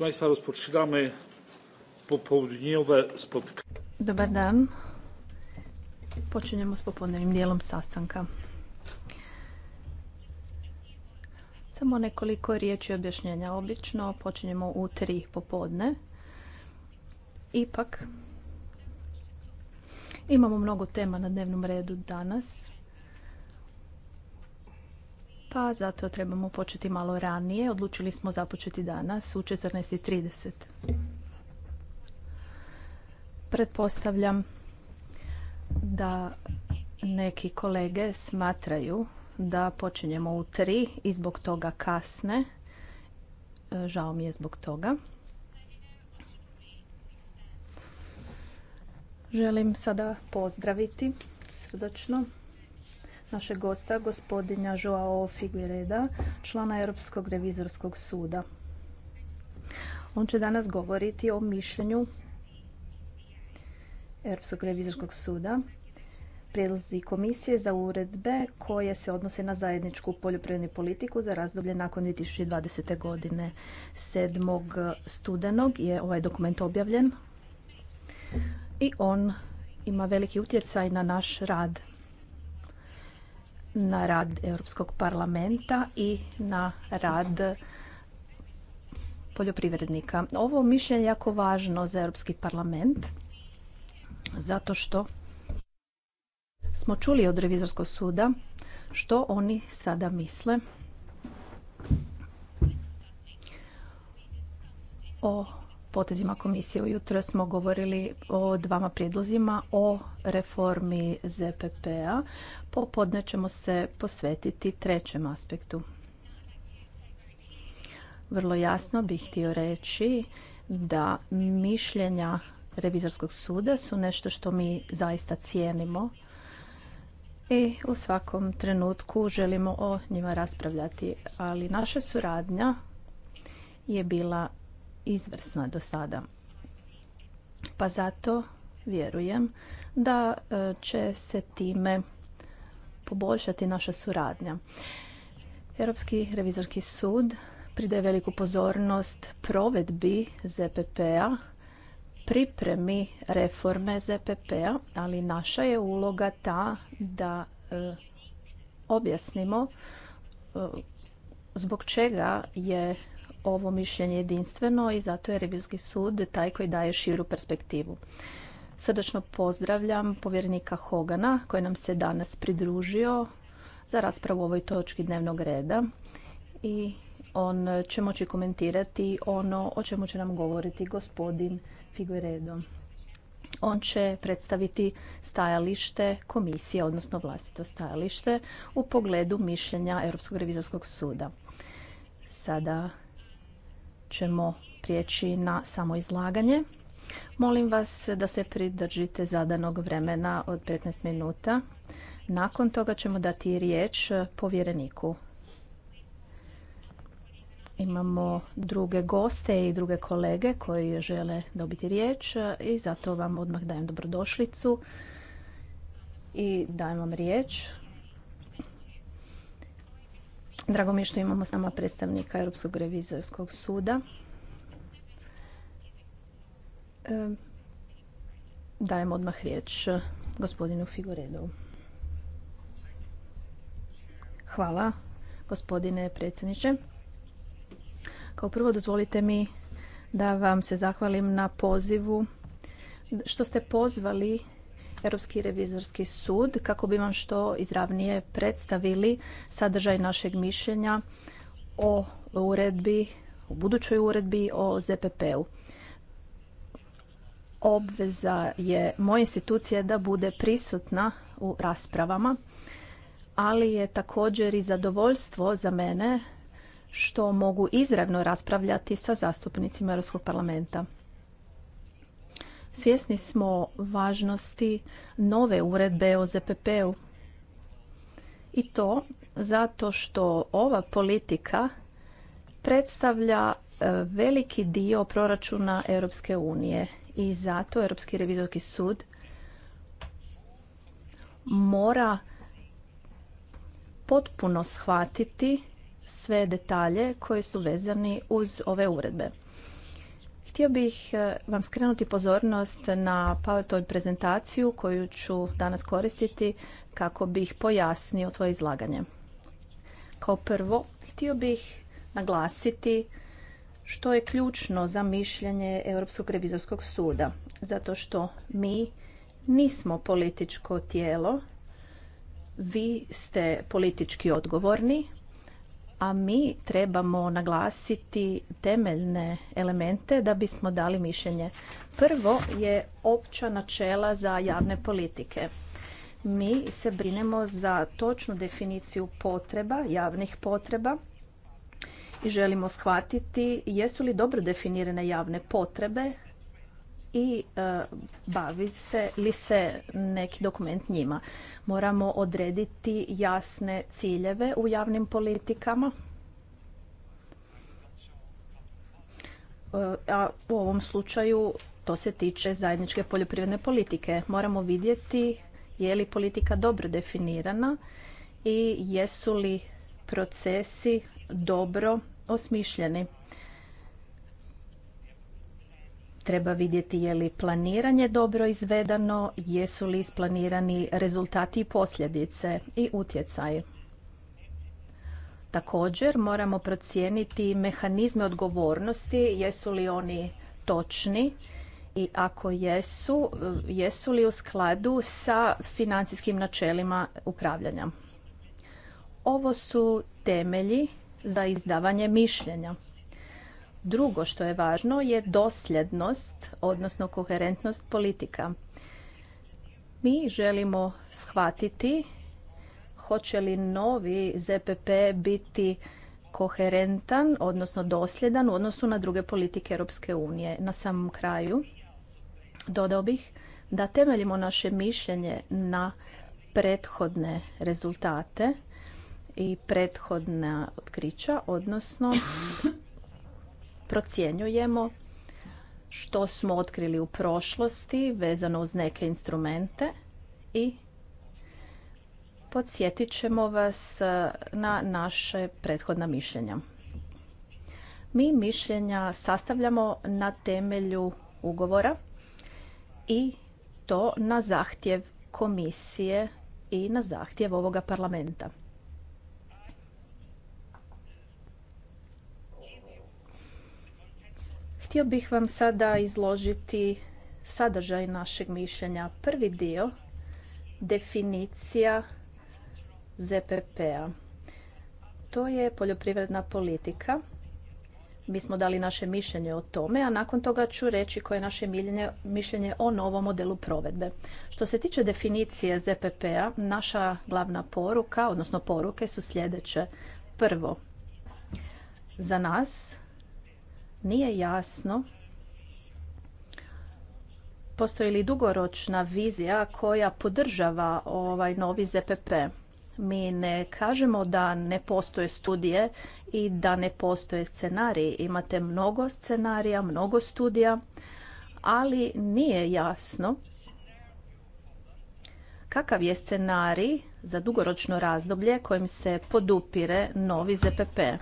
Państwa, rozpoczynamy popołudniowe spotkanie. Dobar dan. Počinjemo s popodnevnim dijelom sastanka. Samo nekoliko riječi objašnjenja. Obično počinjemo u tri popodne. Ipak imamo mnogo tema na dnevnom redu danas pa zato trebamo početi malo ranije. Odlučili smo započeti danas u 14.30. Pretpostavljam da neki kolege smatraju da počinjemo u 3 i zbog toga kasne. Žao mi je zbog toga. Želim sada pozdraviti srdačno našeg gosta, gospodina Joao Figuereda, člana Europskog revizorskog suda. On će danas govoriti o mišljenju Europskog revizorskog suda prijedlozi komisije za uredbe koje se odnose na zajedničku poljoprivrednu politiku za razdoblje nakon 2020. godine. 7. studenog je ovaj dokument objavljen i on ima veliki utjecaj na naš rad na rad Europskog parlamenta i na rad poljoprivrednika. Ovo mišljenje je jako važno za Europski parlament zato što smo čuli od revizorskog suda što oni sada misle o potezima komisije. Ujutro smo govorili o dvama prijedlozima o reformi ZPP-a. Popodne ćemo se posvetiti trećem aspektu. Vrlo jasno bih htio reći da mišljenja revizorskog suda su nešto što mi zaista cijenimo i u svakom trenutku želimo o njima raspravljati. Ali naša suradnja je bila izvrsna do sada. Pa zato vjerujem da e, će se time poboljšati naša suradnja. Europski revizorski sud pridaje veliku pozornost provedbi ZPP-a, pripremi reforme ZPP-a, ali naša je uloga ta da e, objasnimo e, zbog čega je ovo mišljenje jedinstveno i zato je Revizorski sud taj koji daje širu perspektivu. Srdačno pozdravljam povjerenika Hogana koji nam se danas pridružio za raspravu o ovoj točki dnevnog reda i on će moći komentirati ono o čemu će nam govoriti gospodin Figueredo. On će predstaviti stajalište komisije, odnosno vlastito stajalište u pogledu mišljenja Europskog revizorskog suda. Sada ćemo prijeći na samo izlaganje. Molim vas da se pridržite zadanog vremena od 15 minuta. Nakon toga ćemo dati riječ povjereniku. Imamo druge goste i druge kolege koji žele dobiti riječ i zato vam odmah dajem dobrodošlicu i dajem vam riječ. Drago mi je što imamo s nama predstavnika Europskog revizorskog suda. E, dajem odmah riječ gospodinu Figuredovu. Hvala, gospodine predsjedniče. Kao prvo dozvolite mi da vam se zahvalim na pozivu što ste pozvali Europski revizorski sud kako bi vam što izravnije predstavili sadržaj našeg mišljenja o uredbi, o budućoj uredbi o ZPP-u. Obveza je moje institucije da bude prisutna u raspravama, ali je također i zadovoljstvo za mene što mogu izravno raspravljati sa zastupnicima Europskog parlamenta. Svjesni smo važnosti nove uredbe o ZPP-u. I to zato što ova politika predstavlja e, veliki dio proračuna Europske unije i zato Europski revizorski sud mora potpuno shvatiti sve detalje koji su vezani uz ove uredbe. Htio bih e, vam skrenuti pozornost na PowerPoint prezentaciju koju ću danas koristiti kako bih pojasnio svoje izlaganje. Kao prvo, htio bih naglasiti što je ključno za mišljenje Europskog revizorskog suda, zato što mi nismo političko tijelo, vi ste politički odgovorni, a mi trebamo naglasiti temeljne elemente da bismo dali mišljenje. Prvo je opća načela za javne politike. Mi se brinemo za točnu definiciju potreba, javnih potreba i želimo shvatiti jesu li dobro definirane javne potrebe i e, bavi se li se neki dokument njima. Moramo odrediti jasne ciljeve u javnim politikama. E, a u ovom slučaju to se tiče zajedničke poljoprivredne politike. Moramo vidjeti je li politika dobro definirana i jesu li procesi dobro osmišljeni. treba vidjeti je li planiranje dobro izvedano, jesu li isplanirani rezultati i posljedice i utjecaj. Također moramo procijeniti mehanizme odgovornosti, jesu li oni točni i ako jesu, jesu li u skladu sa financijskim načelima upravljanja. Ovo su temelji za izdavanje mišljenja. Drugo što je važno je dosljednost, odnosno koherentnost politika. Mi želimo shvatiti hoće li novi ZPP biti koherentan, odnosno dosljedan u odnosu na druge politike Europske unije. Na samom kraju dodao bih da temeljimo naše mišljenje na prethodne rezultate i prethodna otkrića, odnosno procjenjujemo što smo otkrili u prošlosti vezano uz neke instrumente i podsjetit ćemo vas na naše prethodna mišljenja. Mi mišljenja sastavljamo na temelju ugovora i to na zahtjev komisije i na zahtjev ovoga parlamenta. Htio bih vam sada izložiti sadržaj našeg mišljenja. Prvi dio, definicija ZPP-a. To je poljoprivredna politika. Mi smo dali naše mišljenje o tome, a nakon toga ću reći koje je naše mišljenje o novom modelu provedbe. Što se tiče definicije ZPP-a, naša glavna poruka, odnosno poruke su sljedeće. Prvo, za nas nije jasno postoji li dugoročna vizija koja podržava ovaj novi ZPP. Mi ne kažemo da ne postoje studije i da ne postoje scenariji. Imate mnogo scenarija, mnogo studija, ali nije jasno kakav je scenarij za dugoročno razdoblje kojim se podupire novi ZPP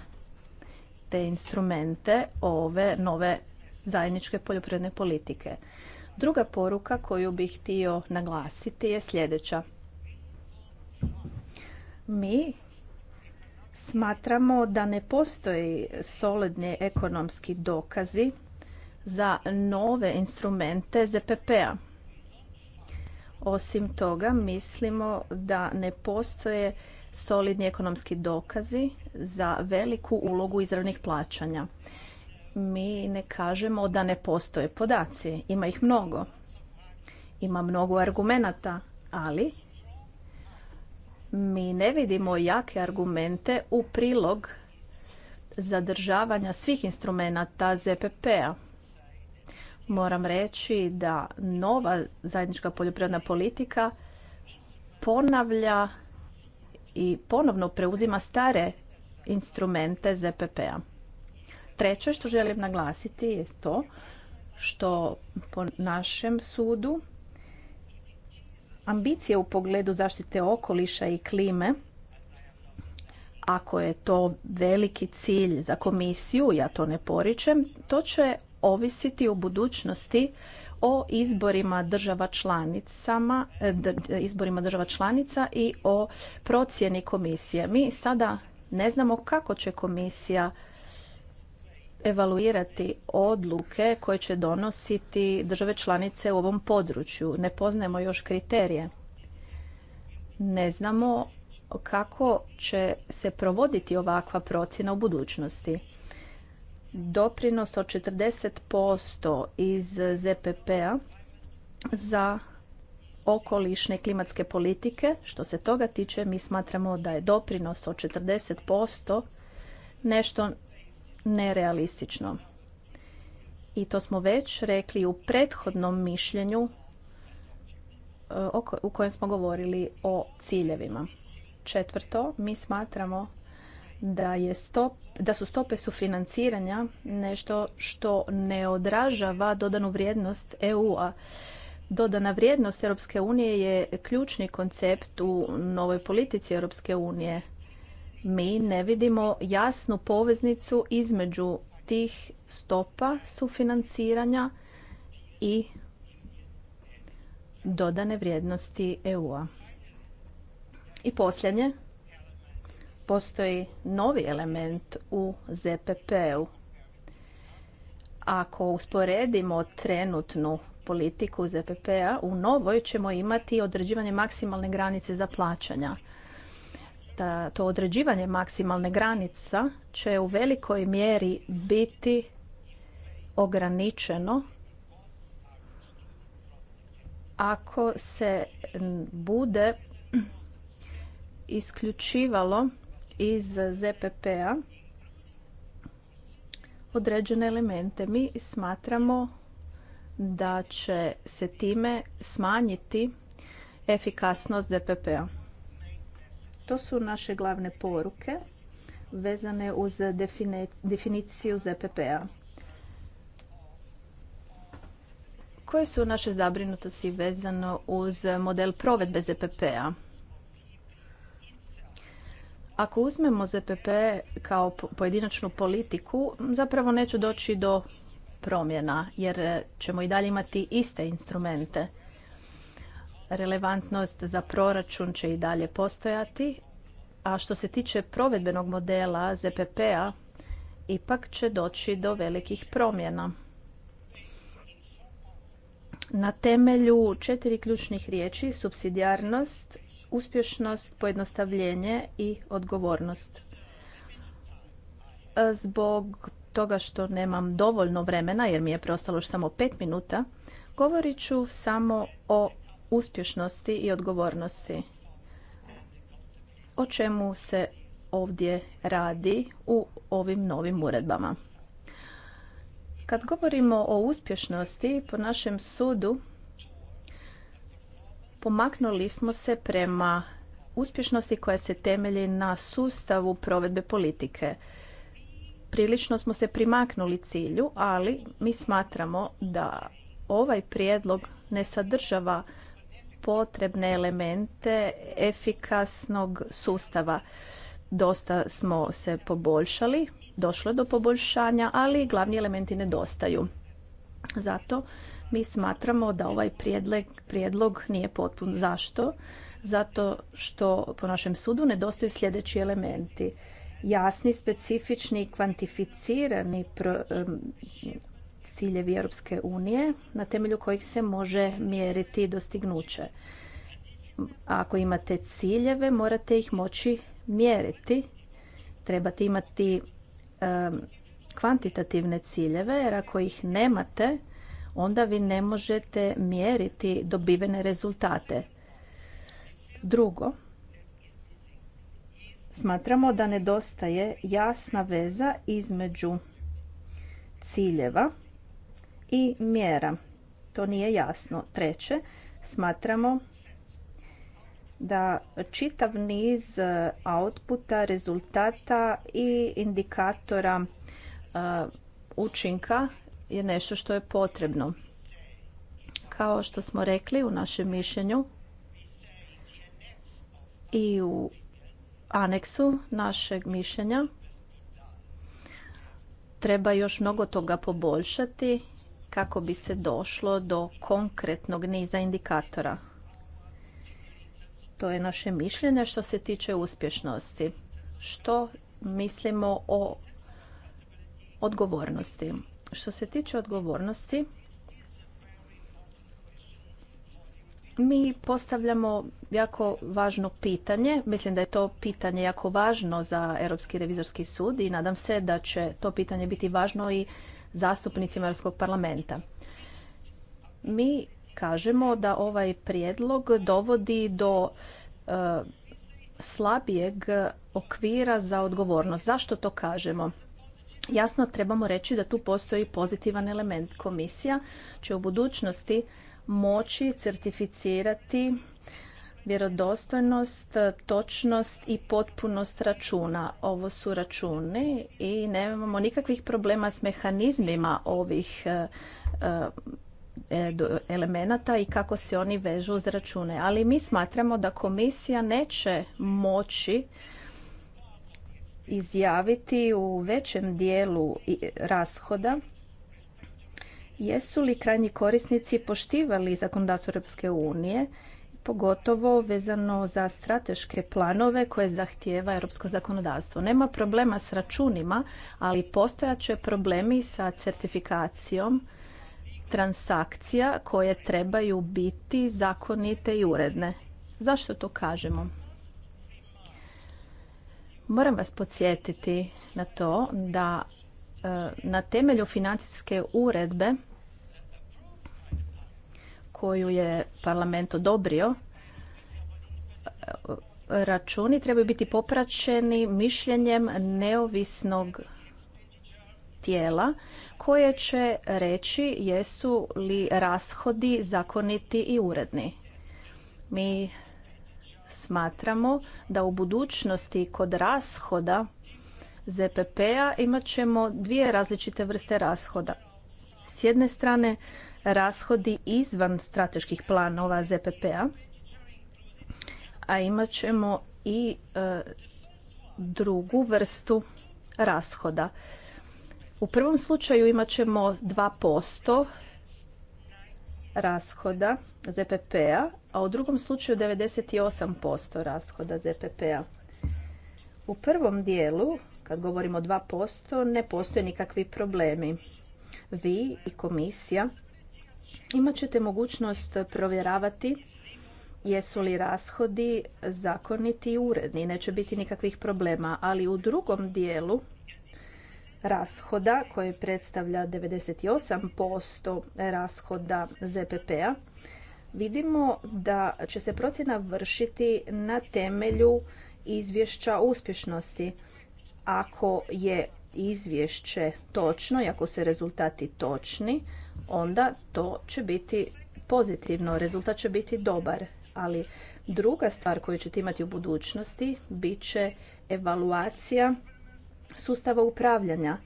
te instrumente ove nove zajedničke poljoprivredne politike. Druga poruka koju bih htio naglasiti je sljedeća. Mi smatramo da ne postoji solidni ekonomski dokazi za nove instrumente ZPP-a. Osim toga, mislimo da ne postoje solidni ekonomski dokazi za veliku ulogu izravnih plaćanja. Mi ne kažemo da ne postoje podaci, ima ih mnogo. Ima mnogo argumenata, ali mi ne vidimo jake argumente u prilog zadržavanja svih instrumenata ZPP-a. Moram reći da nova zajednička poljoprivredna politika ponavlja i ponovno preuzima stare instrumente ZPP-a. Treće što želim naglasiti je to što po našem sudu ambicije u pogledu zaštite okoliša i klime ako je to veliki cilj za komisiju, ja to ne poričem, to će ovisiti u budućnosti o izborima država članicama, e, izborima država članica i o procjeni komisije. Mi sada ne znamo kako će komisija evaluirati odluke koje će donositi države članice u ovom području. Ne poznajemo još kriterije. Ne znamo kako će se provoditi ovakva procjena u budućnosti doprinos od 40% iz ZPP-a za okolišne klimatske politike. Što se toga tiče, mi smatramo da je doprinos od 40% nešto nerealistično. I to smo već rekli u prethodnom mišljenju e, u kojem smo govorili o ciljevima. Četvrto, mi smatramo da, je stop, da su stope sufinanciranja nešto što ne odražava dodanu vrijednost EU-a. Dodana vrijednost Europske unije je ključni koncept u novoj politici Europske unije. Mi ne vidimo jasnu poveznicu između tih stopa sufinanciranja i dodane vrijednosti EU-a. I posljednje, postoji novi element u ZPP-u. Ako usporedimo trenutnu politiku ZPP-a, u novoj ćemo imati određivanje maksimalne granice za plaćanja. to određivanje maksimalne granica će u velikoj mjeri biti ograničeno ako se bude isključivalo iz ZPP-a određene elemente. Mi smatramo da će se time smanjiti efikasnost ZPP-a. To su naše glavne poruke vezane uz definiciju ZPP-a. Koje su naše zabrinutosti vezano uz model provedbe ZPP-a? Ako uzmemo ZPP kao pojedinačnu politiku, zapravo neće doći do promjena, jer e, ćemo i dalje imati iste instrumente. Relevantnost za proračun će i dalje postojati, a što se tiče provedbenog modela ZPP-a, ipak će doći do velikih promjena. Na temelju četiri ključnih riječi, subsidijarnost, uspješnost, pojednostavljenje i odgovornost. E, zbog toga što nemam dovoljno vremena, jer mi je preostalo još samo pet minuta, govorit ću samo o uspješnosti i odgovornosti. O čemu se ovdje radi u ovim novim uredbama. Kad govorimo o uspješnosti, po našem sudu, pomaknuli smo se prema uspješnosti koja se temelji na sustavu provedbe politike. Prilično smo se primaknuli cilju, ali mi smatramo da ovaj prijedlog ne sadržava potrebne elemente efikasnog sustava. Dosta smo se poboljšali, došlo je do poboljšanja, ali glavni elementi nedostaju. Zato mi smatramo da ovaj prijedlog, nije potpun. Zašto? Zato što po našem sudu nedostaju sljedeći elementi. Jasni, specifični, i kvantificirani ciljevi Europske unije na temelju kojih se može mjeriti dostignuće. Ako imate ciljeve, morate ih moći mjeriti. Trebate imati kvantitativne ciljeve, jer ako ih nemate, onda vi ne možete mjeriti dobivene rezultate. Drugo, smatramo da nedostaje jasna veza između ciljeva i mjera. To nije jasno. Treće, smatramo da čitav niz e, outputa, rezultata i indikatora e, učinka je nešto što je potrebno. Kao što smo rekli u našem mišljenju i u aneksu našeg mišljenja treba još mnogo toga poboljšati kako bi se došlo do konkretnog niza indikatora. To je naše mišljenje što se tiče uspješnosti. Što mislimo o odgovornosti? Što se tiče odgovornosti, mi postavljamo jako važno pitanje. Mislim da je to pitanje jako važno za Europski revizorski sud i nadam se da će to pitanje biti važno i zastupnicima Europskog parlamenta. Mi kažemo da ovaj prijedlog dovodi do e, slabijeg okvira za odgovornost. Zašto to kažemo? jasno trebamo reći da tu postoji pozitivan element. Komisija će u budućnosti moći certificirati vjerodostojnost, točnost i potpunost računa. Ovo su računi i nemamo nikakvih problema s mehanizmima ovih e, e, elemenata i kako se oni vežu uz račune. Ali mi smatramo da komisija neće moći izjaviti u većem dijelu rashoda jesu li krajnji korisnici poštivali zakonodavstvo Europske unije, pogotovo vezano za strateške planove koje zahtijeva europsko zakonodavstvo. Nema problema s računima, ali postojat će problemi sa certifikacijom transakcija koje trebaju biti zakonite i uredne. Zašto to kažemo? Moram vas podsjetiti na to da e, na temelju financijske uredbe koju je parlament odobrio, e, računi trebaju biti popraćeni mišljenjem neovisnog tijela koje će reći jesu li rashodi zakoniti i uredni. Mi smatramo da u budućnosti kod rashoda ZPP-a imat ćemo dvije različite vrste rashoda. S jedne strane rashodi izvan strateških planova ZPP-a, a imat ćemo i e, drugu vrstu rashoda. U prvom slučaju imat ćemo 2% rashoda ZPP-a, a u drugom slučaju 98% rashoda ZPP-a. U prvom dijelu, kad govorimo o 2%, ne postoje nikakvi problemi. Vi i komisija imat ćete mogućnost provjeravati jesu li rashodi zakoniti i uredni. Neće biti nikakvih problema, ali u drugom dijelu rashoda koji predstavlja 98% rashoda ZPP-a vidimo da će se procjena vršiti na temelju izvješća uspješnosti. Ako je izvješće točno i ako su rezultati točni, onda to će biti pozitivno, rezultat će biti dobar. Ali druga stvar koju ćete imati u budućnosti bit će evaluacija sustava upravljanja.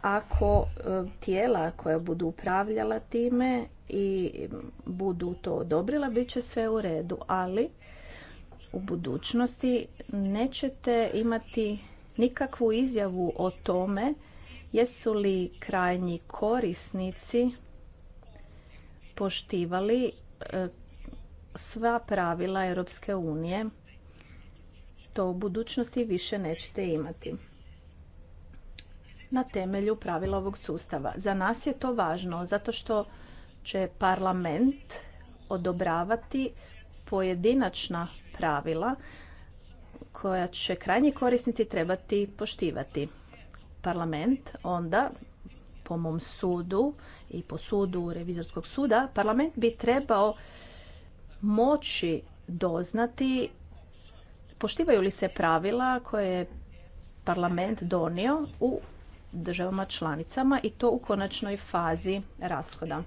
Ako e, tijela koja budu upravljala time i budu to odobrila, bit će sve u redu, ali u budućnosti nećete imati nikakvu izjavu o tome jesu li krajnji korisnici poštivali e, sva pravila Europske unije. To u budućnosti više nećete imati na temelju pravila ovog sustava. Za nas je to važno zato što će parlament odobravati pojedinačna pravila koja će krajnji korisnici trebati poštivati. Parlament onda po mom sudu i po sudu revizorskog suda parlament bi trebao moći doznati poštivaju li se pravila koje je parlament donio u državama članicama i to u konačnoj fazi rashoda.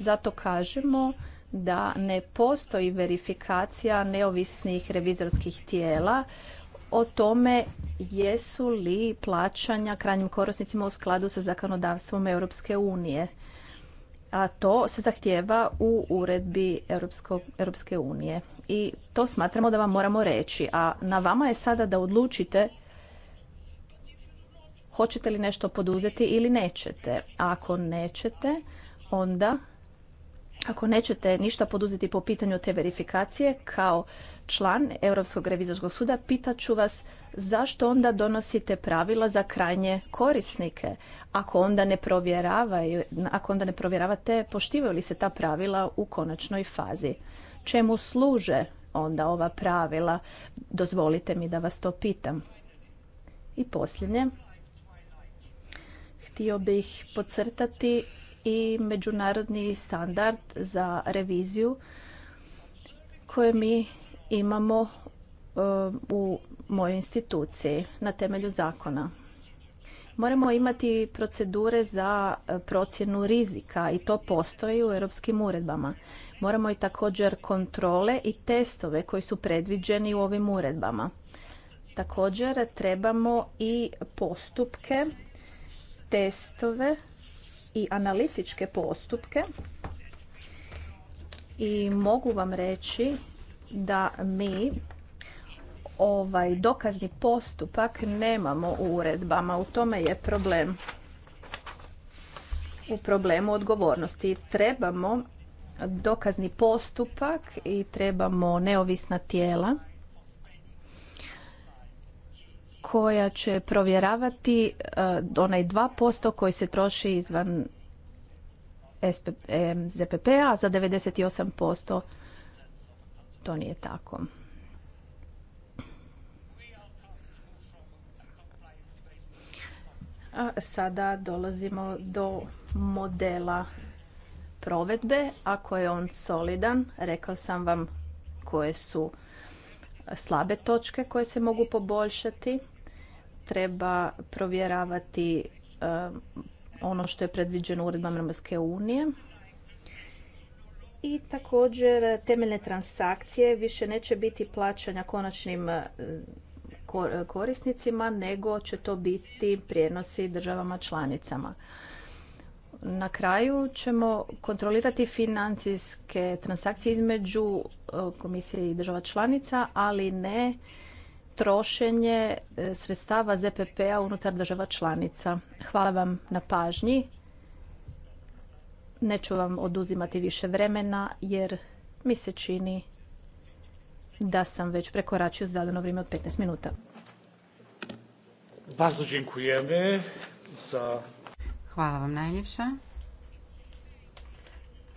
Zato kažemo da ne postoji verifikacija neovisnih revizorskih tijela o tome jesu li plaćanja krajnjim korisnicima u skladu sa zakonodavstvom Europske unije. A to se zahtjeva u uredbi Europske unije. I to smatramo da vam moramo reći. A na vama je sada da odlučite hoćete li nešto poduzeti ili nećete. ako nećete, onda ako nećete ništa poduzeti po pitanju te verifikacije kao član Europskog revizorskog suda, pitaću vas zašto onda donosite pravila za krajnje korisnike ako onda ne provjeravaju, ako onda ne provjeravate poštivaju li se ta pravila u konačnoj fazi. Čemu služe onda ova pravila? Dozvolite mi da vas to pitam. I posljednje, htio bih podcrtati i međunarodni standard za reviziju koje mi imamo uh, u mojoj instituciji na temelju zakona. Moramo imati procedure za uh, procjenu rizika i to postoji u europskim uredbama. Moramo i također kontrole i testove koji su predviđeni u ovim uredbama. Također trebamo i postupke, testove i analitičke postupke i mogu vam reći da mi ovaj dokazni postupak nemamo u uredbama. U tome je problem u problemu odgovornosti. Trebamo dokazni postupak i trebamo neovisna tijela koja će provjeravati eh, onaj 2% koji se troši izvan ZPP-a, a za 98% to nije tako. A sada dolazimo do modela provedbe. Ako je on solidan, rekao sam vam koje su slabe točke koje se mogu poboljšati treba provjeravati eh, ono što je predviđeno uredbama Europske unije. I također temeljne transakcije više neće biti plaćanja konačnim eh, korisnicima, nego će to biti prijenosi državama članicama. Na kraju ćemo kontrolirati financijske transakcije između eh, komisije i država članica, ali ne trošenje e, sredstava ZPP-a unutar država članica. Hvala vam na pažnji. Neću vam oduzimati više vremena jer mi se čini da sam već prekoračio zadano vrijeme od 15 minuta. Hvala vam najljepša.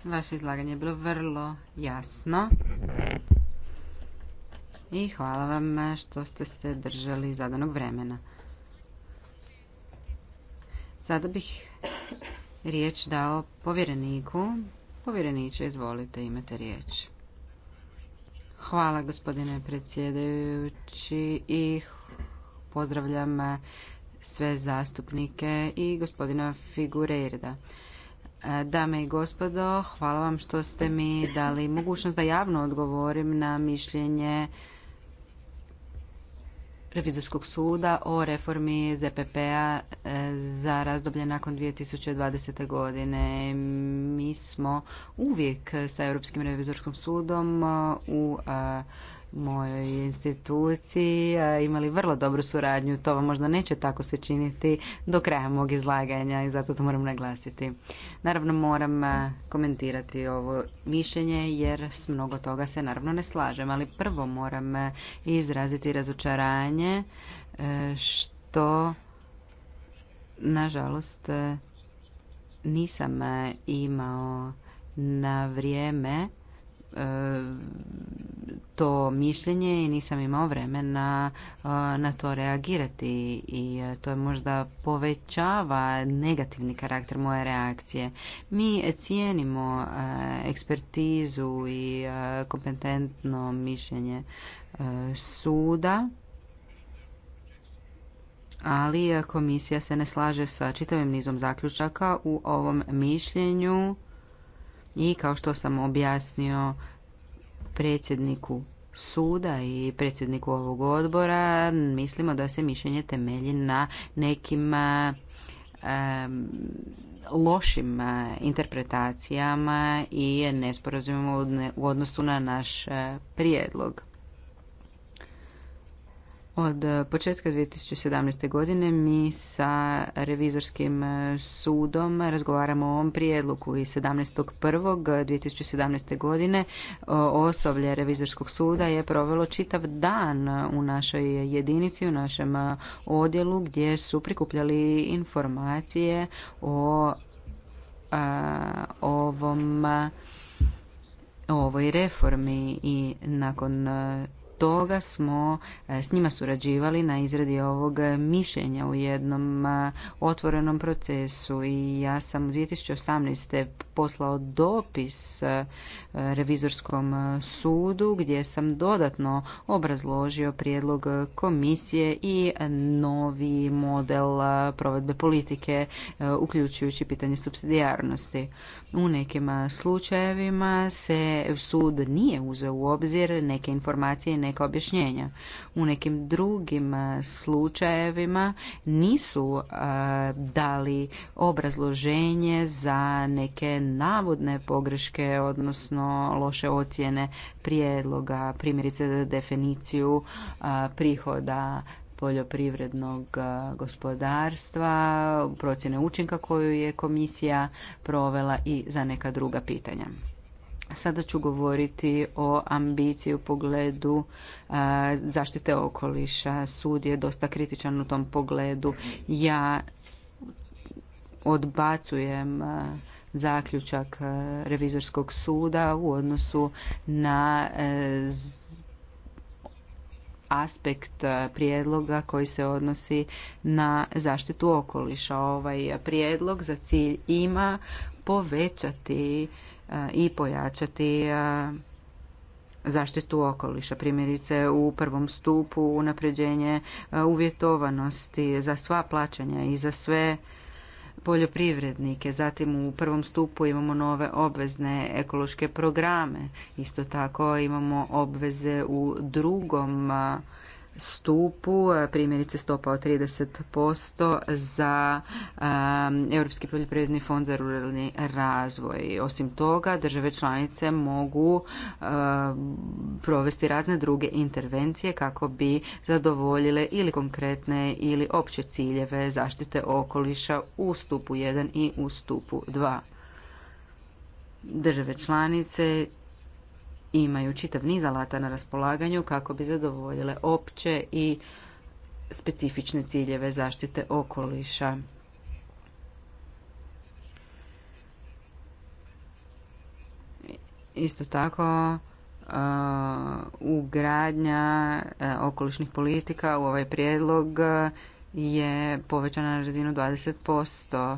Vaše izlaganje je bilo vrlo jasno i hvala vam što ste se držali zadanog vremena. Sada bih riječ dao povjereniku. Povjereniče, izvolite, imate riječ. Hvala gospodine predsjedajući i pozdravljam sve zastupnike i gospodina Figureirda. Dame i gospodo, hvala vam što ste mi dali mogućnost da javno odgovorim na mišljenje revizorskog suda o reformi ZPP-a e, za razdoblje nakon 2020. godine. Mi smo uvijek sa Europskim revizorskom sudom e, u mojoj instituciji imali vrlo dobru suradnju. To vam možda neće tako se činiti do kraja mog izlaganja i zato to moram naglasiti. Naravno moram komentirati ovo mišljenje jer s mnogo toga se naravno ne slažem, ali prvo moram izraziti razočaranje e, što nažalost e, nisam imao na vrijeme E, to mišljenje i nisam imao vremena e, na to reagirati i e, to je možda povećava negativni karakter moje reakcije. Mi cijenimo ekspertizu i kompetentno mišljenje suda ali komisija se ne slaže sa čitavim nizom zaključaka u ovom mišljenju i kao što sam objasnio predsjedniku suda i predsjedniku ovog odbora mislimo da se mišljenje temelji na nekim lošim eh, interpretacijama i nesporazumima u odnosu na naš eh, prijedlog. Od eh, početka 2017. godine mi sa revizorskim eh, sudom razgovaramo o ovom prijedluku i 17.1.2017. godine osoblje revizorskog suda je provelo čitav dan eh, u našoj jedinici, u našem odjelu gdje su prikupljali informacije o ovom ovoj reformi i nakon toga smo e, s njima surađivali na izradi ovog mišljenja u jednom e, otvorenom procesu i ja sam u 2018. poslao dopis e, revizorskom sudu gdje sam dodatno obrazložio prijedlog komisije i novi model provedbe politike uključujući pitanje subsidijarnosti. U nekim slučajevima se sud nije uzeo u obzir neke informacije i neka objašnjenja. U nekim drugim e, slučajevima nisu e, dali obrazloženje za neke navodne pogreške, odnosno loše ocjene prijedloga, primjerice za definiciju e, prihoda poljoprivrednog gospodarstva, procjene učinka koju je komisija provela i za neka druga pitanja. Sada ću govoriti o ambiciji u pogledu zaštite okoliša. Sud je dosta kritičan u tom pogledu. Ja odbacujem zaključak revizorskog suda u odnosu na e, aspekt prijedloga koji se odnosi na zaštitu okoliša. Ovaj prijedlog za cilj ima povećati i pojačati e, zaštitu okoliša, primjerice u prvom stupu unapređenje e, uvjetovanosti za sva plaćanja i za sve poljoprivrednike. Zatim u prvom stupu imamo nove obvezne ekološke programe. Isto tako imamo obveze u drugom e, stupu, e, primjerice stopa od 30% za e, Europski poljoprivredni fond za ruralni razvoj. Osim toga, države članice mogu e, provesti razne druge intervencije kako bi zadovoljile ili konkretne ili opće ciljeve zaštite okoliša u stupu 1 i u stupu 2 države članice imaju čitav niz alata na raspolaganju kako bi zadovoljile opće i specifične ciljeve zaštite okoliša. Isto tako, uh, ugradnja uh, okolišnih politika u ovaj prijedlog je povećana na razinu 20%.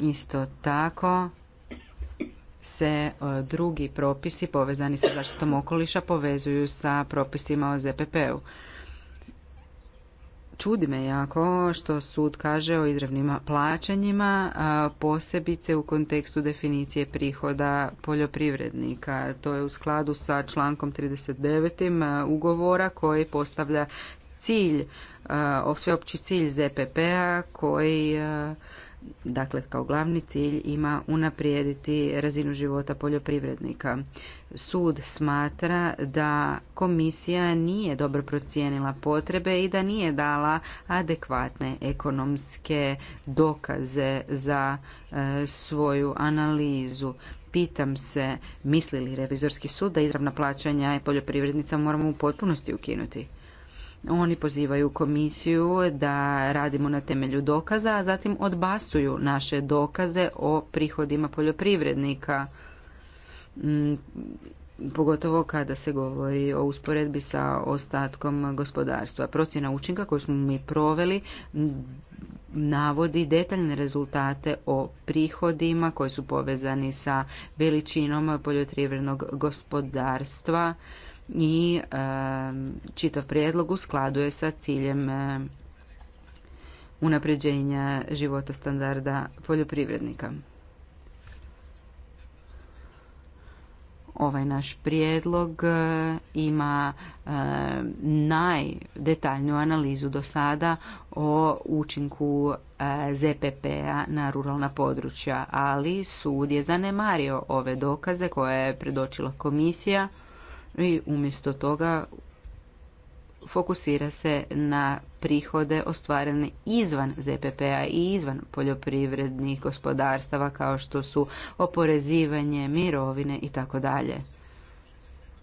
Isto tako, se e, drugi propisi povezani sa zaštitom okoliša povezuju sa propisima o ZPP-u. Čudi me jako što sud kaže o izravnim plaćanjima, posebice u kontekstu definicije prihoda poljoprivrednika. To je u skladu sa člankom 39. E, ugovora koji postavlja cilj, e, sveopći cilj ZPP-a koji dakle kao glavni cilj ima unaprijediti razinu života poljoprivrednika. Sud smatra da komisija nije dobro procijenila potrebe i da nije dala adekvatne ekonomske dokaze za e, svoju analizu. Pitam se, misli li revizorski sud da izravna plaćanja i poljoprivrednica moramo u potpunosti ukinuti? Oni pozivaju komisiju da radimo na temelju dokaza, a zatim odbasuju naše dokaze o prihodima poljoprivrednika mm, pogotovo kada se govori o usporedbi sa ostatkom gospodarstva. Procjena učinka koju smo mi proveli navodi detaljne rezultate o prihodima koji su povezani sa veličinom poljoprivrednog gospodarstva i čitav prijedlog u skladu je sa ciljem unapređenja života standarda poljoprivrednika. Ovaj naš prijedlog eh, ima najdetaljniju analizu do sada o učinku eh, ZPP-a na ruralna područja, ali sud je zanemario ove dokaze koje je predočila komisija i umjesto toga fokusira se na prihode ostvarene izvan ZPP-a i izvan poljoprivrednih gospodarstava kao što su oporezivanje, mirovine i tako dalje.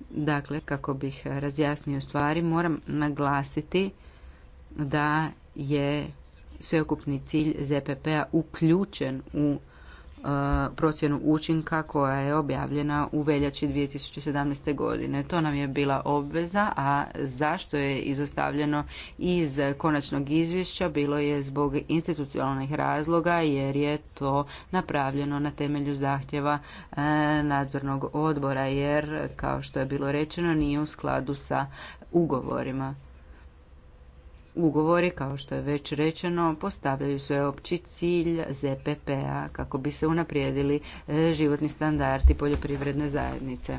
Dakle, kako bih razjasnio stvari, moram naglasiti da je sveukupni cilj ZPP-a uključen u E, procjenu učinka koja je objavljena u veljači 2017. godine. To nam je bila obveza, a zašto je izostavljeno iz konačnog izvješća bilo je zbog institucionalnih razloga jer je to napravljeno na temelju zahtjeva e, nadzornog odbora jer kao što je bilo rečeno nije u skladu sa ugovorima ugovori, kao što je već rečeno, postavljaju opći cilj ZPP-a kako bi se unaprijedili e, životni standardi poljoprivredne zajednice.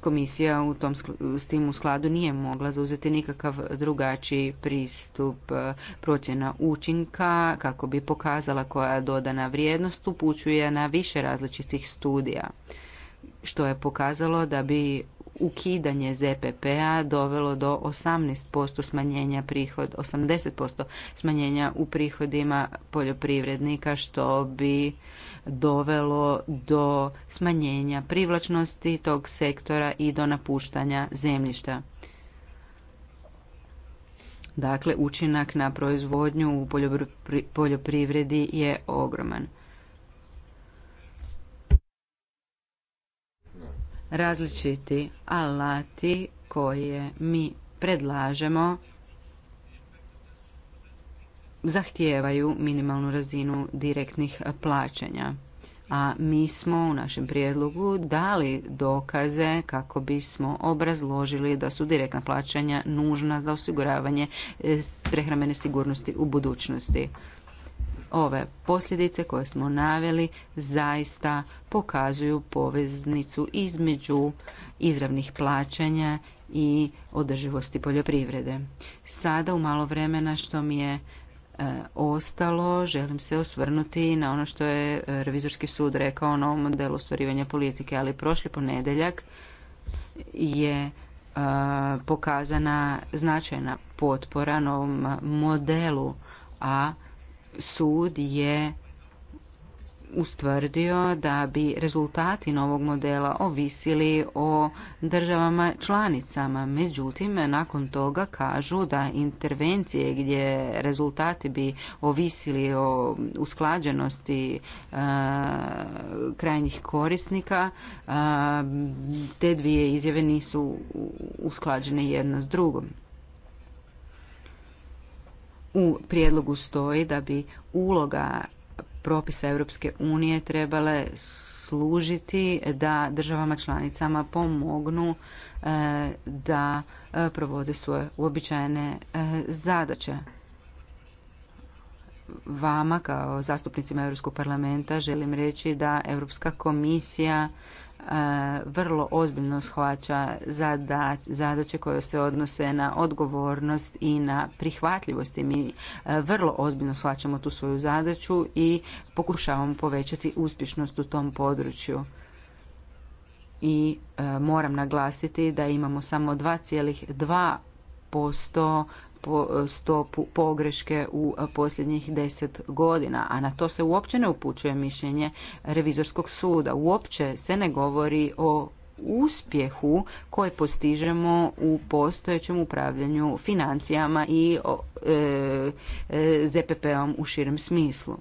Komisija u tom, s tim u skladu nije mogla zauzeti nikakav drugačiji pristup e, procjena učinka kako bi pokazala koja dodana vrijednost upućuje na više različitih studija što je pokazalo da bi ukidanje ZPP-a dovelo do 18% smanjenja prihod, 80% smanjenja u prihodima poljoprivrednika što bi dovelo do smanjenja privlačnosti tog sektora i do napuštanja zemljišta. Dakle, učinak na proizvodnju u poljoprivredi je ogroman. različiti alati koje mi predlažemo zahtijevaju minimalnu razinu direktnih plaćanja. A mi smo u našem prijedlogu dali dokaze kako bismo obrazložili da su direktna plaćanja nužna za osiguravanje eh, prehrambene sigurnosti u budućnosti. Ove posljedice koje smo naveli zaista pokazuju poveznicu između izravnih plaćanja i održivosti poljoprivrede. Sada u malo vremena što mi je e, ostalo, želim se osvrnuti na ono što je e, revizorski sud rekao o novom modelu ostvarivanja politike, ali prošli ponedjeljak je e, pokazana značajna potpora novom modelu, a sud je ustvrdio da bi rezultati novog modela ovisili o državama članicama. Međutim, nakon toga kažu da intervencije gdje rezultati bi ovisili o usklađenosti e, krajnjih korisnika, e, te dvije izjave nisu usklađene jedna s drugom u prijedlogu stoji da bi uloga propisa Europske unije trebale služiti da državama članicama pomognu e, da e, provode svoje uobičajene e, zadaće. Vama kao zastupnicima Europskog parlamenta želim reći da Europska komisija vrlo ozbiljno shvaća zadaće koje se odnose na odgovornost i na prihvatljivost. mi vrlo ozbiljno shvaćamo tu svoju zadaću i pokušavamo povećati uspješnost u tom području. I moram naglasiti da imamo samo 2,2% stopu pogreške u posljednjih deset godina, a na to se uopće ne upućuje mišljenje revizorskog suda. Uopće se ne govori o uspjehu koje postižemo u postojećem upravljanju financijama i e, e, ZPP-om u širem smislu.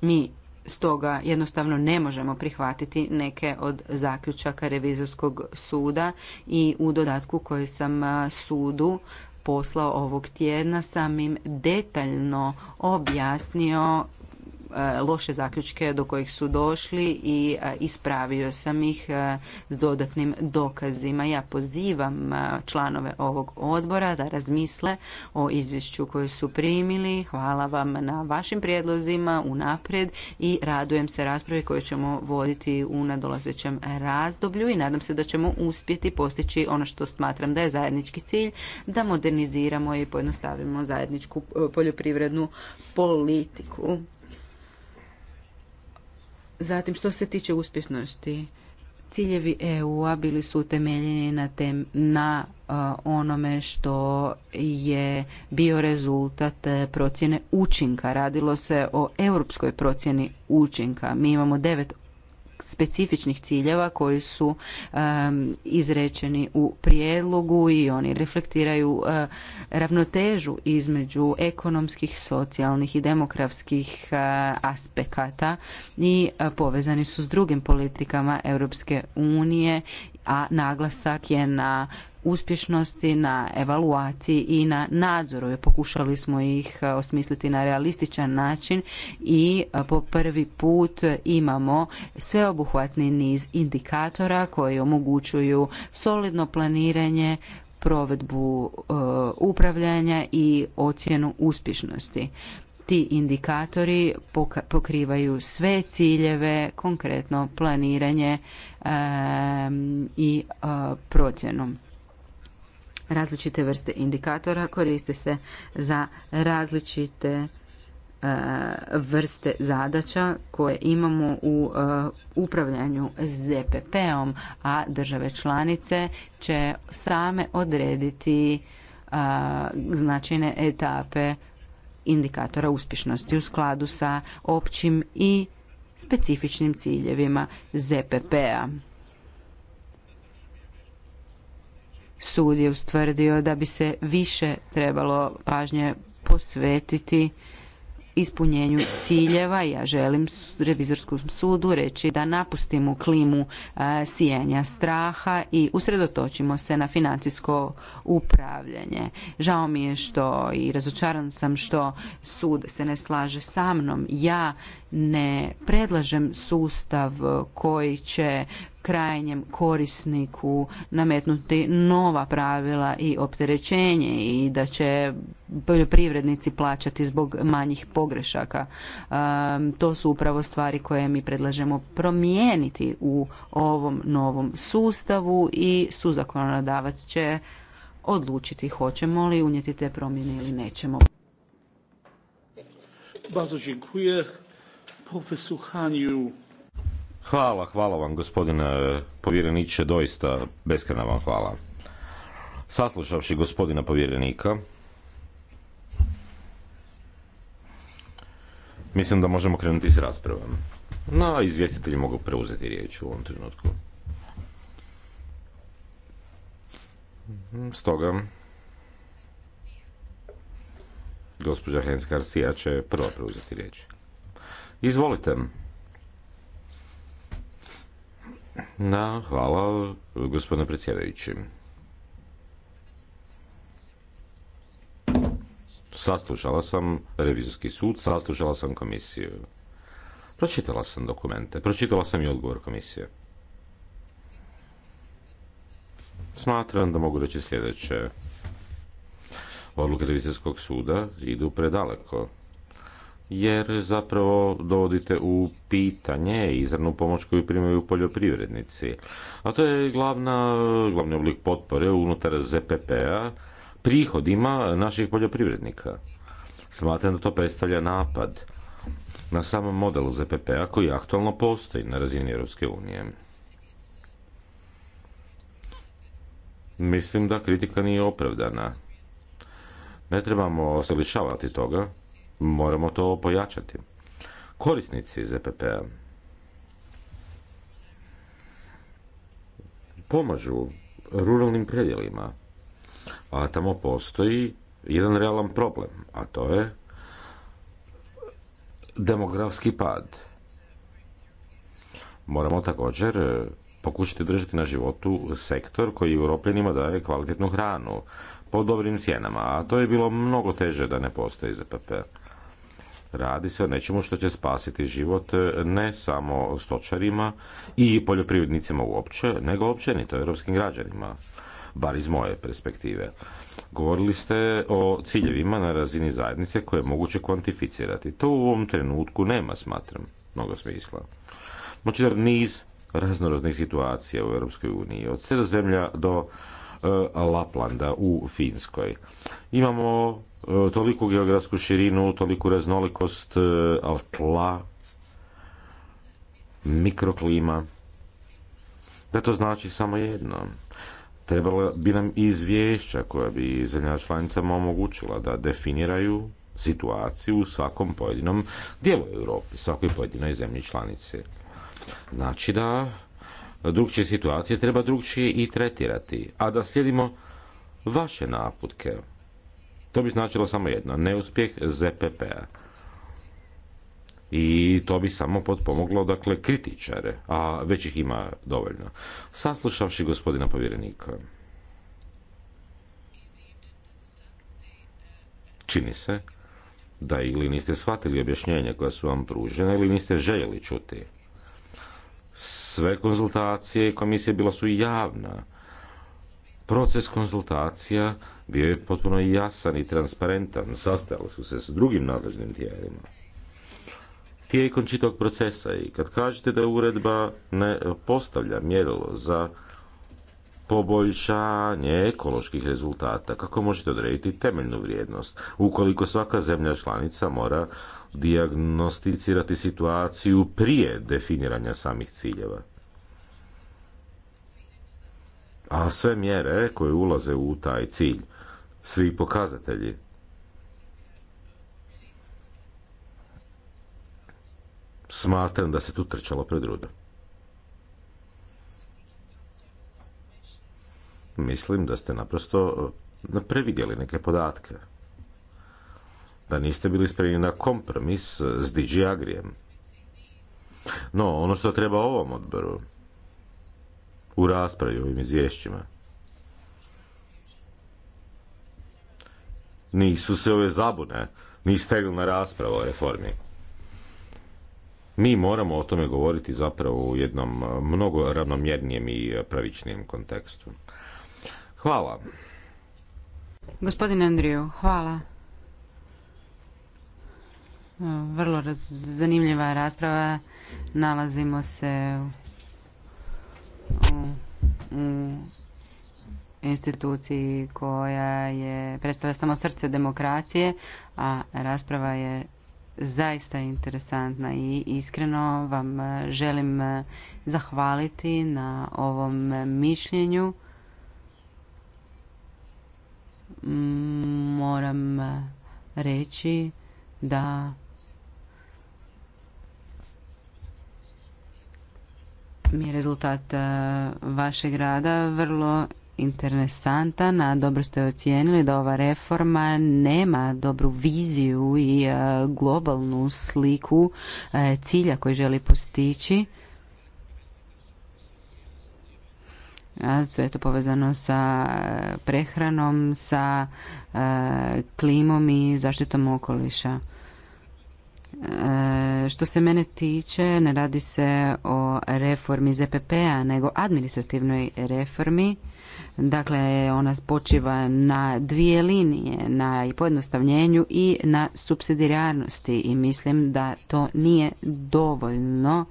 Mi Stoga jednostavno ne možemo prihvatiti neke od zaključaka revizorskog suda i u dodatku koji sam sudu poslao ovog tjedna sam im detaljno objasnio E, loše zaključke do kojih su došli i e, ispravio sam ih e, s dodatnim dokazima. Ja pozivam članove ovog odbora da razmisle o izvješću koje su primili. Hvala vam na vašim prijedlozima unaprijed i radujem se raspravi koju ćemo voditi u nadolazećem razdoblju i nadam se da ćemo uspjeti postići ono što smatram da je zajednički cilj da moderniziramo i pojednostavimo zajedničku poljoprivrednu politiku. Zatim, što se tiče uspješnosti, ciljevi EU-a bili su utemeljeni na, tem, na onome što je bio rezultat e, procjene učinka. Radilo se o europskoj procjeni učinka. Mi imamo devet specifičnih ciljeva koji su izrečeni u prijedlogu i oni reflektiraju eh, ravnotežu između ekonomskih, socijalnih i demografskih eh, aspekata i eh, povezani su s drugim politikama Europske unije, a naglasak je na uspješnosti, na evaluaciji i na nadzoru. Pokušali smo ih e, osmisliti na realističan način i e, po prvi put imamo sveobuhvatni niz indikatora koji omogućuju solidno planiranje, provedbu e, upravljanja i ocjenu uspješnosti. Ti indikatori pokrivaju sve ciljeve, konkretno planiranje i procjenom. procjenu. Različite vrste indikatora koriste se za različite e, vrste zadaća koje imamo u e, upravljanju ZPP-om, a države članice će same odrediti e, značajne etape indikatora uspješnosti u skladu sa općim i specifičnim ciljevima ZPP-a. sud je ustvrdio da bi se više trebalo pažnje posvetiti ispunjenju ciljeva. Ja želim revizorskom sudu reći da napustimo klimu e, sijenja straha i usredotočimo se na financijsko upravljanje. Žao mi je što i razočaran sam što sud se ne slaže sa mnom. Ja ne predlažem sustav koji će krajnjem korisniku nametnuti nova pravila i opterećenje i da će poljoprivrednici plaćati zbog manjih pogrešaka. To su upravo stvari koje mi predlažemo promijeniti u ovom novom sustavu i zakonodavac će odlučiti hoćemo li unijeti te promjene ili nećemo. Bardzo dziękuję. Profesor Hvala, hvala vam gospodine e, povjereniče, doista beskreno vam hvala. Saslušavši gospodina povjerenika, mislim da možemo krenuti s raspravom. Na izvjestitelji mogu preuzeti riječ u ovom trenutku. Stoga, gospođa Hens Garcia će prva preuzeti riječ. Izvolite. Da, hvala, gospodine predsjedajući. Saslušala sam revizijski sud, saslušala sam komisiju. Pročitala sam dokumente, pročitala sam i odgovor komisije. Smatram da mogu reći sljedeće. Odluke revizijskog suda idu predaleko jer zapravo dovodite u pitanje izravnu pomoć koju primaju poljoprivrednici. A to je glavna, glavni oblik potpore unutar ZPP-a prihodima naših poljoprivrednika. Smatram da to predstavlja napad na sam model ZPP-a koji aktualno postoji na razini Europske unije. Mislim da kritika nije opravdana. Ne trebamo se lišavati toga, Moramo to pojačati. Korisnici ZPP-a pomažu ruralnim predjelima, a tamo postoji jedan realan problem, a to je demografski pad. Moramo također pokušati držati na životu sektor koji Europljenima daje kvalitetnu hranu po dobrim cijenama, a to je bilo mnogo teže da ne postoji ZPP. Radi se o nečemu što će spasiti život e, ne samo stočarima i poljoprivrednicima uopće, nego općenito europskim građanima, bar iz moje perspektive. Govorili ste o ciljevima na razini zajednice koje je moguće kvantificirati. To u ovom trenutku nema, smatram, mnogo smisla. Moći niz raznoraznih situacija u Europskoj uniji, od sredozemlja do E, Laplanda u Finskoj. Imamo e, toliku geografsku širinu, toliku raznolikost e, tla, mikroklima, da to znači samo jedno. Trebala bi nam izvješća koja bi zemlja članicama omogućila da definiraju situaciju u svakom pojedinom dijelu Europi, svakoj pojedinoj zemlji članice. Znači da drugčije situacije treba drugčije i tretirati, a da slijedimo vaše naputke. To bi značilo samo jedno, neuspjeh ZPP-a. I to bi samo potpomoglo, dakle, kritičare, a već ih ima dovoljno. Saslušavši gospodina povjerenika, čini se da ili niste shvatili objašnjenja koja su vam pružene, ili niste željeli čuti. Sve konzultacije komisije bila su javna. Proces konzultacija bio je potpuno jasan i transparentan. Sastajali su se s drugim nadležnim tijelima. Tijekom čitog procesa i kad kažete da uredba ne postavlja mjerilo za poboljšanje ekoloških rezultata, kako možete odrediti temeljnu vrijednost, ukoliko svaka zemlja članica mora diagnosticirati situaciju prije definiranja samih ciljeva. A sve mjere koje ulaze u taj cilj, svi pokazatelji, smatram da se tu trčalo pred rudom. Mislim da ste naprosto eh, previdjeli neke podatke. Da niste bili spremni na kompromis eh, s DJ Agrijem. No, ono što treba ovom odboru u raspravi u ovim izvješćima. Nisu se ove zabune, ni na raspravu o reformi. Mi moramo o tome govoriti zapravo u jednom eh, mnogo ravnomjernijem i pravičnijem kontekstu. Hvala. Gospodin Andriju, hvala. E, vrlo zanimljiva rasprava. Nalazimo se u, u instituciji koja je predstavlja samo srce demokracije, a rasprava je zaista interesantna i iskreno vam e, želim e, zahvaliti na ovom mišljenju moram reći da mi je rezultat e, vašeg rada vrlo interesantan, a dobro ste ocijenili da ova reforma nema dobru viziju i e, globalnu sliku e, cilja koji želi postići. a sve je to povezano sa e, prehranom, sa e, klimom i zaštitom okoliša. E, što se mene tiče, ne radi se o reformi ZPP-a, nego administrativnoj reformi. Dakle, ona počiva na dvije linije, na pojednostavljenju i na subsidijarnosti i mislim da to nije dovoljno,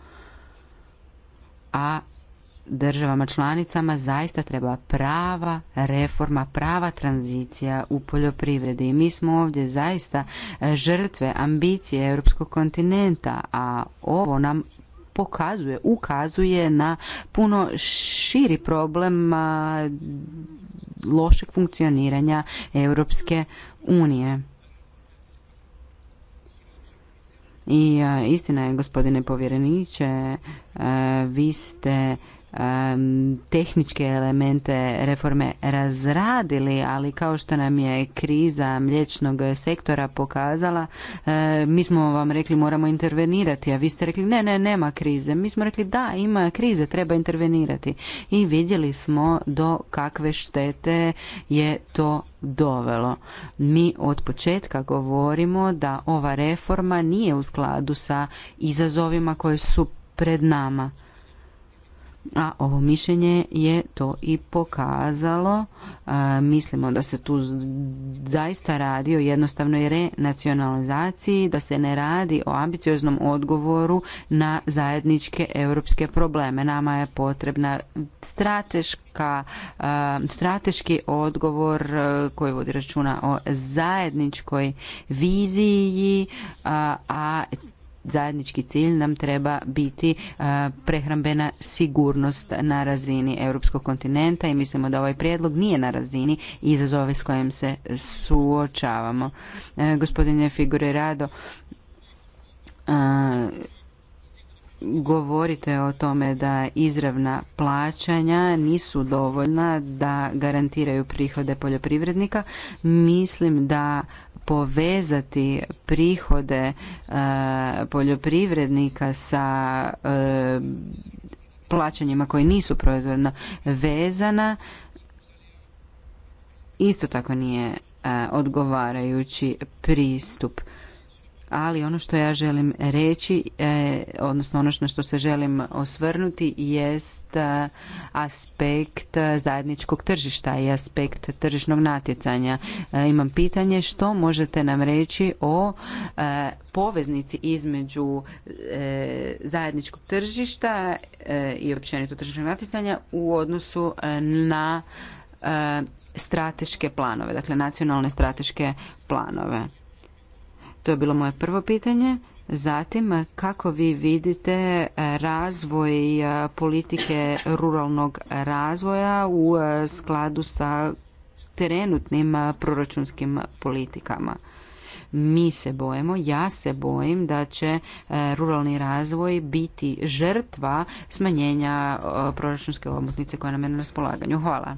a državama članicama zaista treba prava reforma, prava tranzicija u poljoprivredi. I mi smo ovdje zaista žrtve ambicije europskog kontinenta, a ovo nam pokazuje, ukazuje na puno širi problem lošeg funkcioniranja Europske unije. I istina je, gospodine povjereniče, vi ste tehničke elemente reforme razradili, ali kao što nam je kriza mliječnog sektora pokazala, e, mi smo vam rekli moramo intervenirati, a vi ste rekli ne, ne, nema krize. Mi smo rekli da, ima krize, treba intervenirati. I vidjeli smo do kakve štete je to dovelo. Mi od početka govorimo da ova reforma nije u skladu sa izazovima koji su pred nama a ovo mišljenje je to i pokazalo. E, mislimo da se tu zaista radi o jednostavnoj renacionalizaciji, da se ne radi o ambicioznom odgovoru na zajedničke europske probleme. Nama je potrebna strateška, e, strateški odgovor e, koji vodi računa o zajedničkoj viziji, a, a zajednički cilj nam treba biti e, prehrambena sigurnost na razini europskog kontinenta i mislimo da ovaj prijedlog nije na razini izazove s kojim se suočavamo. E, gospodine Figure Rado, e, govorite o tome da izravna plaćanja nisu dovoljna da garantiraju prihode poljoprivrednika mislim da povezati prihode e, poljoprivrednika sa e, plaćanjima koji nisu proizvodno vezana isto tako nije e, odgovarajući pristup ali ono što ja želim reći, e, odnosno ono na što se želim osvrnuti, jest e, aspekt zajedničkog tržišta i aspekt tržišnog natjecanja. E, imam pitanje što možete nam reći o poveznici između zajedničkog tržišta i općenito tržišnog natjecanja u odnosu na strateške planove, dakle nacionalne strateške planove. To je bilo moje prvo pitanje. Zatim, kako vi vidite e, razvoj e, politike ruralnog razvoja u e, skladu sa trenutnim proračunskim politikama? Mi se bojimo, ja se bojim da će ruralni razvoj biti žrtva smanjenja proračunske omutnice koja nam je na raspolaganju. Hvala.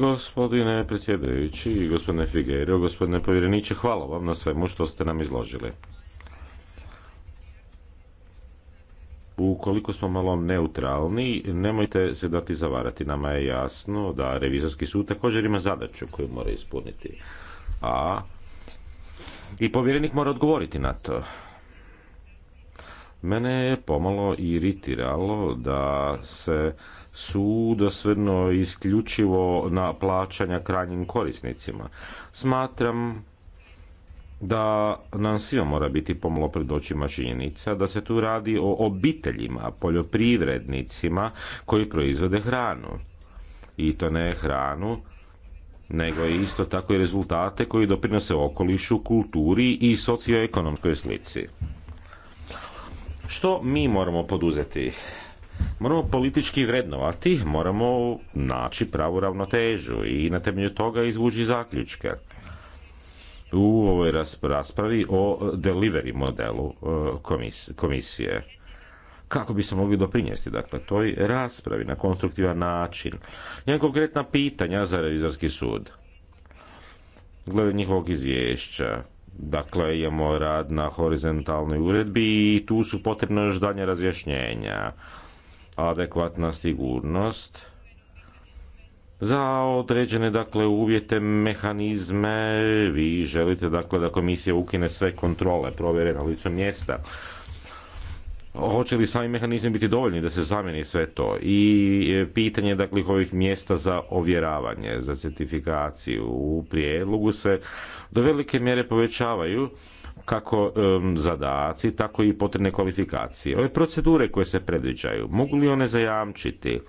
Gospodine predsjedajući i gospodine Figueiredo, gospodine povjereniče, hvala vam na svemu što ste nam izložili. Ukoliko smo malo neutralni, nemojte se dati zavarati. Nama je jasno da revizorski sud također ima zadaću koju mora ispuniti. A i povjerenik mora odgovoriti na to. Mene je pomalo iritiralo da se sud osvrno isključivo na plaćanja krajnjim korisnicima. Smatram da nam svima mora biti pomalo pred očima činjenica da se tu radi o obiteljima, poljoprivrednicima koji proizvode hranu. I to ne hranu, nego isto tako i rezultate koji doprinose okolišu, kulturi i socioekonomskoj slici. Što mi moramo poduzeti? Moramo politički vrednovati, moramo naći pravu ravnotežu i na temelju toga izvući zaključke. U ovoj raspravi o delivery modelu e, komisije kako bi se mogli doprinijesti dakle, toj raspravi na konstruktivan način. nje konkretna pitanja za revizorski sud. Glede njihovog izvješća. Dakle, imamo rad na horizontalnoj uredbi i tu su potrebno još danje razjašnjenja. Adekvatna sigurnost za određene dakle uvjete, mehanizme, vi želite dakle da komisija ukine sve kontrole provjere na licu mjesta hoće li sami mehanizmi biti dovoljni da se zameni sve to i e, pitanje dakle ovih mjesta za ovjeravanje, za certifikaciju u prijedlogu se do velike mjere povećavaju kako zadaci, tako i potrebne kvalifikacije. Ove procedure koje se predviđaju, mogu li one zajamčiti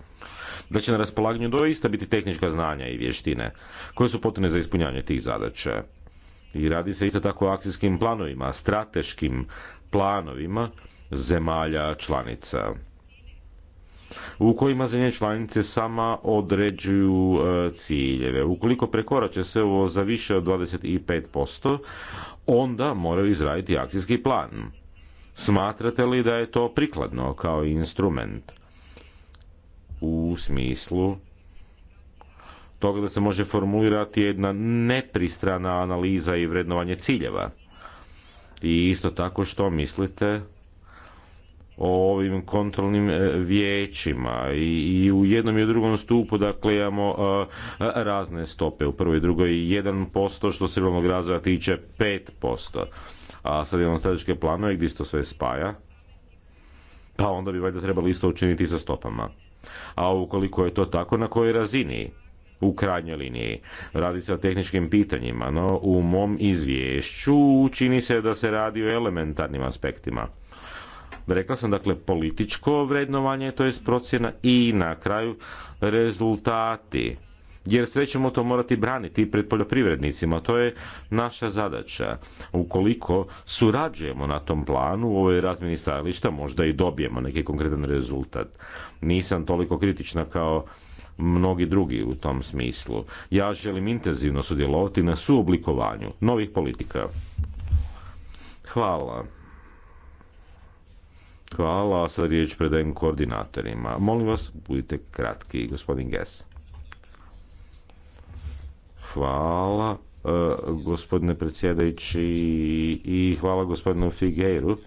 da će na raspolaganju doista biti tehnička znanja i vještine koje su potrebne za ispunjanje tih zadaća? I radi se isto tako o akcijskim planovima, strateškim planovima zemalja članica u kojima zemlje članice sama određuju e, ciljeve. Ukoliko prekorače sve ovo za više od 25%, onda moraju izraditi akcijski plan. Smatrate li da je to prikladno kao instrument u smislu toga da se može formulirati jedna nepristrana analiza i vrednovanje ciljeva? I isto tako što mislite o ovim kontrolnim e, vijećima i u jednom i u drugom stupu dakle imamo e, razne stope u prvoj i drugoj 1% što se ruralnog razvoja tiče 5% a sad imamo strateške planove gdje se to sve spaja pa onda bi valjda trebalo isto učiniti sa stopama a ukoliko je to tako na kojoj razini u krajnjoj liniji. Radi se o tehničkim pitanjima, no u mom izvješću čini se da se radi o elementarnim aspektima Rekla sam dakle političko vrednovanje, to je procjena i na kraju rezultati. Jer sve ćemo to morati braniti pred poljoprivrednicima, to je naša zadaća. Ukoliko surađujemo na tom planu u ovoj razmjeni stajališta, možda i dobijemo neki konkretan rezultat. Nisam toliko kritična kao mnogi drugi u tom smislu. Ja želim intenzivno sudjelovati na suoblikovanju novih politika. Hvala. Hvala, sad riječ predajem koordinatorima. Molim vas, budite kratki, gospodin Ges. Hvala, e, gospodine predsjedajući i hvala gospodinu Figeiru,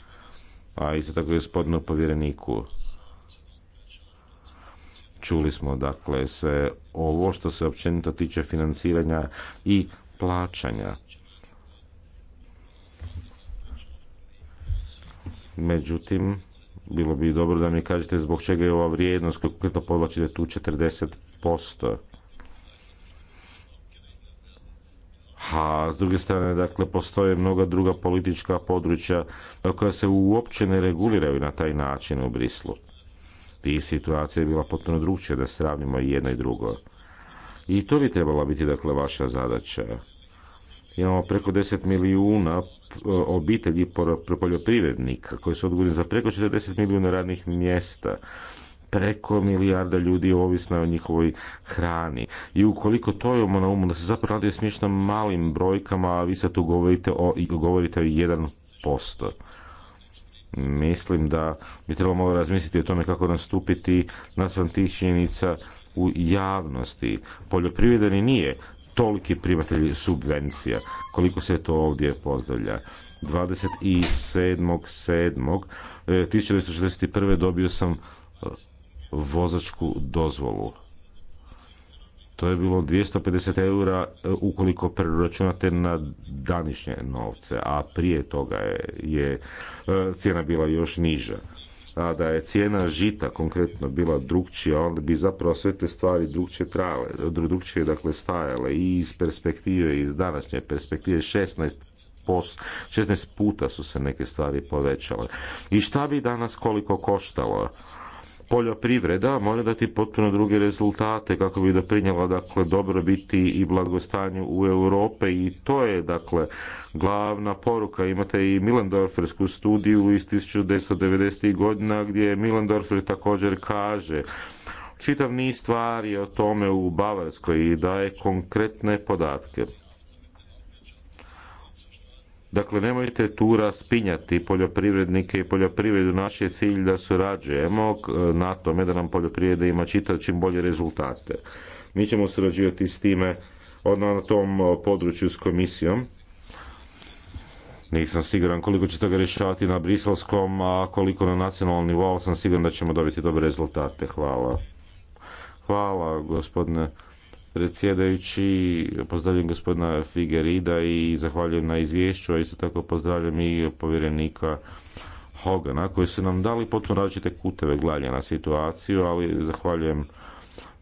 a isto tako gospodinu povjereniku. Čuli smo dakle sve ovo što se općenito tiče financiranja i plaćanja. Međutim, bilo bi dobro da mi kažete zbog čega je ova vrijednost konkretno povlačite tu 40%. A s druge strane, dakle, postoje mnoga druga politička područja koja se uopće ne reguliraju na taj način u Brislu. I situacija je bila potpuno drugčija da sravnimo i jedno i drugo. I to bi trebala biti, dakle, vaša zadaća. Imamo preko 10 milijuna e, obitelji poljoprivrednika koji su odgovorni za preko 40 milijuna radnih mjesta preko milijarda ljudi je ovisna o njihovoj hrani. I ukoliko to je na umu, da se zapravo radi o smiješno malim brojkama, a vi sad tu govorite o, govorite o 1%. Mislim da bi trebalo malo razmisliti o tome kako nastupiti naspram tih činjenica u javnosti. Poljoprivredni nije toliki primatelji subvencija. Koliko se to ovdje pozdravlja? 27.7.1961. E, dobio sam e, vozačku dozvolu. To je bilo 250 eura e, ukoliko preračunate na danišnje novce, a prije toga je, je cijena bila još niža a da je cijena žita konkretno bila drugčija, onda bi zapravo sve te stvari drugčije trajale, drugčije dakle stajale i iz perspektive, iz današnje perspektive 16 16 puta su se neke stvari povećale. I šta bi danas koliko koštalo? poljoprivreda mora dati potpuno druge rezultate kako bi doprinjela dakle dobrobiti i blagostanju u Europe i to je dakle glavna poruka. Imate i Milendorfersku studiju iz 1990. godina gdje Milendorfer također kaže čitav niz stvari o tome u Bavarskoj i daje konkretne podatke. Dakle, nemojte tu raspinjati poljoprivrednike i poljoprivredu. Naš je cilj da surađujemo e, na tome da nam poljoprivreda ima čitav čim bolje rezultate. Mi ćemo surađivati s time na tom području s komisijom. Nisam siguran koliko će toga rješavati na briselskom, a koliko na nacionalnom nivou sam siguran da ćemo dobiti dobre rezultate. Hvala. Hvala gospodine Predsjedajući, pozdravljam gospodina Figerida i zahvaljujem na izvješću, a isto tako pozdravljam i povjerenika Hogana koji su nam dali potpuno različite kuteve gledanja na situaciju, ali zahvaljujem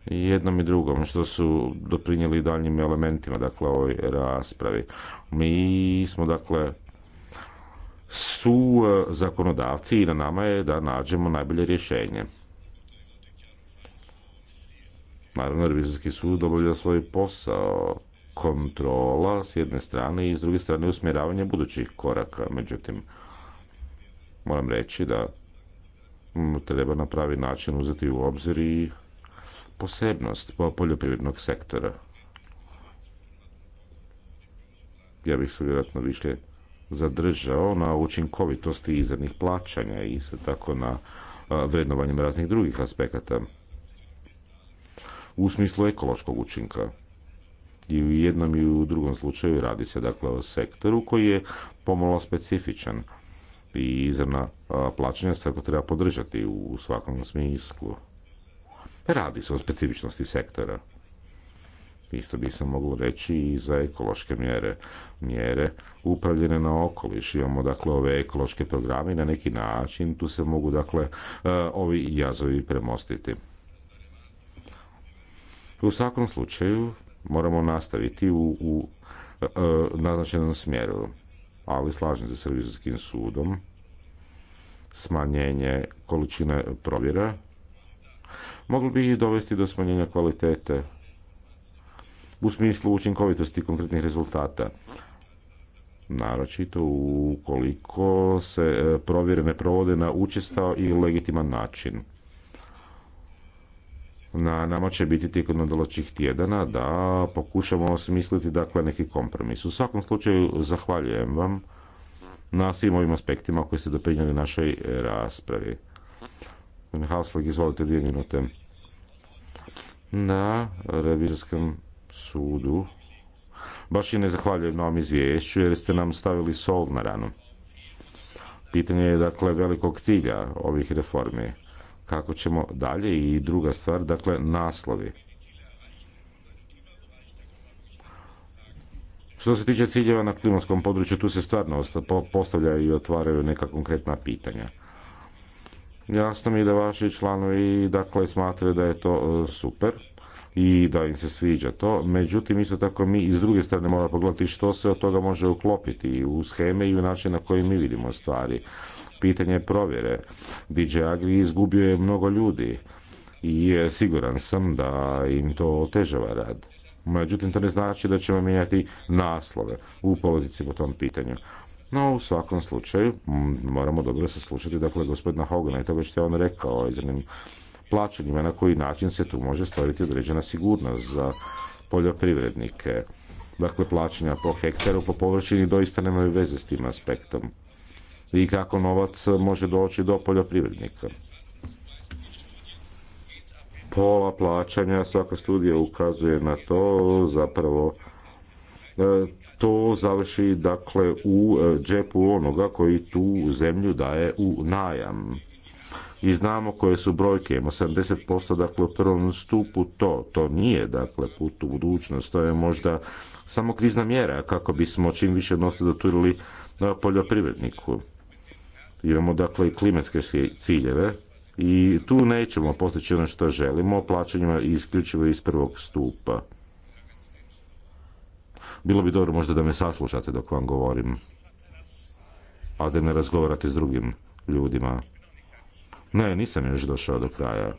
jednom i drugom što su doprinijeli daljnjim elementima dakle ovoj raspravi. Mi smo dakle su eh, zakonodavci i na nama je da nađemo najbolje rješenje. Naravno, revizijski sud obavlja svoj posao kontrola s jedne strane i s druge strane usmjeravanje budućih koraka. Međutim, moram reći da treba na pravi način uzeti u obzir i posebnost poljoprivrednog sektora. Ja bih se vjerojatno više zadržao na učinkovitosti izrednih plaćanja i sve tako na vrednovanjem raznih drugih aspekata u smislu ekološkog učinka. I u jednom i u drugom slučaju radi se dakle o sektoru koji je pomalo specifičan i izravna plaćanja svakako treba podržati u svakom smislu. Radi se o specifičnosti sektora. Isto bi se moglo reći i za ekološke mjere. Mjere upravljene na okoliš. Imamo dakle ove ekološke programe na neki način tu se mogu dakle ovi jazovi premostiti. U svakom slučaju moramo nastaviti u, u e, naznačenom smjeru, ali slažem se s sudom, smanjenje količine provjera moglo bi i dovesti do smanjenja kvalitete u smislu učinkovitosti konkretnih rezultata naročito ukoliko se e, provjere ne provode na učestao i legitiman način na nama će biti tijekom nadaločih tjedana da pokušamo osmisliti dakle neki kompromis. U svakom slučaju zahvaljujem vam na svim ovim aspektima koji ste doprinijeli našoj raspravi. Hauslag, izvolite dvije minute. Na revizorskom sudu baš i ne zahvaljujem na ovom izvješću jer ste nam stavili sol na ranu. Pitanje je dakle velikog cilja ovih reformi kako ćemo dalje i druga stvar, dakle naslovi. Što se tiče ciljeva na klimatskom području, tu se stvarno postavljaju i otvaraju neka konkretna pitanja. Jasno mi je da vaši članovi dakle, smatraju da je to e, super i da im se sviđa to. Međutim, isto tako mi iz druge strane moramo pogledati što se od toga može uklopiti u scheme i u način na koji mi vidimo stvari pitanje provjere. DJ Agri izgubio je mnogo ljudi i siguran sam da im to otežava rad. Međutim, to ne znači da ćemo mijenjati naslove u politici po tom pitanju. No, u svakom slučaju, moramo dobro slušati dakle, gospodina Hogana, i to što je on rekao o izrednim plaćanjima, na koji način se tu može stvoriti određena sigurnost za poljoprivrednike. Dakle, plaćanja po hektaru, po površini doista nemaju veze s tim aspektom i kako novac može doći do poljoprivrednika. Pola plaćanja, svaka studija ukazuje na to, zapravo e, to završi dakle u e, džepu onoga koji tu zemlju daje u najam. I znamo koje su brojke, 80% dakle u prvom stupu to, to nije dakle put u budućnost, to je možda samo krizna mjera kako bismo čim više novca doturili e, poljoprivredniku. Imamo dakle i klimatske ciljeve i tu nećemo postići ono što želimo plaćanjima isključivo iz prvog stupa. Bilo bi dobro možda da me saslušate dok vam govorim, a da ne razgovarate s drugim ljudima. Ne, nisam još došao do kraja.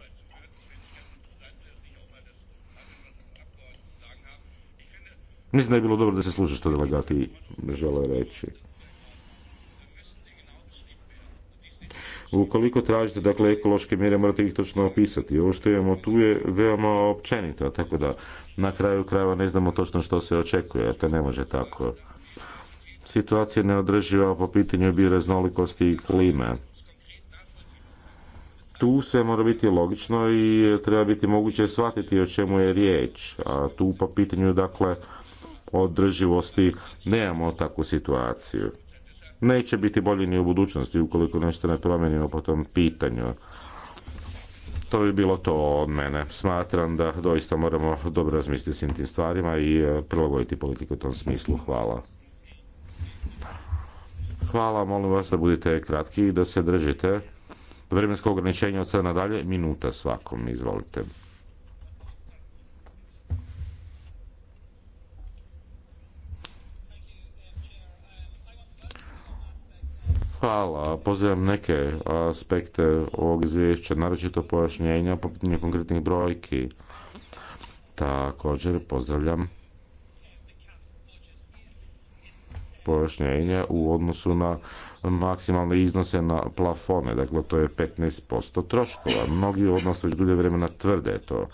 Mislim da je bilo dobro da se sluša što delegati žele reći. Ukoliko tražite dakle ekološke mjere morate ih točno opisati. Ovo što imamo tu je veoma općenito, tako da na kraju krajeva ne znamo točno što se očekuje, to ne može tako. Situacija neodrživa po pitanju bioraznolikosti i klime. Tu sve mora biti logično i treba biti moguće shvatiti o čemu je riječ. A tu po pitanju dakle održivosti nemamo takvu situaciju neće biti bolji ni u budućnosti ukoliko nešto ne promijenimo po tom pitanju. To bi bilo to od mene. Smatram da doista moramo dobro razmisliti s tim stvarima i e, prilagoditi politiku u tom smislu. Hvala. Hvala, molim vas da budite kratki i da se držite. Vremensko ograničenje od sada nadalje, minuta svakom, izvolite. Hvala. Pozdravljam neke aspekte ovog izvješća, naročito pojašnjenja po pitanju konkretnih brojki. Također pozdravljam pojašnjenje u odnosu na maksimalne iznose na plafone, dakle to je 15% troškova. Mnogi od nas već dulje vremena tvrde to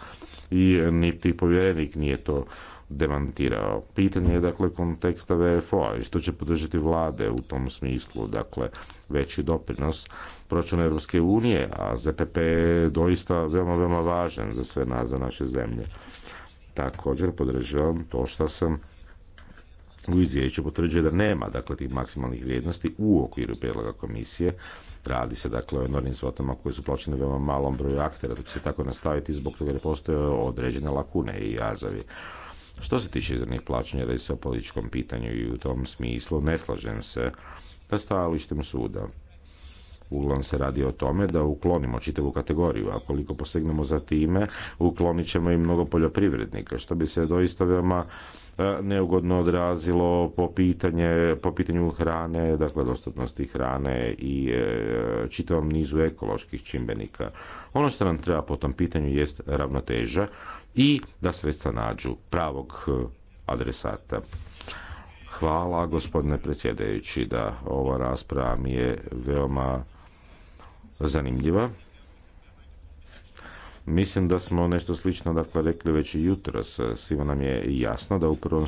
i niti povjerenik nije to demantirao. Pitanje je dakle konteksta VFO-a i što će podržati vlade u tom smislu, dakle veći doprinos proračuna Europske unije, a ZPP je doista veoma, veoma važan za sve nas, za naše zemlje. Također podržavam to što sam u izvješću potvrđuje da nema dakle tih maksimalnih vrijednosti u okviru prijedloga komisije. Radi se dakle o enormnim svotama koje su plaćene veoma malom broju aktera, će se tako nastaviti zbog toga jer postoje određene lakune i jazovi. Što se tiče izravnih plaćanja, radi se o političkom pitanju i u tom smislu ne slažem se sa stajalištem suda. Uglavnom se radi o tome da uklonimo čitavu kategoriju, a koliko posegnemo za time, uklonit ćemo i mnogo poljoprivrednika, što bi se doista veoma e, neugodno odrazilo po, pitanje, po pitanju hrane, dakle dostupnosti hrane i e, čitavom nizu ekoloških čimbenika. Ono što nam treba po tom pitanju jest ravnoteža i da sredstva nađu pravog eh, adresata. Hvala gospodine predsjedajući da ova rasprava mi je veoma zanimljiva. Mislim da smo nešto slično dakle rekli već i jutros. Svima nam je jasno da u prvom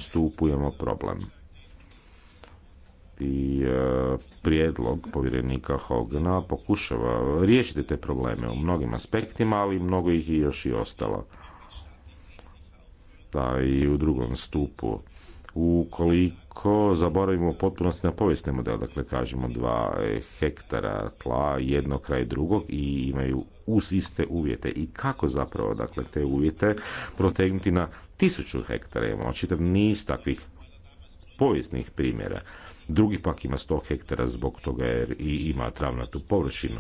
problem. I eh, prijedlog povjerenika Hogna pokušava riješiti te probleme u mnogim aspektima, ali mnogo ih je još i ostalo i u drugom stupu. Ukoliko zaboravimo potpunosti na povijesni model, dakle kažemo dva e, hektara tla, jedno kraj drugog i imaju uz iste uvjete i kako zapravo dakle te uvjete protegnuti na tisuću hektara. Imamo čitav niz takvih povijesnih primjera drugi pak ima 100 hektara zbog toga jer i ima travnatu površinu.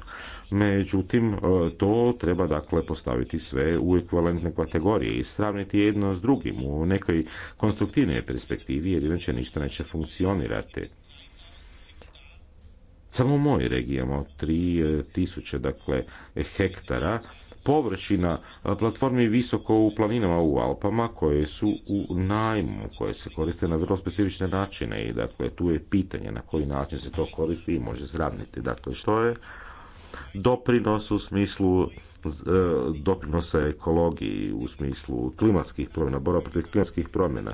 Međutim, e, to treba dakle postaviti sve u ekvivalentne kategorije i sravniti jedno s drugim u nekoj konstruktivnoj perspektivi jer inače ništa neće funkcionirati. Samo u mojoj regiji imamo 3000 e, dakle, hektara površina e, platformi visoko u planinama u Alpama koje su u najmu, koje se koriste na vrlo specifične načine i dakle tu je pitanje na koji način se to koristi i može sravniti. Dakle, što je doprinos u smislu e, doprinosa ekologiji, u smislu klimatskih promjena, borba protiv klimatskih promjena.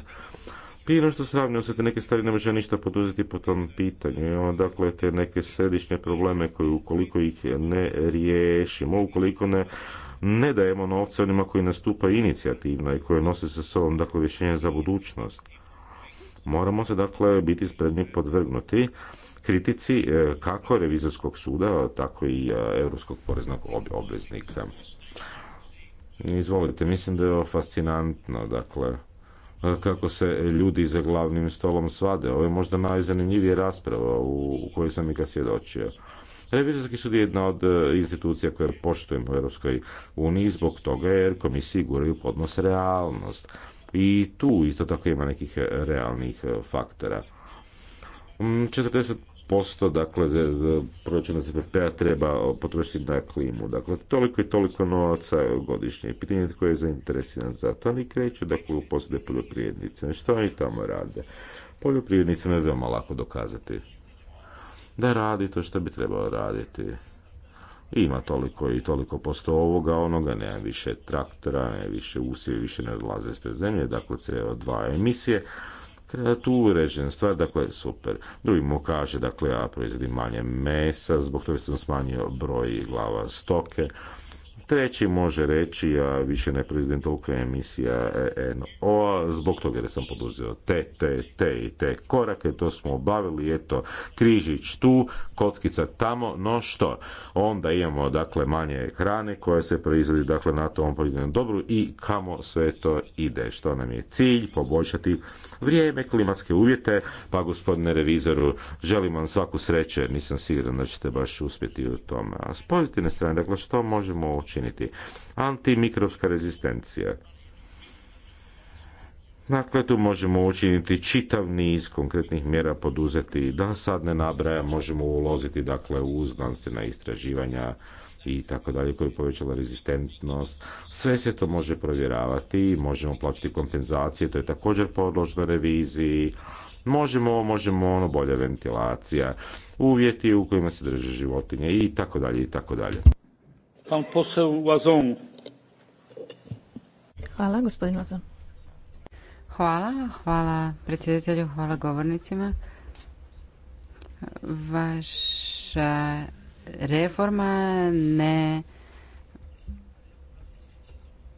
Prije no što sravnio se te neke stvari ne može ništa poduzeti po tom pitanju. dakle te neke središnje probleme koje ukoliko ih ne riješimo, ukoliko ne ne dajemo novce onima koji nastupa inicijativno i koji nose sa sobom dakle rješenje za budućnost. Moramo se dakle biti spremni podvrgnuti kritici e, kako revizorskog suda, tako i e, europskog poreznog obveznika. Izvolite, mislim da je ovo fascinantno, dakle, kako se ljudi za glavnim stolom svade. Ovo je možda najzanimljivija rasprava u kojoj sam ga svjedočio. Revizorski sud je jedna od e, institucija koje poštujemo u Europskoj uniji zbog toga jer komisiji guraju podnos realnost. I tu isto tako ima nekih realnih e, faktora. Mm, posto dakle za, za proračun p-a treba potrošiti na klimu. Dakle, toliko i toliko novaca godišnje. Pitanje je tko je zainteresiran za to. Oni kreću da u poljoprijednice. poljoprivrednice. Što oni tamo rade? Poljoprivrednicima je veoma lako dokazati da radi to što bi trebalo raditi. Ima toliko i toliko posto ovoga, onoga, nema više traktora, nema više usije, više ne odlaze te zemlje, dakle CO2 emisije tu uređen stvar, dakle super. Drugi mu kaže, dakle ja proizvodim manje mesa, zbog toga sam smanjio broj glava stoke. Treći može reći, ja više ne proizvodim toliko emisija e NO, zbog toga jer sam poduzeo te, te, te i te korake, to smo obavili, eto, križić tu, kockica tamo, no što? Onda imamo, dakle, manje hrane koja se proizvodi, dakle, na tom proizvodim dobru i kamo sve to ide, što nam je cilj, poboljšati vrijeme, klimatske uvjete, pa gospodine revizoru, želim vam svaku sreće, nisam siguran da ćete baš uspjeti u tome. A s pozitivne strane, dakle, što možemo učiniti? Antimikropska rezistencija. Dakle, tu možemo učiniti čitav niz konkretnih mjera poduzeti, da sad ne nabraja, možemo uloziti dakle, u znanstvena istraživanja, i tako dalje koji je povećala rezistentnost. Sve se to može provjeravati, možemo plaćati kompenzacije, to je također podložno reviziji. Možemo, možemo, ono bolja ventilacija, uvjeti u kojima se drže životinje i tako dalje i tako dalje. Pan Vazon. Hvala, gospodin Vazon. Hvala, hvala predsjedatelju, hvala govornicima. Vaša reforma ne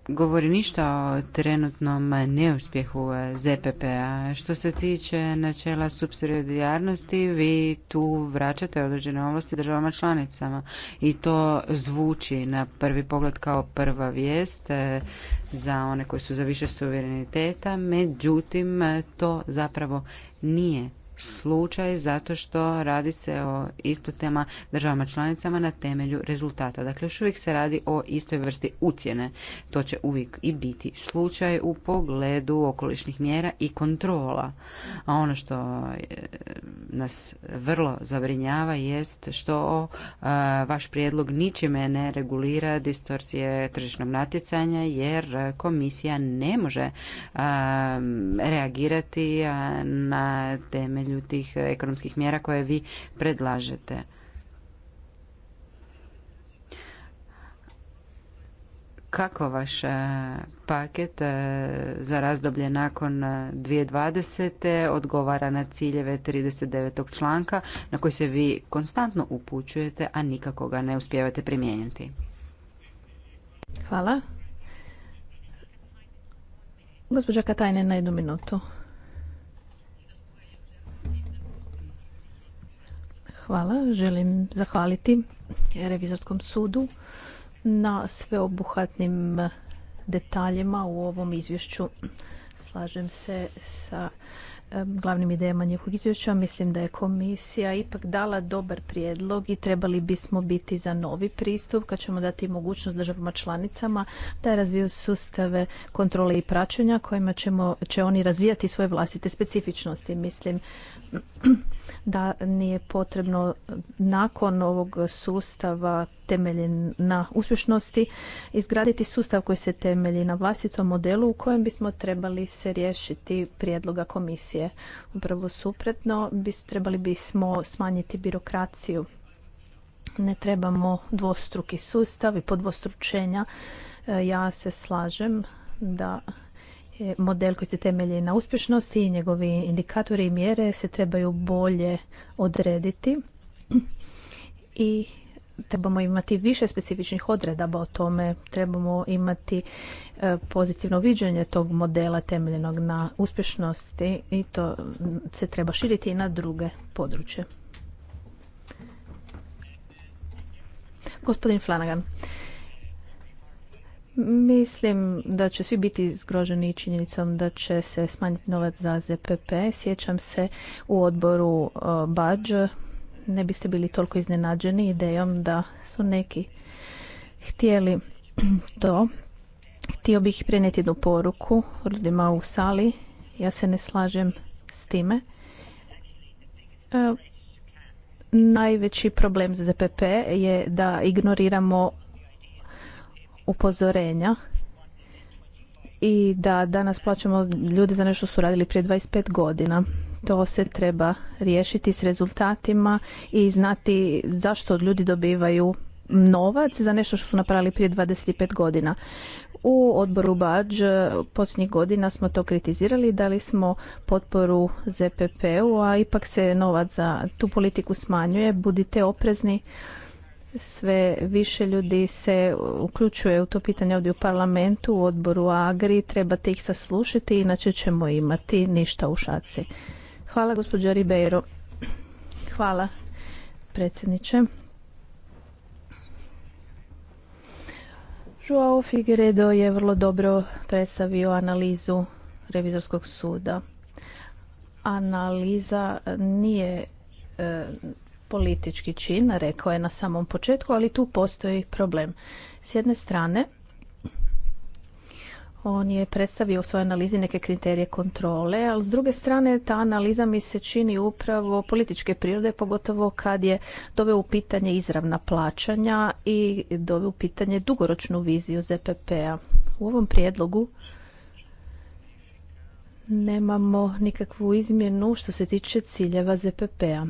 govori ništa o trenutnom neuspjehu ZPP-a. Što se tiče načela subsidijarnosti, vi tu vraćate određene ovlasti državama članicama i to zvuči na prvi pogled kao prva vijest e, za one koji su za više suvereniteta, međutim to zapravo nije slučaj zato što radi se o isplatama državama članicama na temelju rezultata. Dakle, još uvijek se radi o istoj vrsti ucjene. To će uvijek i biti slučaj u pogledu okolišnih mjera i kontrola. A ono što e, nas vrlo zabrinjava jest što e, vaš prijedlog ničime ne regulira distorsije tržišnog natjecanja jer komisija ne može e, reagirati na temelju provođenju tih ekonomskih mjera koje vi predlažete. Kako vaš e, paket e, za razdoblje nakon 2020. E, odgovara na ciljeve 39. članka na koji se vi konstantno upućujete, a nikako ga ne uspijevate primijeniti? Hvala. Gospođa Katajne na jednu minutu. Hvala. Želim zahvaliti Revizorskom sudu na sveobuhvatnim detaljima u ovom izvješću. Slažem se sa glavnim idejama njihovog izvješća. Mislim da je komisija ipak dala dobar prijedlog i trebali bismo biti za novi pristup kad ćemo dati mogućnost državama članicama da razviju sustave kontrole i praćenja kojima ćemo, će oni razvijati svoje vlastite specifičnosti. Mislim da nije potrebno nakon ovog sustava temeljen na uspješnosti izgraditi sustav koji se temelji na vlastitom modelu u kojem bismo trebali se riješiti prijedloga komisije. Upravo suprotno, trebali bismo smanjiti birokraciju. Ne trebamo dvostruki sustav i podvostručenja. E, ja se slažem da model koji se temelji na uspješnosti i njegovi indikatori i mjere se trebaju bolje odrediti i trebamo imati više specifičnih odredaba o tome, trebamo imati E, pozitivno viđenje tog modela temeljenog na uspješnosti i to se treba širiti i na druge područje. Gospodin Flanagan, Mislim da će svi biti zgroženi činjenicom da će se smanjiti novac za ZPP. Sjećam se u odboru e, Bađ ne biste bili toliko iznenađeni idejom da su neki htjeli to Htio bih prenijeti jednu poruku ljudima u sali. Ja se ne slažem s time. E, najveći problem za ZPP je da ignoriramo upozorenja i da danas plaćamo ljude za nešto su radili prije 25 godina. To se treba riješiti s rezultatima i znati zašto ljudi dobivaju novac za nešto što su napravili prije 25 godina. U odboru BAđ e, posljednjih godina smo to kritizirali, dali smo potporu ZPP-u, a ipak se novac za tu politiku smanjuje. Budite oprezni, sve više ljudi se uključuje u to pitanje ovdje u parlamentu, u odboru Agri, trebate ih saslušati, inače ćemo imati ništa u šaci. Hvala gospođo Ribeiro. Hvala predsjedniče. Joao Figueredo je vrlo dobro predstavio analizu revizorskog suda. Analiza nije e, politički čin, rekao je na samom početku, ali tu postoji problem. S jedne strane, on je predstavio u svojoj analizi neke kriterije kontrole, ali s druge strane ta analiza mi se čini upravo političke prirode, pogotovo kad je doveo u pitanje izravna plaćanja i doveo u pitanje dugoročnu viziju ZPP-a. U ovom prijedlogu nemamo nikakvu izmjenu što se tiče ciljeva ZPP-a.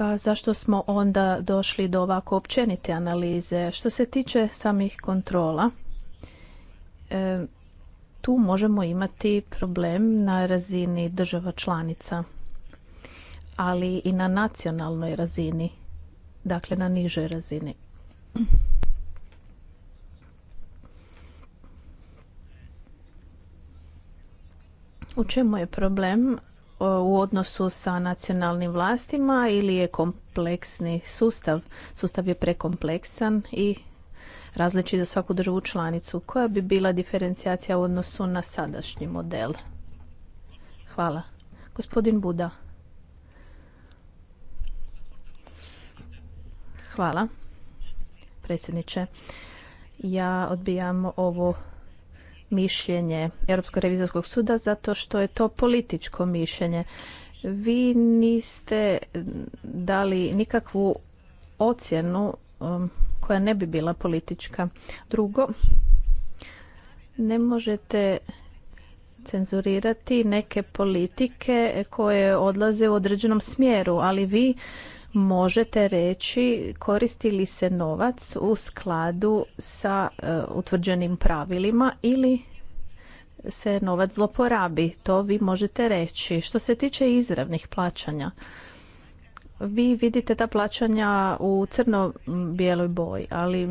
Pa zašto smo onda došli do ovako općenite analize? Što se tiče samih kontrola, e, tu možemo imati problem na razini država članica, ali i na nacionalnoj razini, dakle na nižoj razini. U čemu je problem E, u odnosu sa nacionalnim vlastima ili je kompleksni sustav? Sustav je prekompleksan i različit za svaku državu članicu. Koja bi bila diferencijacija u odnosu na sadašnji model? Hvala. Gospodin Buda. Hvala, predsjedniče. Ja odbijam ovo mišljenje Europskog revizorskog suda zato što je to političko mišljenje. Vi niste dali nikakvu ocjenu um, koja ne bi bila politička. Drugo, ne možete cenzurirati neke politike koje odlaze u određenom smjeru, ali vi možete reći koristi li se novac u skladu sa e, utvrđenim pravilima ili se novac zloporabi. To vi možete reći. Što se tiče izravnih plaćanja, vi vidite ta plaćanja u crno-bijeloj boji, ali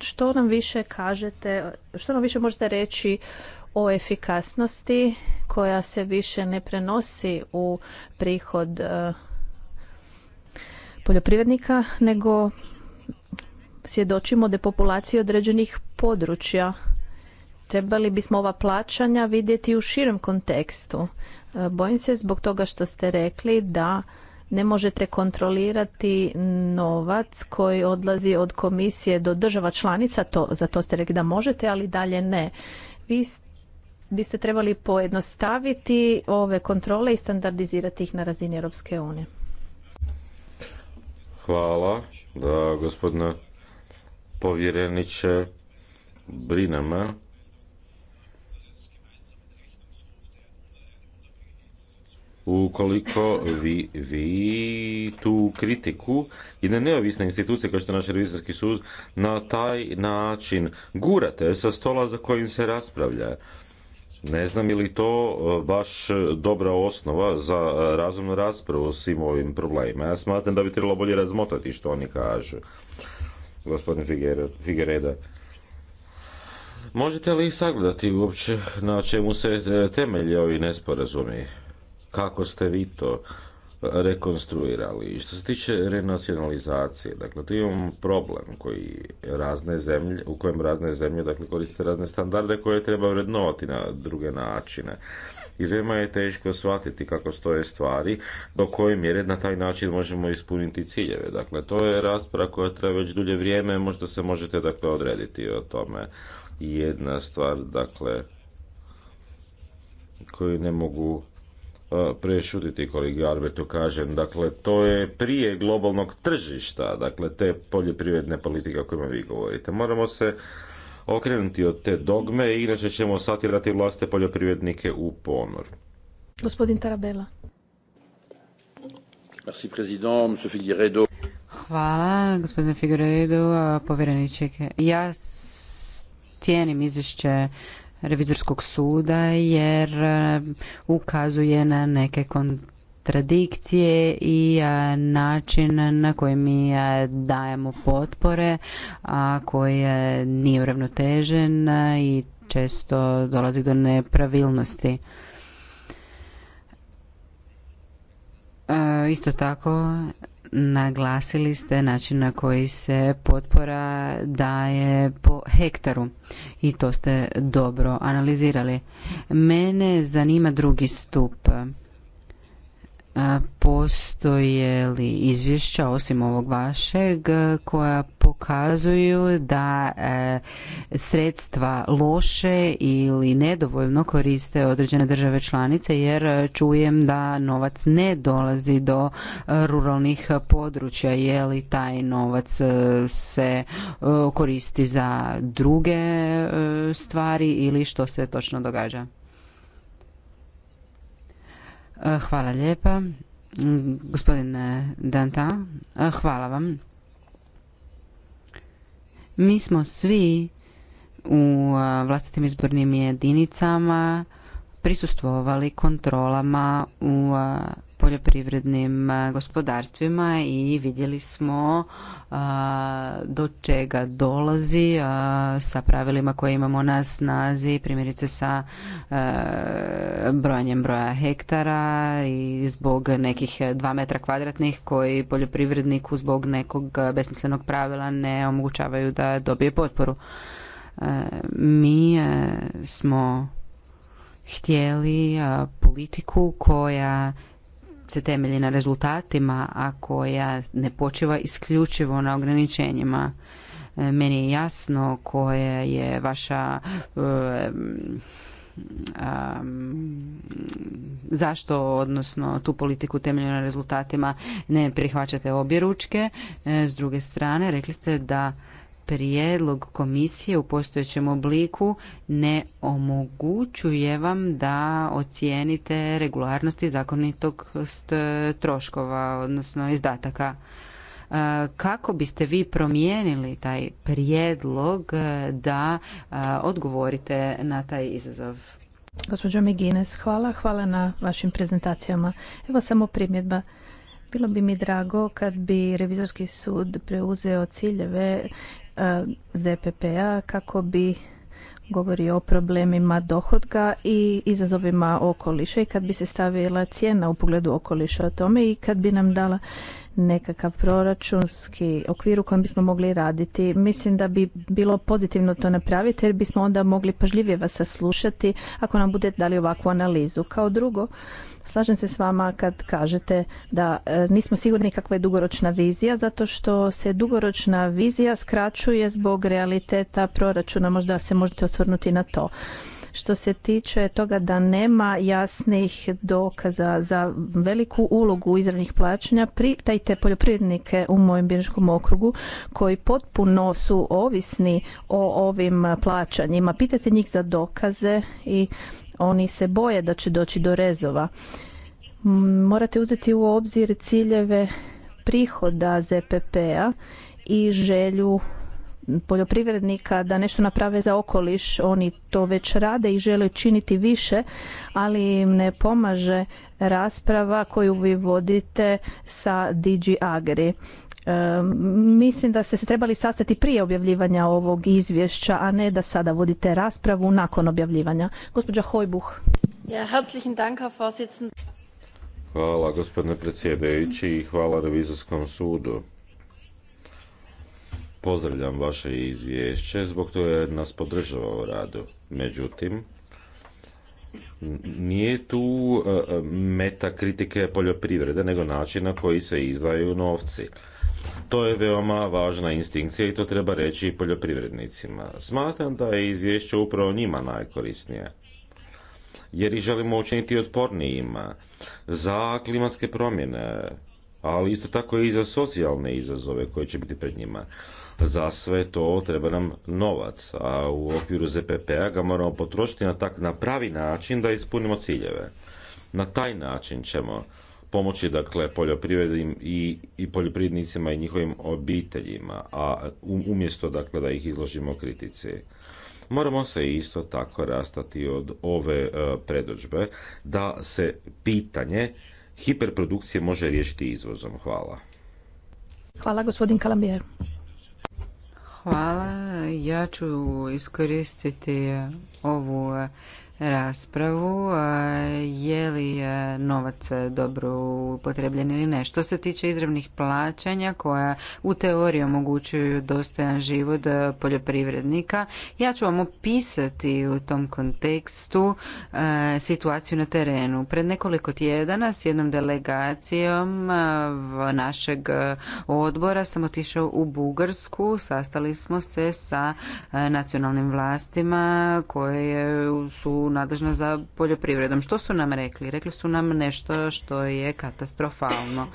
što nam više kažete, što nam više možete reći o efikasnosti koja se više ne prenosi u prihod e, poljoprivrednika, nego svjedočimo depopulaciji određenih područja. Trebali bismo ova plaćanja vidjeti u širem kontekstu. E, bojim se zbog toga što ste rekli da ne možete kontrolirati novac koji odlazi od komisije do država članica, to, za to ste rekli da možete, ali dalje ne. Vi biste trebali pojednostaviti ove kontrole i standardizirati ih na razini Europske unije. Hvala da gospodine povjereniče brinama ukoliko vi, vi tu kritiku i na neovisne institucije kao što je naš revizorski sud na taj način gurate sa stola za kojim se raspravlja. Ne znam je li to e, baš e, dobra osnova za e, razumnu raspravu o svim ovim problemima. Ja smatram da bi trebalo bolje razmotati što oni kažu. Gospodin Figuereda. Možete li sagledati uopće na čemu se temelje ovi nesporazumi? Kako ste vi to rekonstruirali. I što se tiče renacionalizacije, dakle tu imamo problem koji razne zemlje, u kojem razne zemlje dakle, koriste razne standarde koje treba vrednovati na druge načine. I veoma je teško shvatiti kako stoje stvari, do koje mjere na taj način možemo ispuniti ciljeve. Dakle, to je rasprava koja treba već dulje vrijeme, možda se možete dakle odrediti o tome. Jedna stvar, dakle, koju ne mogu E, prešutiti kolegi Arbetu kažem. Dakle, to je prije globalnog tržišta, dakle, te poljoprivredne politike o kojima vi govorite. Moramo se okrenuti od te dogme, i inače ćemo satirati vlaste poljoprivrednike u ponor. Gospodin Tarabela. Merci, président, monsieur Figueredo. Hvala, gospodine Figueredo, Ja cijenim izvješće revizorskog suda jer e, ukazuje na neke kontradikcije i e, način na koji mi e, dajemo potpore, a koji nije uravnotežen i često dolazi do nepravilnosti. Isto tako naglasili ste način na koji se potpora daje po hektaru i to ste dobro analizirali. Mene zanima drugi stup postoje li izvješća osim ovog vašeg koja pokazuju da e, sredstva loše ili nedovoljno koriste određene države članice jer e, čujem da novac ne dolazi do e, ruralnih područja je li taj novac se koristi za druge stvari ili što se točno događa E, hvala lijepa. Mm, gospodine Danta, e, hvala vam. Mi smo svi u e, vlastitim izbornim jedinicama prisustvovali kontrolama u poljoprivrednim gospodarstvima i vidjeli smo do čega dolazi sa pravilima koje imamo na snazi, primjerice sa brojanjem broja hektara i zbog nekih dva metra kvadratnih koji poljoprivredniku zbog nekog besmislenog pravila ne omogućavaju da dobije potporu. Mi e, smo htjeli politiku koja se temelji na rezultatima, a koja ne počiva isključivo na ograničenjima. E, meni je jasno koja je vaša e, zašto odnosno tu politiku temelju na rezultatima ne prihvaćate obje ručke. E, s druge strane, rekli ste da prijedlog komisije u postojećem obliku ne omogućuje vam da ocijenite regularnost i troškova, odnosno izdataka. E, kako biste vi promijenili taj prijedlog e, da e, odgovorite na taj izazov? Gospođo Migines, hvala, hvala na vašim prezentacijama. Evo samo primjedba. Bilo bi mi drago kad bi revizorski sud preuzeo ciljeve E, ZPP-a kako bi govorio o problemima dohodka i izazovima okoliša i kad bi se stavila cijena u pogledu okoliša o tome i kad bi nam dala nekakav proračunski okvir u kojem bismo mogli raditi. Mislim da bi bilo pozitivno to napraviti jer bismo onda mogli pažljivije vas saslušati ako nam budete dali ovakvu analizu. Kao drugo, slažem se s vama kad kažete da e, nismo sigurni kakva je dugoročna vizija zato što se dugoročna vizija skraćuje zbog realiteta proračuna. Možda se možete osvrnuti na to. Što se tiče toga da nema jasnih dokaza za veliku ulogu izravnih plaćanja, pitajte poljoprivrednike u mojem biračkom okrugu koji potpuno su ovisni o ovim plaćanjima. Pitajte njih za dokaze i oni se boje da će doći do rezova. Morate uzeti u obzir ciljeve prihoda ZPP-a i želju poljoprivrednika da nešto naprave za okoliš, oni to već rade i žele činiti više, ali im ne pomaže rasprava koju vi vodite sa DG Agri. mislim da ste se trebali sastati prije objavljivanja ovog izvješća, a ne da sada vodite raspravu nakon objavljivanja. Gospođa Hojbuh. Ja, herzlichen Dank, Herr Hvala gospodine predsjedajući i hvala revizorskom sudu. Pozdravljam vaše izvješće zbog toga jer nas podržava u radu. Međutim, nije tu e, e, meta kritike poljoprivrede, nego način koji se izdvajaju novci. To je veoma važna instinkcija i to treba reći i poljoprivrednicima. Smatram da je izvješće upravo njima najkorisnije jer ih želimo učiniti otpornijima za klimatske promjene, ali isto tako i za socijalne izazove koje će biti pred njima. Za sve to treba nam novac, a u okviru ZPP-a ga moramo potrošiti na, tak, na pravi način da ispunimo ciljeve. Na taj način ćemo pomoći dakle poljoprivrednim i, i poljoprivrednicima i njihovim obiteljima, a umjesto dakle da ih izložimo kritici. Moramo se isto tako rastati od ove uh, e, predođbe da se pitanje hiperprodukcije može riješiti izvozom. Hvala. Hvala gospodin Kalambijer. Hvala. Ja ću iskoristiti ovu raspravu je li novac dobro upotrebljen ili ne. Što se tiče izravnih plaćanja koja u teoriji omogućuju dostojan život poljoprivrednika, ja ću vam opisati u tom kontekstu situaciju na terenu. Pred nekoliko tjedana s jednom delegacijom našeg odbora sam otišao u Bugarsku, sastali smo se sa nacionalnim vlastima koje su nadležna za poljoprivredom. Što su nam rekli? Rekli su nam nešto što je katastrofalno.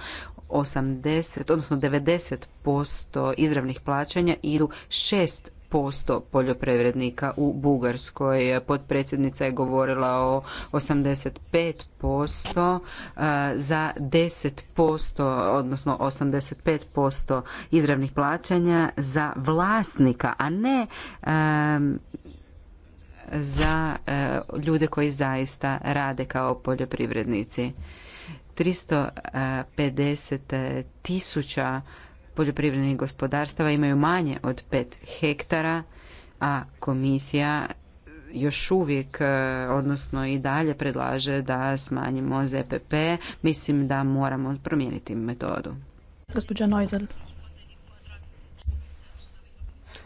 80, odnosno 90% izravnih plaćanja idu 6 posto poljoprivrednika u Bugarskoj. Potpredsjednica je govorila o 85% eh, za 10%, odnosno 85% izravnih plaćanja za vlasnika, a ne eh, za e, ljude koji zaista rade kao poljoprivrednici. 350 e, tisuća poljoprivrednih gospodarstava imaju manje od 5 hektara, a komisija još uvijek, e, odnosno i dalje predlaže da smanjimo ZPP. Mislim da moramo promijeniti metodu. Gospođa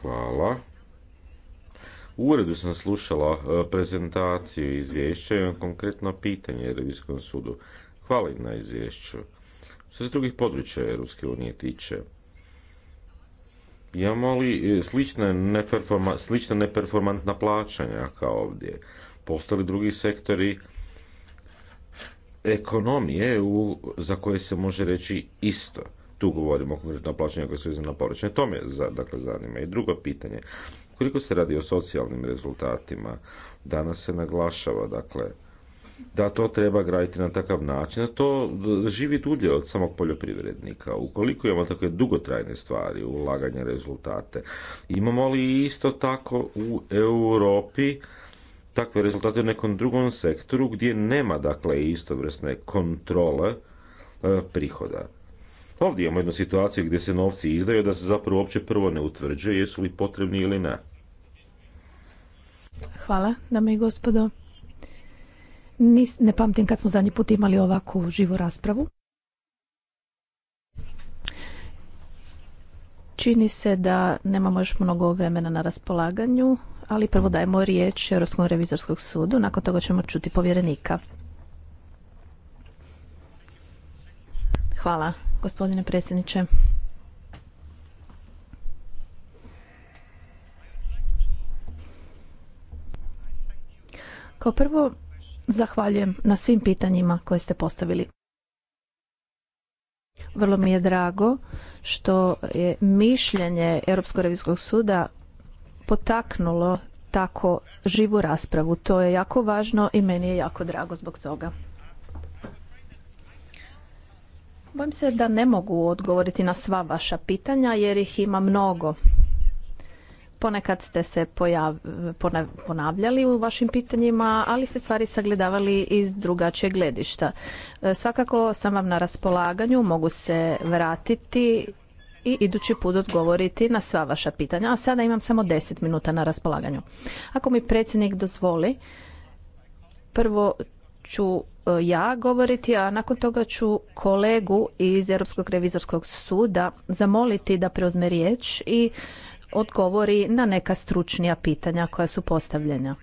Hvala. U uredu sam slušala e, prezentaciju izvješća i imam konkretno pitanje Revizijskom sudu. Hvala im na izvješću. Što se drugih područja Europske unije tiče, imamo li e, slične, neperformantna plaćanja kao ovdje? Postali drugi sektori ekonomije za koje se može reći isto? Tu govorimo konkretno plaćanja plaćanju koje su na površine. To me za, dakle, zanima. I drugo pitanje. Koliko se radi o socijalnim rezultatima, danas se naglašava, dakle, da to treba graditi na takav način, da to živi dulje od samog poljoprivrednika. Ukoliko imamo takve dugotrajne stvari, ulaganje rezultate, imamo li isto tako u Europi takve rezultate u nekom drugom sektoru gdje nema dakle istovrsne kontrole e, prihoda. Ovdje imamo jednu situaciju gdje se novci izdaju, da se zapravo uopće prvo ne utvrđuje jesu li potrebni ili ne. Hvala, dame i gospodo. ne pamtim kad smo zadnji put imali ovakvu živu raspravu. Čini se da nemamo još mnogo vremena na raspolaganju, ali prvo dajemo riječ Europskom revizorskom sudu, nakon toga ćemo čuti povjerenika. Hvala, gospodine predsjedniče. Kao prvo, zahvaljujem na svim pitanjima koje ste postavili. Vrlo mi je drago što je mišljenje Europskog revizijskog suda potaknulo tako živu raspravu. To je jako važno i meni je jako drago zbog toga. Bojim se da ne mogu odgovoriti na sva vaša pitanja jer ih ima mnogo. Ponekad ste se ponavljali u vašim pitanjima, ali ste stvari sagledavali iz drugačijeg gledišta. E, svakako sam vam na raspolaganju, mogu se vratiti i idući put odgovoriti na sva vaša pitanja. A sada imam samo 10 minuta na raspolaganju. Ako mi predsjednik dozvoli, prvo ću E, ja govoriti, a nakon toga ću kolegu iz Europskog revizorskog suda zamoliti da preuzme riječ i odgovori na neka stručnija pitanja koja su postavljena.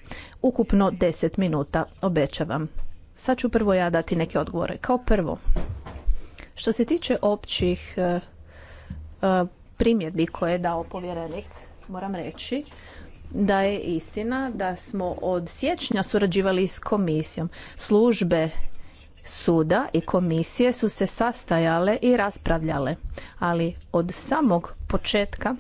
Ukupno 10 minuta, obećavam. Sad ću prvo ja dati neke odgovore. Kao prvo, što se tiče općih e, e, primjedbi koje je dao povjerenik, moram reći da je istina da smo od siječnja surađivali s komisijom. Službe suda i komisije su se sastajale i raspravljale, ali od samog početka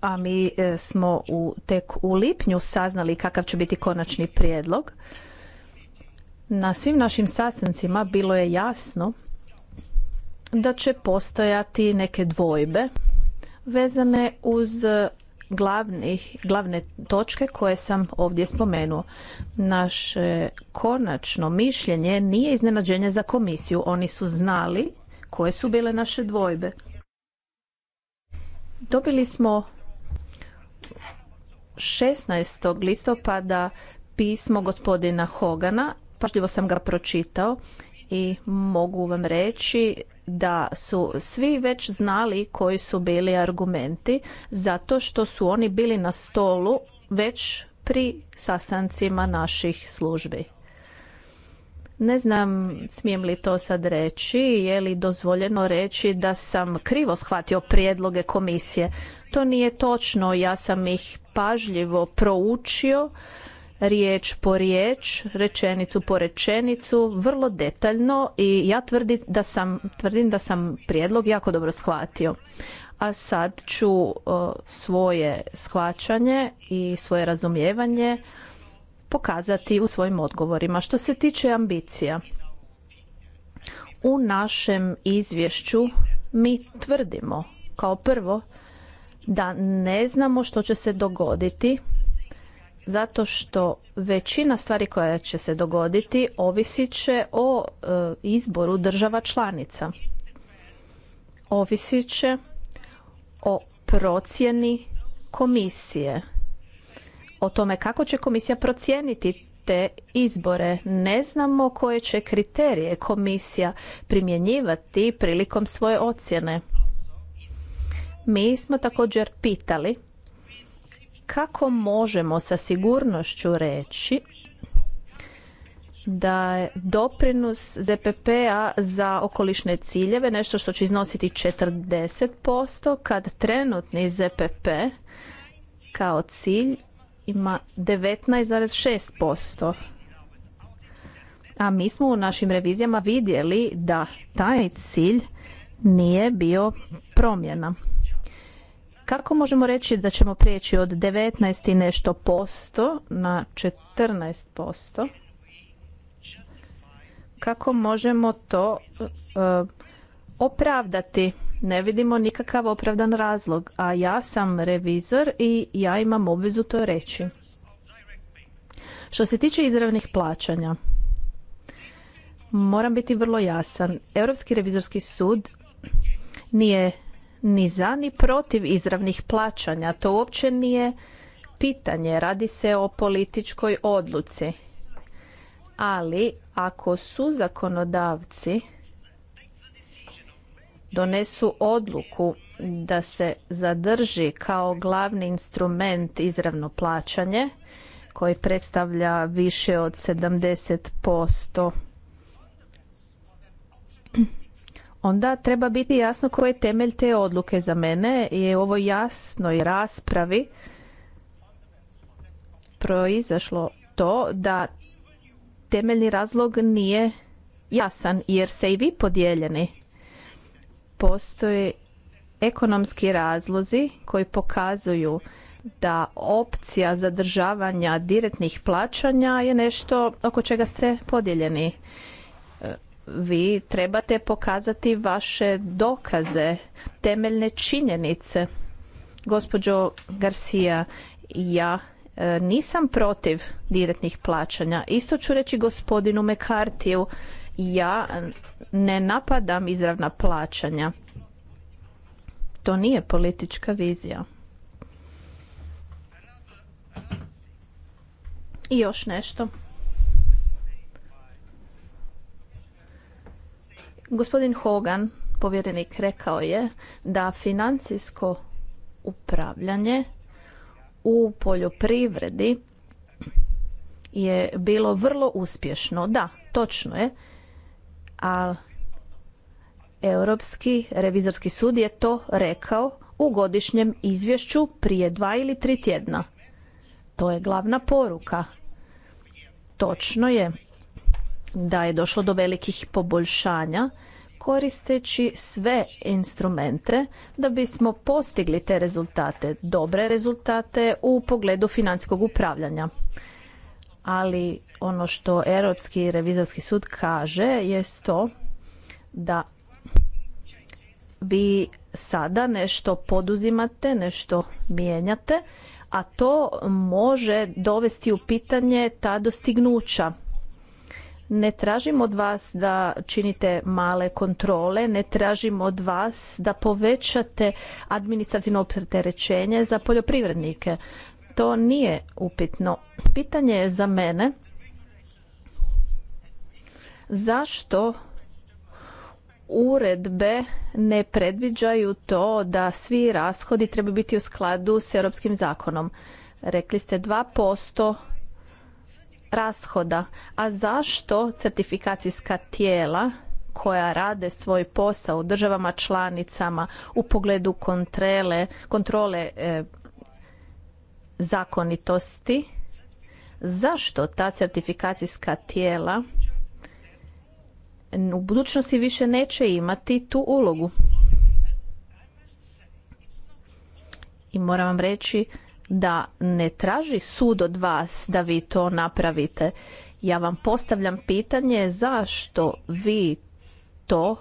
a mi e, smo u, tek u lipnju saznali kakav će biti konačni prijedlog. Na svim našim sastancima bilo je jasno da će postojati neke dvojbe vezane uz glavni, glavne točke koje sam ovdje spomenuo. Naše konačno mišljenje nije iznenađenje za komisiju. Oni su znali koje su bile naše dvojbe. Dobili smo 16. listopada pismo gospodina Hogana, pažljivo sam ga pročitao i mogu vam reći da su svi već znali koji su bili argumenti zato što su oni bili na stolu već pri sastancima naših službi. Ne znam smijem li to sad reći, je li dozvoljeno reći da sam krivo shvatio prijedloge komisije. To nije točno, ja sam ih pažljivo proučio riječ po riječ, rečenicu po rečenicu, vrlo detaljno i ja tvrdim da sam, tvrdim da sam prijedlog jako dobro shvatio. A sad ću svoje shvaćanje i svoje razumijevanje pokazati u svojim odgovorima. Što se tiče ambicija, u našem izvješću mi tvrdimo kao prvo da ne znamo što će se dogoditi zato što većina stvari koja će se dogoditi ovisit će o e, izboru država članica. Ovisit će o procjeni komisije. O tome kako će komisija procijeniti te izbore. Ne znamo koje će kriterije komisija primjenjivati prilikom svoje ocjene. Mi smo također pitali kako možemo sa sigurnošću reći da je doprinos ZPP-a za okolišne ciljeve nešto što će iznositi 40% kad trenutni ZPP kao cilj ima 19,6%. A mi smo u našim revizijama vidjeli da taj cilj nije bio promjena. Kako možemo reći da ćemo prijeći od 19 i nešto posto na 14 posto? Kako možemo to eh, opravdati? Ne vidimo nikakav opravdan razlog, a ja sam revizor i ja imam obvezu to reći. Što se tiče izravnih plaćanja, moram biti vrlo jasan. Europski revizorski sud nije ni za ni protiv izravnih plaćanja. To uopće nije pitanje, radi se o političkoj odluci. Ali ako su zakonodavci donesu odluku da se zadrži kao glavni instrument izravno plaćanje koji predstavlja više od 70% onda treba biti jasno koji je temelj te odluke za mene je u ovoj jasnoj raspravi proizašlo to da temeljni razlog nije jasan jer ste i vi podijeljeni. Postoje ekonomski razlozi koji pokazuju da opcija zadržavanja direktnih plaćanja je nešto oko čega ste podijeljeni vi trebate pokazati vaše dokaze, temeljne činjenice. Gospođo Garcia, ja e, nisam protiv direktnih plaćanja. Isto ću reći gospodinu Mekartiju, ja ne napadam izravna plaćanja. To nije politička vizija. I još nešto. Gospodin Hogan, povjerenik, rekao je da financijsko upravljanje u poljoprivredi je bilo vrlo uspješno. Da, točno je, ali Europski revizorski sud je to rekao u godišnjem izvješću prije dva ili tri tjedna. To je glavna poruka. Točno je, da je došlo do velikih poboljšanja koristeći sve instrumente da bismo postigli te rezultate, dobre rezultate u pogledu financijskog upravljanja. Ali ono što Europski revizorski sud kaže je to da vi sada nešto poduzimate, nešto mijenjate, a to može dovesti u pitanje ta dostignuća ne tražim od vas da činite male kontrole, ne tražim od vas da povećate administrativno opterećenje za poljoprivrednike. To nije upitno. Pitanje je za mene zašto uredbe ne predviđaju to da svi rashodi trebaju biti u skladu s europskim zakonom. Rekli ste 2% rashoda. A zašto certifikacijska tijela koja rade svoj posao u državama članicama u pogledu kontrele, kontrole e, zakonitosti, zašto ta certifikacijska tijela u budućnosti više neće imati tu ulogu? I moram vam reći da ne traži sud od vas da vi to napravite. Ja vam postavljam pitanje zašto vi to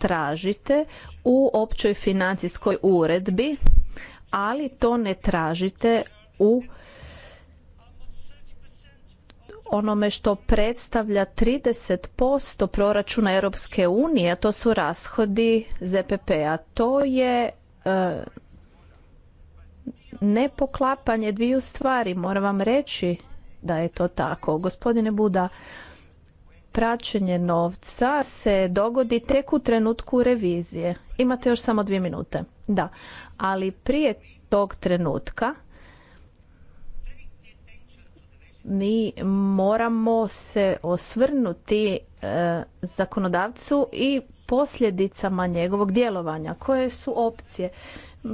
tražite u općoj financijskoj uredbi, ali to ne tražite u onome što predstavlja 30% proračuna Europske unije, to su rashodi ZPP-a. To je e, nepoklapanje dviju stvari. Moram vam reći da je to tako. Gospodine Buda, praćenje novca se dogodi tek u trenutku revizije. Imate još samo dvije minute. Da, ali prije tog trenutka mi moramo se osvrnuti e, zakonodavcu i posljedicama njegovog djelovanja, koje su opcije.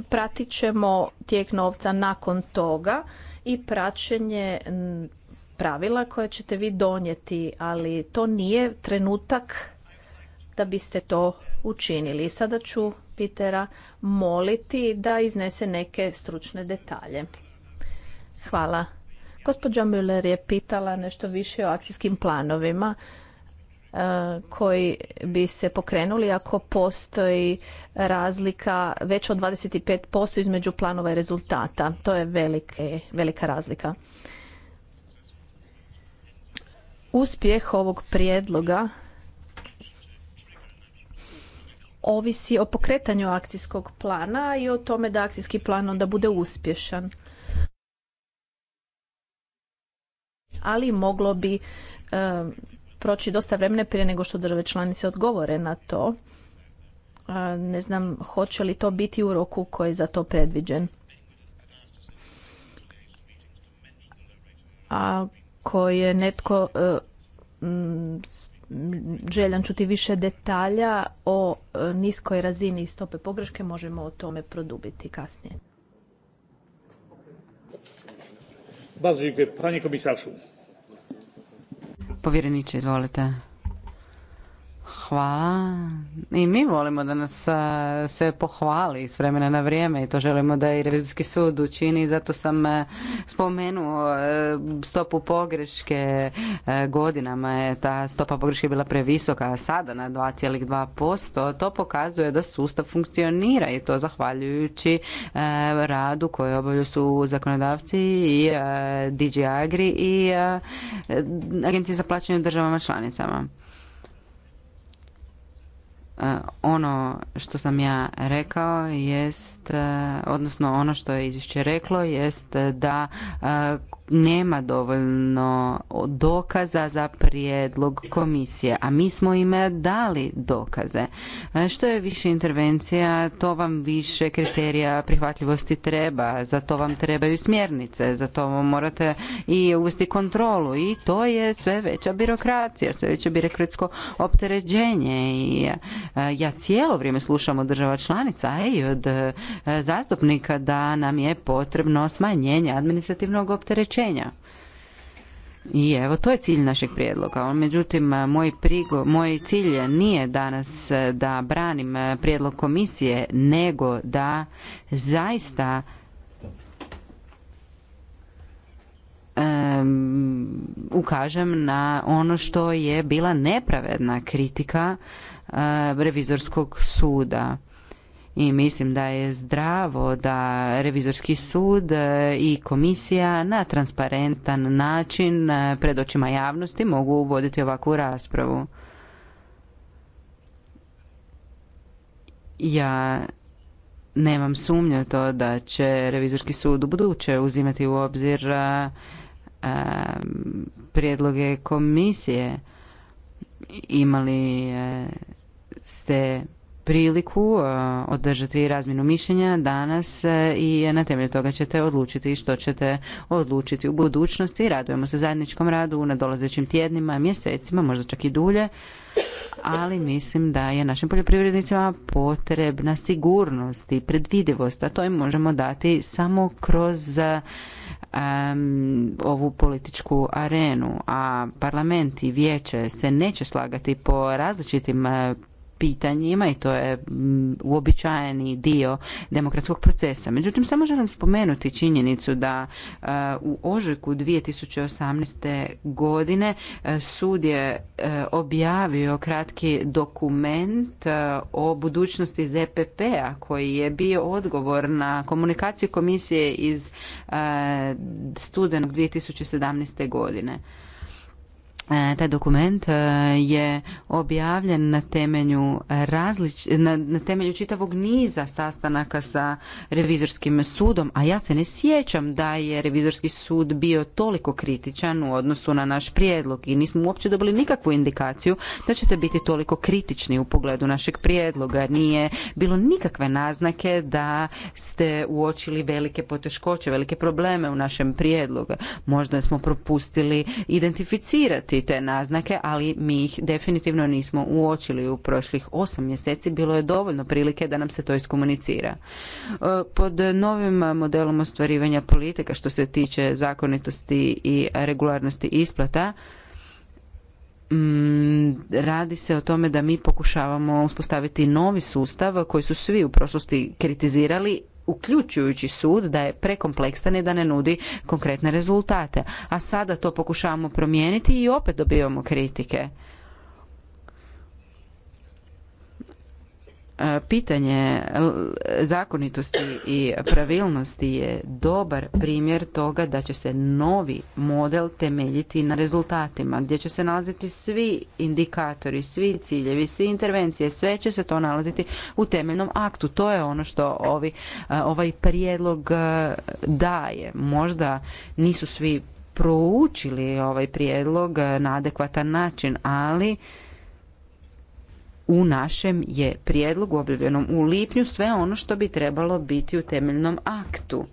Pratit ćemo tijek novca nakon toga i praćenje pravila koje ćete vi donijeti, ali to nije trenutak da biste to učinili. Sada ću Pitera moliti da iznese neke stručne detalje. Hvala. Gospođa Müller je pitala nešto više o akcijskim planovima. E, koji bi se pokrenuli ako postoji razlika već od 25% između planova i rezultata. To je velike, velika razlika. Uspjeh ovog prijedloga ovisi o pokretanju akcijskog plana i o tome da akcijski plan onda bude uspješan. Ali moglo bi e, proći dosta vremena prije nego što države članice odgovore na to. Ne znam hoće li to biti u roku koji je za to predviđen. Ako je netko e, željan čuti više detalja o e, niskoj razini stope pogreške, možemo o tome produbiti kasnije. Bardzo dziękuję. Povjereniče, izvolite. Hvala. I mi volimo da nas e, se pohvali s vremena na vrijeme i to želimo da i revizijski sud učini. Zato sam e, spomenuo e, stopu pogreške. Godinama je ta stopa pogreške bila previsoka, a sada na 2,2%. To pokazuje da sustav funkcionira i to zahvaljujući radu koje obavljaju su zakonodavci i DJ Agri i Agencije za plaćanje državama članicama. E, ono što sam ja rekao jest, e, odnosno ono što je izvješće reklo jest da e, nema dovoljno dokaza za prijedlog komisije, a mi smo im dali dokaze. Što je više intervencija, to vam više kriterija prihvatljivosti treba, za to vam trebaju smjernice, za to morate i uvesti kontrolu i to je sve veća birokracija, sve veće birokratsko opteređenje i e, ja cijelo vrijeme slušam od država članica i od e, zastupnika da nam je potrebno smanjenje administrativnog opterećenja rješenja. I evo, to je cilj našeg prijedloga. Međutim, moj, prigo, moj cilj nije danas da branim prijedlog komisije, nego da zaista ukažem na ono što je bila nepravedna kritika eh, revizorskog suda i mislim da je zdravo da revizorski sud e, i komisija na transparentan način e, pred očima javnosti mogu voditi ovakvu raspravu. Ja nemam sumnju to da će revizorski sud u buduće uzimati u obzir e, prijedloge komisije. Imali ste priliku e, održati razminu mišljenja danas e, i na temelju toga ćete odlučiti što ćete odlučiti u budućnosti. Radujemo se zajedničkom radu u nadolazećim tjednima, mjesecima, možda čak i dulje, ali mislim da je našim poljoprivrednicima potrebna sigurnost i predvidivost, a to im možemo dati samo kroz e, ovu političku arenu, a parlament i vijeće se neće slagati po različitim pitanjima i to je mm, uobičajeni dio demokratskog procesa. Međutim, samo želim spomenuti činjenicu da eh, u ožujku 2018. godine eh, sud je eh, objavio kratki dokument o budućnosti ZPP-a koji je bio odgovor na komunikaciju komisije iz studenog 2017. godine. E, taj dokument e, je objavljen na temelju različ... na, na temelju čitavog niza sastanaka sa revizorskim sudom, a ja se ne sjećam da je revizorski sud bio toliko kritičan u odnosu na naš prijedlog i nismo uopće dobili nikakvu indikaciju da ćete biti toliko kritični u pogledu našeg prijedloga. Nije bilo nikakve naznake da ste uočili velike poteškoće, velike probleme u našem prijedlogu. Možda smo propustili identificirati uočiti te naznake, ali mi ih definitivno nismo uočili u prošlih osam mjeseci. Bilo je dovoljno prilike da nam se to iskomunicira. E, pod novim modelom ostvarivanja politika što se tiče zakonitosti i regularnosti isplata, mm, radi se o tome da mi pokušavamo uspostaviti novi sustav koji su svi u prošlosti kritizirali uključujući sud da je prekompleksan i da ne nudi konkretne rezultate. A sada to pokušavamo promijeniti i opet dobivamo kritike. E, pitanje zakonitosti i pravilnosti je dobar primjer toga da će se novi model temeljiti na rezultatima gdje će se nalaziti svi indikatori, svi ciljevi, svi intervencije, sve će se to nalaziti u temeljnom aktu. To je ono što ovi, e, ovaj prijedlog e, daje. Možda nisu svi proučili ovaj prijedlog na adekvatan način, ali u našem je prijedlogu objavljenom u lipnju sve ono što bi trebalo biti u temeljnom aktu.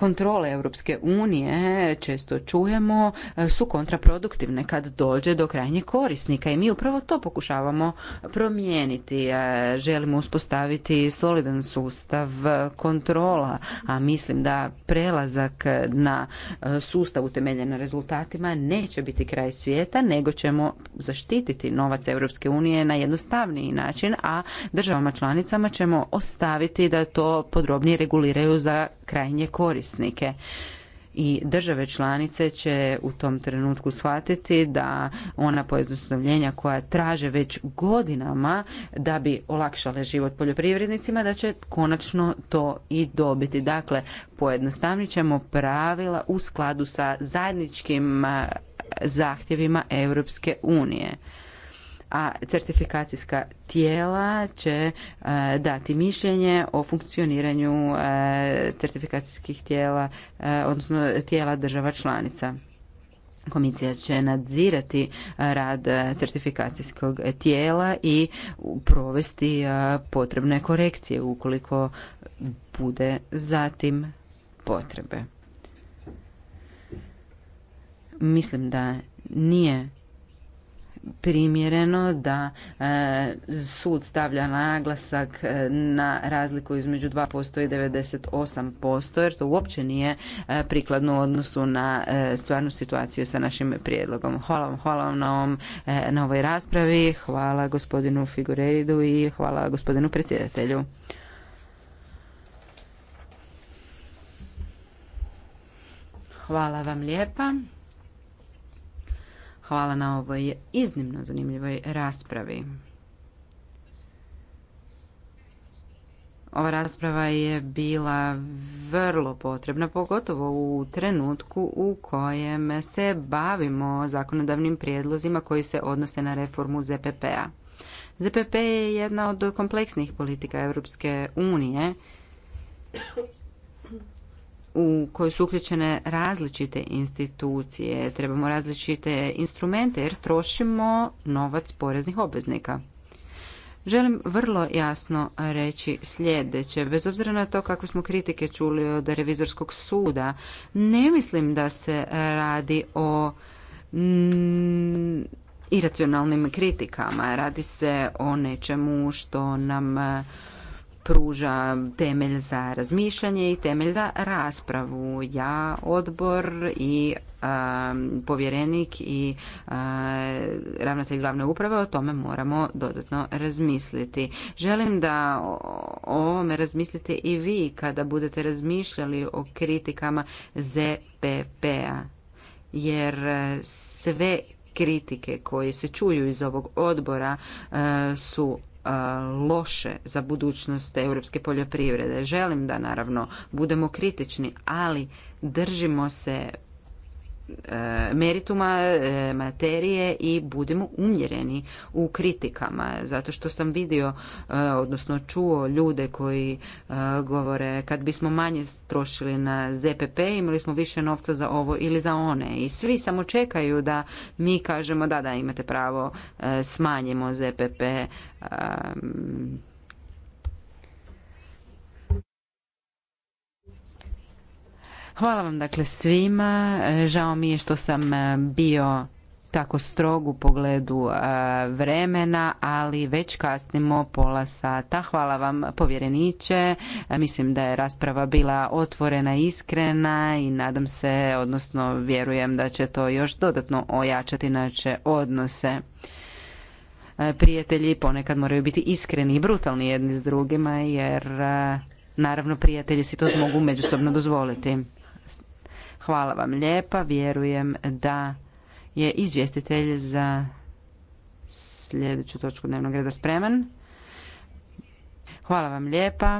kontrole Europske unije često čujemo e, su kontraproduktivne kad dođe do krajnjeg korisnika i mi upravo to pokušavamo promijeniti. E, želimo uspostaviti solidan sustav kontrola, a mislim da prelazak na e, sustav utemeljen na rezultatima neće biti kraj svijeta, nego ćemo zaštititi novac Europske unije na jednostavniji način, a državama članicama ćemo ostaviti da to podrobnije reguliraju za krajnje korisnike i države članice će u tom trenutku shvatiti da ona pojednostavljenja koja traže već godinama da bi olakšale život poljoprivrednicima da će konačno to i dobiti. Dakle, pojednostavnit ćemo pravila u skladu sa zajedničkim eh, zahtjevima Europske unije a certifikacijska tijela će e, dati mišljenje o funkcioniranju e, certifikacijskih tijela, e, odnosno tijela država članica. Komisija će nadzirati rad certifikacijskog tijela i provesti potrebne korekcije ukoliko bude zatim potrebe. Mislim da nije primjereno da e, sud stavlja naglasak e, na razliku između 2% i 98% jer to uopće nije e, prikladno u odnosu na stvarnu situaciju sa našim prijedlogom. Hvala vam, na, ovom, na ovoj raspravi, hvala gospodinu Figureridu i hvala gospodinu predsjedatelju. Hvala vam lijepa. Hvala na ovoj iznimno zanimljivoj raspravi. Ova rasprava je bila vrlo potrebna, pogotovo u trenutku u kojem se bavimo zakonodavnim prijedlozima koji se odnose na reformu ZPP-a. ZPP je jedna od kompleksnih politika Europske unije u koje su uključene različite institucije, trebamo različite instrumente jer trošimo novac poreznih obveznika. Želim vrlo jasno reći sljedeće. Bez obzira na to kakve smo kritike čuli od revizorskog suda, ne mislim da se radi o mm, iracionalnim kritikama. Radi se o nečemu što nam pruža temelj za razmišljanje i temelj za raspravu. Ja, odbor i um, povjerenik i uh, ravnatelj glavne uprave o tome moramo dodatno razmisliti. Želim da o ovome razmislite i vi kada budete razmišljali o kritikama ZPP-a. Jer uh, sve kritike koje se čuju iz ovog odbora uh, su loše za budućnost europske poljoprivrede. Želim da naravno budemo kritični, ali držimo se E, merituma e, materije i budemo umjereni u kritikama zato što sam vidio e, odnosno čuo ljude koji govore kad bismo manje trošili na ZPP imali smo više novca za ovo ili za one i svi samo čekaju da mi kažemo da da imate pravo smanjimo ZPP Hvala vam dakle svima. E, žao mi je što sam e, bio tako strog u pogledu e, vremena, ali već kasnimo pola sata. Hvala vam povjereniče. Mislim da je rasprava bila otvorena, iskrena i nadam se, odnosno vjerujem da će to još dodatno ojačati naše odnose. Prijatelji ponekad moraju biti iskreni i brutalni jedni s drugima jer naravno prijatelji si to mogu međusobno dozvoliti. Hvala vam lijepa. Vjerujem da je izvjestitelj za sljedeću točku dnevnog reda spreman. Hvala vam lijepa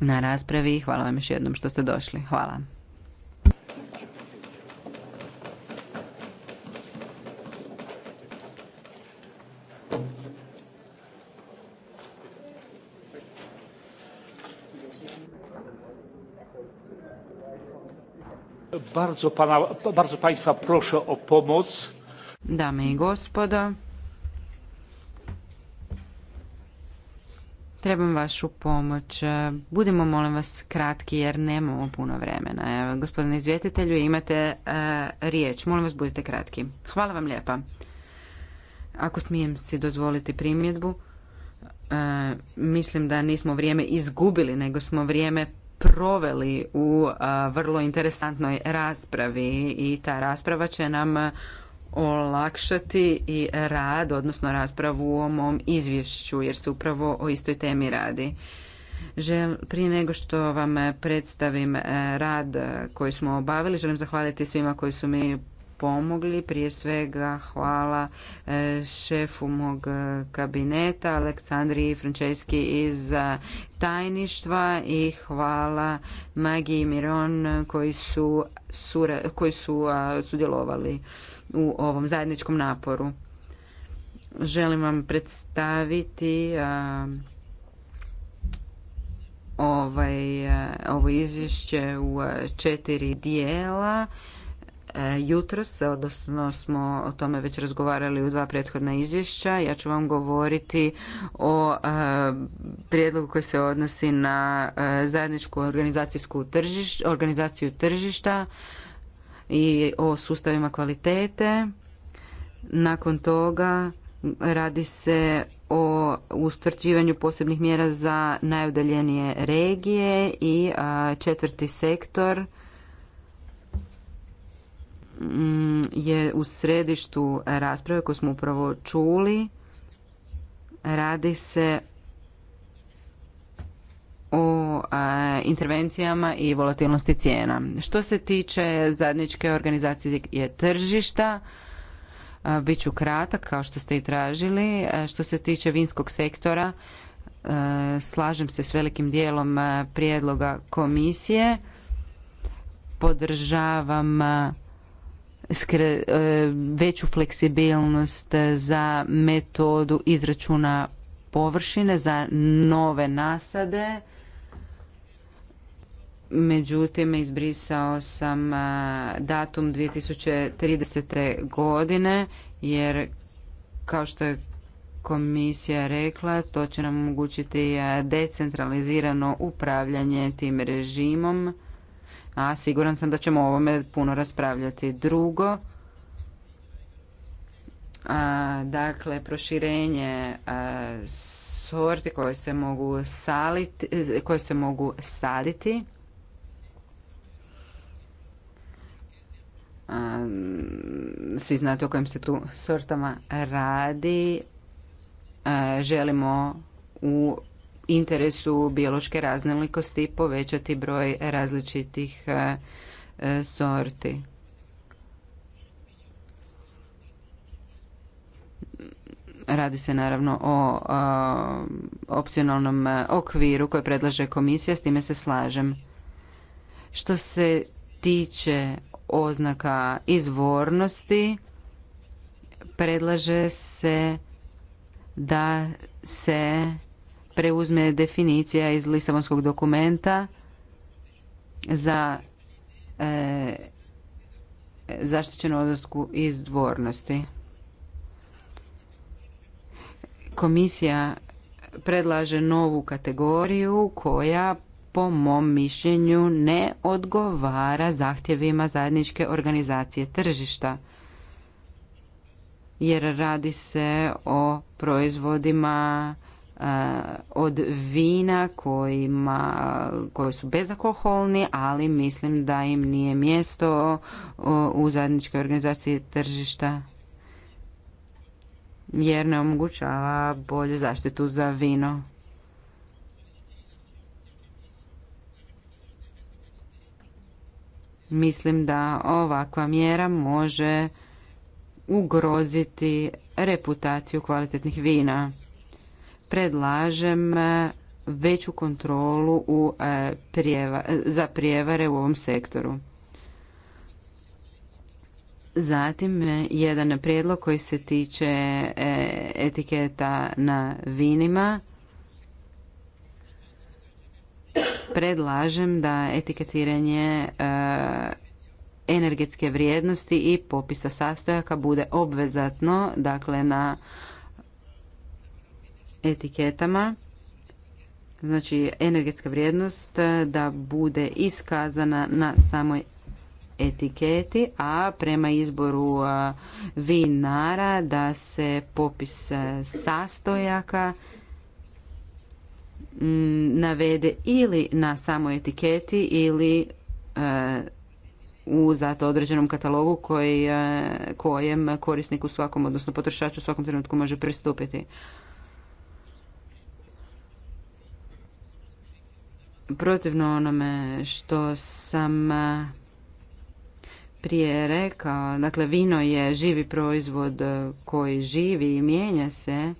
na raspravi. Hvala vam još jednom što ste došli. Hvala. Bardzo, pana, bardzo Państwa proszę o pomoc. Dame i gospodo, trebam vašu pomoć. Budimo, molim vas, kratki jer nemamo puno vremena. gospodine izvjetitelju, imate e, riječ. Molim vas, budite kratki. Hvala vam lijepa. Ako smijem si dozvoliti primjedbu, e, mislim da nismo vrijeme izgubili, nego smo vrijeme proveli u vrlo interesantnoj raspravi i ta rasprava će nam olakšati i rad, odnosno raspravu o mom izvješću, jer se upravo o istoj temi radi. Žel, prije nego što vam predstavim e, rad koji smo obavili, želim zahvaliti svima koji su mi pomogli. Prije svega hvala e, šefu mog e, kabineta Aleksandri Frančeski iz e, tajništva i hvala Magi i Miron koji su, koji su sudjelovali u ovom zajedničkom naporu. Želim vam predstaviti ovaj, ovo izvješće u četiri dijela. E, jutros, odnosno smo o tome već razgovarali u dva prethodna izvješća. Ja ću vam govoriti o e, prijedlogu koji se odnosi na e, zajedničku organizacijsku tržiš, organizaciju tržišta i o sustavima kvalitete. Nakon toga radi se o ustvrđivanju posebnih mjera za najudaljenije regije i četvrti sektor Mm, je u središtu rasprave koju smo upravo čuli. Radi se o e, intervencijama i volatilnosti cijena. Što se tiče zadničke organizacije tržišta, e, bit ću kratak kao što ste i tražili. E, što se tiče vinskog sektora, slažem se s velikim dijelom prijedloga komisije. Podržavam E, veću fleksibilnost za metodu izračuna površine za nove nasade međutim izbrisao sam e, datum 2030. godine jer kao što je komisija rekla to će nam omogućiti e, decentralizirano upravljanje tim režimom a siguran sam da ćemo o ovome puno raspravljati. Drugo, a, dakle proširenje sorti koje se mogu saliti, koje se mogu saditi. A, svi znate o kojim se tu sortama radi. Želimo u interesu biološke raznolikosti povećati broj različitih e, e, sorti. Radi se naravno o opcionalnom e, okviru koje predlaže komisija, s time se slažem. Što se tiče oznaka izvornosti, predlaže se da se preuzme definicija iz Lisabonskog dokumenta za e, zaštićenu odlasku iz dvornosti. Komisija predlaže novu kategoriju koja po mom mišljenju ne odgovara zahtjevima zajedničke organizacije tržišta jer radi se o proizvodima Eh, od vina kojima, koji su bezakoholni, ali mislim da im nije mjesto u zajedničkoj organizaciji tržišta jer ne omogućava bolju zaštitu za vino. Mislim da ovakva mjera može ugroziti reputaciju kvalitetnih vina predlažem e, veću kontrolu u e, prijeva, e, za prijevare u ovom sektoru. Zatim jedan prijedlog koji se tiče etiketa na vinima. Predlažem da etiketiranje energetske vrijednosti i popisa sastojaka bude obvezatno, dakle na etiketama, znači energetska vrijednost eh, da bude iskazana na samoj etiketi, a prema izboru eh, vinara da se popis eh, sastojaka mm, navede ili na samoj etiketi ili u zato određenom katalogu kojem korisnik u svakom, odnosno potrošač u svakom trenutku može pristupiti. protivno onome što sam e, prije rekao. Dakle, vino je živi proizvod e, koji živi i mijenja se.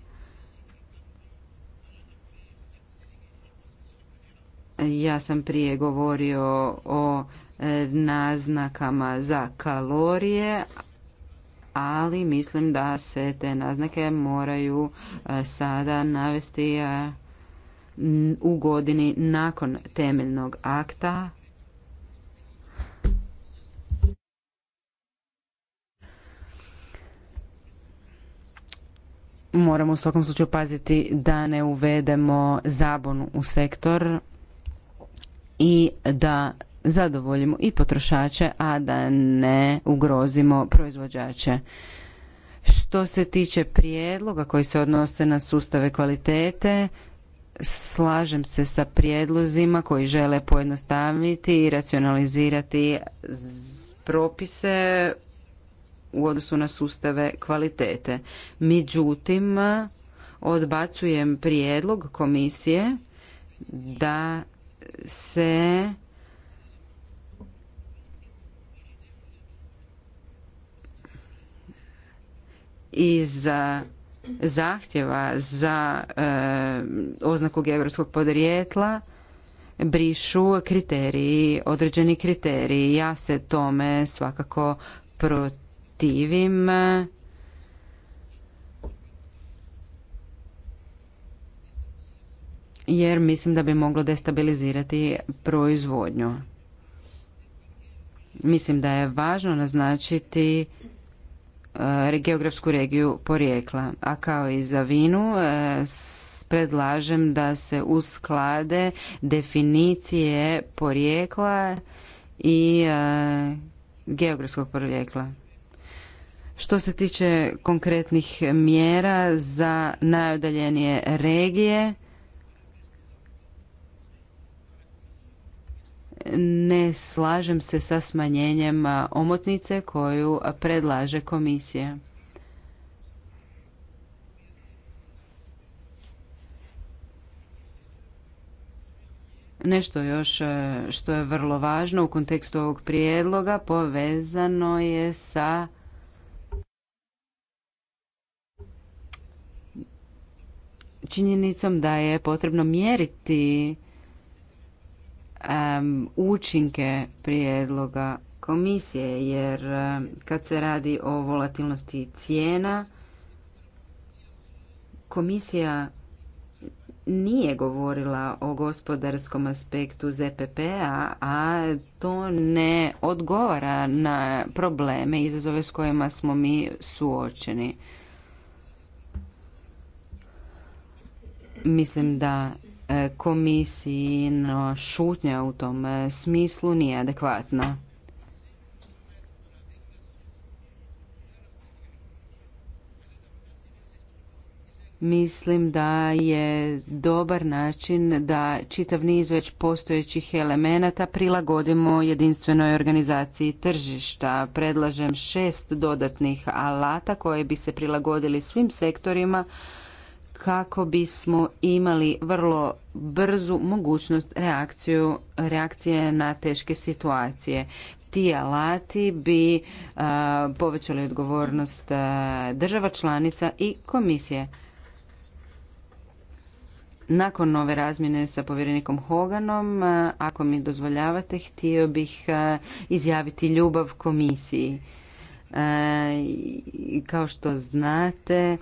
Ja sam prije govorio o e, naznakama za kalorije, ali mislim da se te naznake moraju sada navesti u godini nakon temeljnog akta moramo u svakom slučaju paziti da ne uvedemo zabonu u sektor i da zadovoljimo i potrošače, a da ne ugrozimo proizvođače. Što se tiče prijedloga koji se odnose na sustave kvalitete, slažem se sa prijedlozima koji žele pojednostaviti i racionalizirati propise u odnosu na sustave kvalitete. Međutim, odbacujem prijedlog komisije da se iz zahtjeva za e, oznaku geografskog podrijetla brišu kriteriji, određeni kriteriji. Ja se tome svakako protivim. jer mislim da bi moglo destabilizirati proizvodnju. Mislim da je važno naznačiti E, geografsku regiju porijekla. A kao i za vinu e, predlažem da se usklade definicije porijekla i e, geografskog porijekla. Što se tiče konkretnih mjera za najodaljenije regije, ne slažem se sa smanjenjem omotnice koju predlaže komisija. Nešto još što je vrlo važno u kontekstu ovog prijedloga povezano je sa činjenicom da je potrebno mjeriti um, učinke prijedloga komisije jer kad se radi o volatilnosti cijena komisija nije govorila o gospodarskom aspektu ZPP-a, a to ne odgovara na probleme i izazove s kojima smo mi suočeni. Mislim da komisijina šutnja u tom e, smislu nije adekvatna. Mislim da je dobar način da čitav niz već postojećih elemenata prilagodimo jedinstvenoj organizaciji tržišta. Predlažem šest dodatnih alata koje bi se prilagodili svim sektorima kako bismo imali vrlo brzu mogućnost reakciju, reakcije na teške situacije. Ti alati bi e, povećali odgovornost e, država članica i komisije. Nakon ove razmjene sa povjerenikom Hoganom, e, ako mi dozvoljavate, htio bih izjaviti ljubav komisiji. i Kao što znate,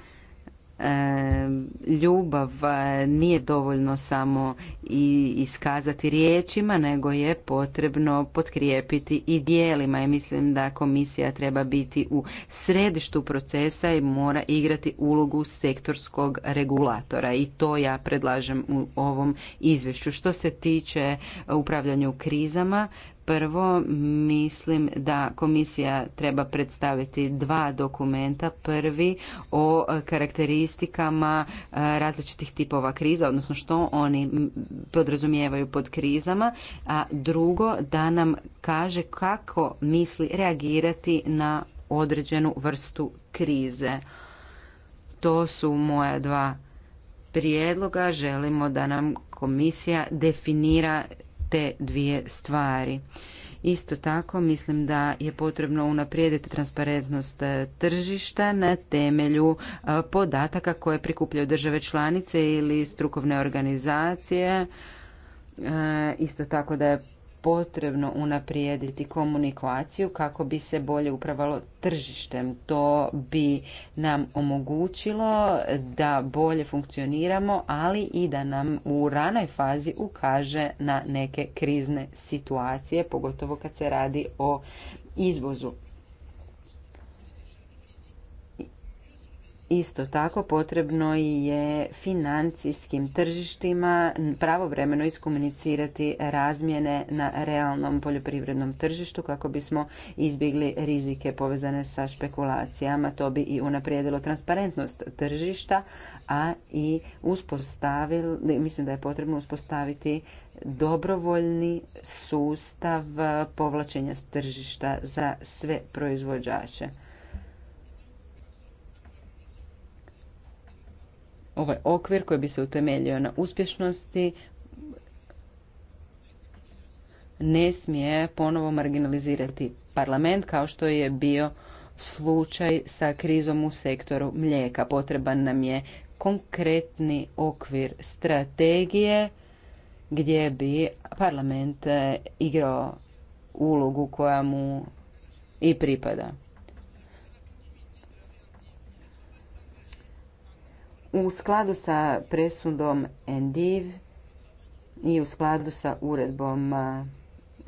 ljubav e, nije dovoljno samo i iskazati riječima, nego je potrebno potkrijepiti i dijelima i mislim da komisija treba biti u središtu procesa i mora igrati ulogu sektorskog regulatora i to ja predlažem u ovom izvješću. Što se tiče upravljanja u krizama, Prvo, mislim da komisija treba predstaviti dva dokumenta. Prvi o karakteristikama e, različitih tipova kriza, odnosno što oni podrazumijevaju pod krizama, a drugo da nam kaže kako misli reagirati na određenu vrstu krize. To su moja dva prijedloga. Želimo da nam komisija definira te dvije stvari. Isto tako mislim da je potrebno unaprijediti transparentnost e, tržišta na temelju e, podataka koje prikupljaju države članice ili strukovne organizacije. E, isto tako da je potrebno unaprijediti komunikaciju kako bi se bolje upravalo tržištem. To bi nam omogućilo da bolje funkcioniramo, ali i da nam u ranoj fazi ukaže na neke krizne situacije, pogotovo kad se radi o izvozu. Isto tako potrebno je financijskim tržištima pravovremeno iskomunicirati razmjene na realnom poljoprivrednom tržištu kako bismo izbjegli rizike povezane sa špekulacijama. To bi i unaprijedilo transparentnost tržišta, a i uspostavili, mislim da je potrebno uspostaviti dobrovoljni sustav povlačenja s tržišta za sve proizvođače. ovaj okvir koji bi se utemeljio na uspješnosti ne smije ponovo marginalizirati parlament kao što je bio slučaj sa krizom u sektoru mlijeka. Potreban nam je konkretni okvir strategije gdje bi parlament eh, igrao ulogu koja mu i pripada. U skladu sa presudom ENDIV i u skladu sa uredbom,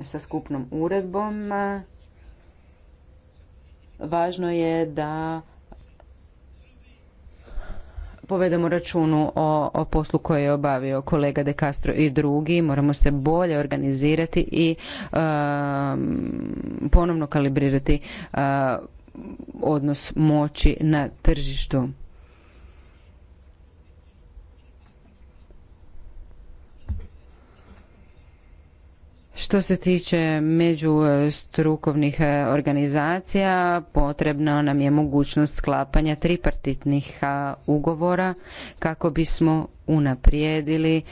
sa skupnom uredbom, važno je da povedemo računu o, poslu koje je obavio kolega De Castro i drugi. Moramo se bolje organizirati i ponovno kalibrirati odnos moći na tržištu. Što se tiče e, strukovnih e, organizacija, potrebna nam je mogućnost sklapanja tripartitnih ugovora kako bismo unaprijedili e,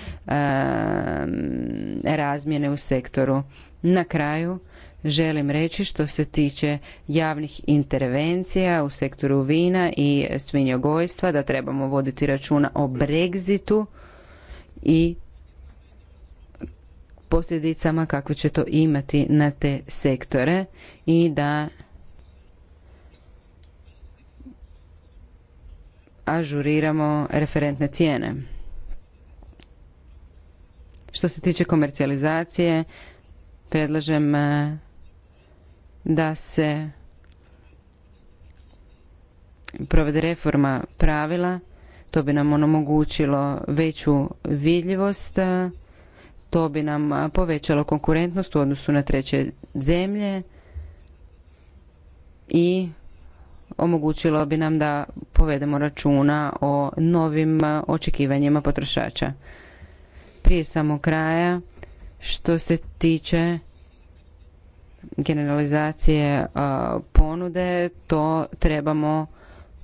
razmjene u sektoru. Na kraju želim reći što se tiče javnih intervencija u sektoru vina i svinjogojstva da trebamo voditi računa o Brexitu i posljedicama kakve će to imati na te sektore i da ažuriramo referentne cijene. Što se tiče komercijalizacije, predlažem eh, da se provede reforma pravila, to bi nam onomogućilo veću vidljivost eh, to bi nam povećalo konkurentnost u odnosu na treće zemlje i omogućilo bi nam da povedemo računa o novim očekivanjima potrošača. Prije samo kraja, što se tiče generalizacije ponude, to trebamo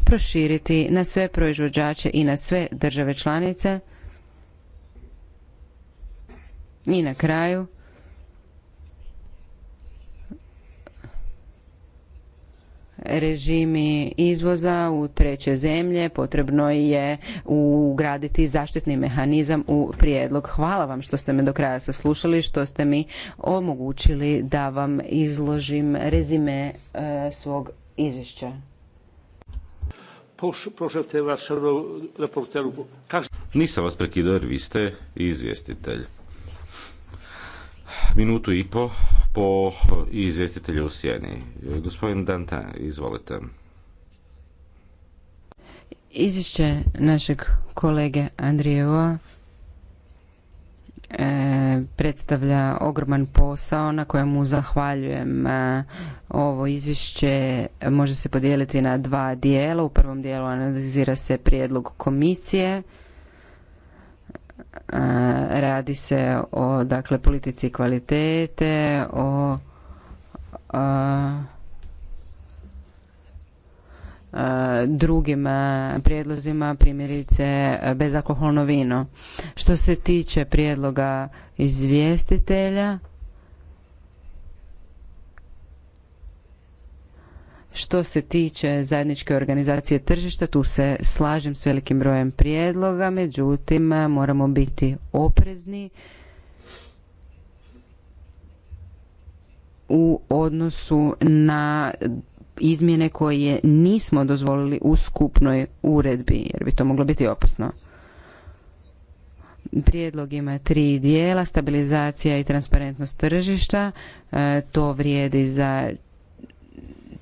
proširiti na sve proizvođače i na sve države članice. I na kraju, režimi izvoza u treće zemlje potrebno je ugraditi zaštitni mehanizam u prijedlog. Hvala vam što ste me do kraja saslušali, što ste mi omogućili da vam izložim rezime e, svog izvješća. Nisam vas prekidao jer vi ste izvjestitelj minutu i po po izvjestitelju u sjeni. Gospodin Danta, izvolite. Izvješće našeg kolege Andrijeva e, predstavlja ogroman posao na kojemu zahvaljujem e, ovo izvješće može se podijeliti na dva dijela u prvom dijelu analizira se prijedlog komisije radi se o dakle politici kvalitete, o drugim prijedlozima, primjerice bezalkoholno vino. Što se tiče prijedloga izvjestitelja, Što se tiče zajedničke organizacije tržišta, tu se slažem s velikim brojem prijedloga, međutim moramo biti oprezni u odnosu na izmjene koje nismo dozvolili u skupnoj uredbi, jer bi to moglo biti opasno. Prijedlog ima tri dijela, stabilizacija i transparentnost tržišta, e, to vrijedi za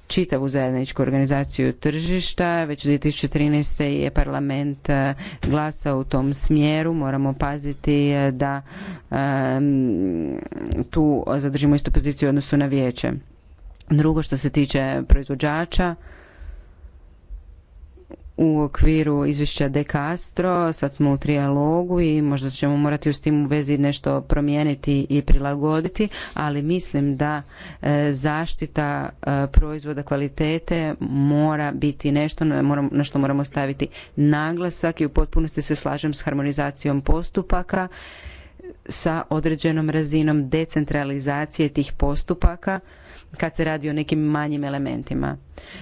čitavu zajedničku organizaciju tržišta. Već 2013. je parlament e, glasa u tom smjeru. Moramo paziti e, da e, tu zadržimo istu poziciju u odnosu na vijeće. Drugo što se tiče proizvođača, u okviru izvješća De Castro, sad smo u trijalogu i možda ćemo morati s tim u vezi nešto promijeniti i prilagoditi, ali mislim da e, zaštita e, proizvoda kvalitete mora biti nešto na što moramo staviti naglasak i u potpunosti se slažem s harmonizacijom postupaka sa određenom razinom decentralizacije tih postupaka kad se radi o nekim manjim elementima.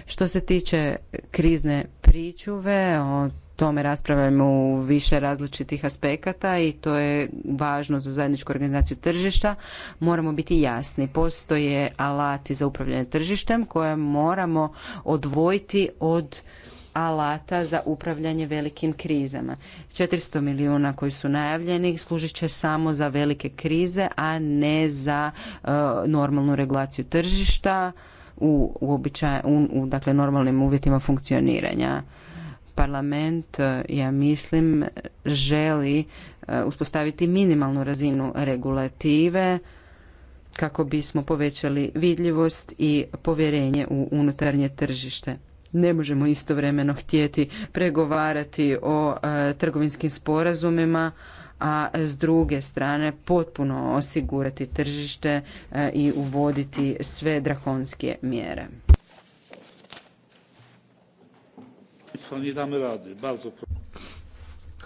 Što se tiče krizne pričuve, o tome raspravljamo u više različitih aspekata i to je važno za zajedničku organizaciju tržišta. Moramo biti jasni, postoje alati za upravljanje tržištem koje moramo odvojiti od alata za upravljanje velikim krizama. 400 milijuna koji su najavljeni služit će samo za velike krize, a ne za e, normalnu regulaciju tržišta u, u, dakle normalnim uvjetima funkcioniranja. Parlament, e, ja mislim, želi e, uspostaviti minimalnu razinu regulative kako bismo povećali vidljivost i povjerenje u unutarnje tržište. Ne možemo istovremeno htjeti pregovarati o e, trgovinskim sporazumima, a s druge strane potpuno osigurati tržište e, i uvoditi sve drakonske mjere.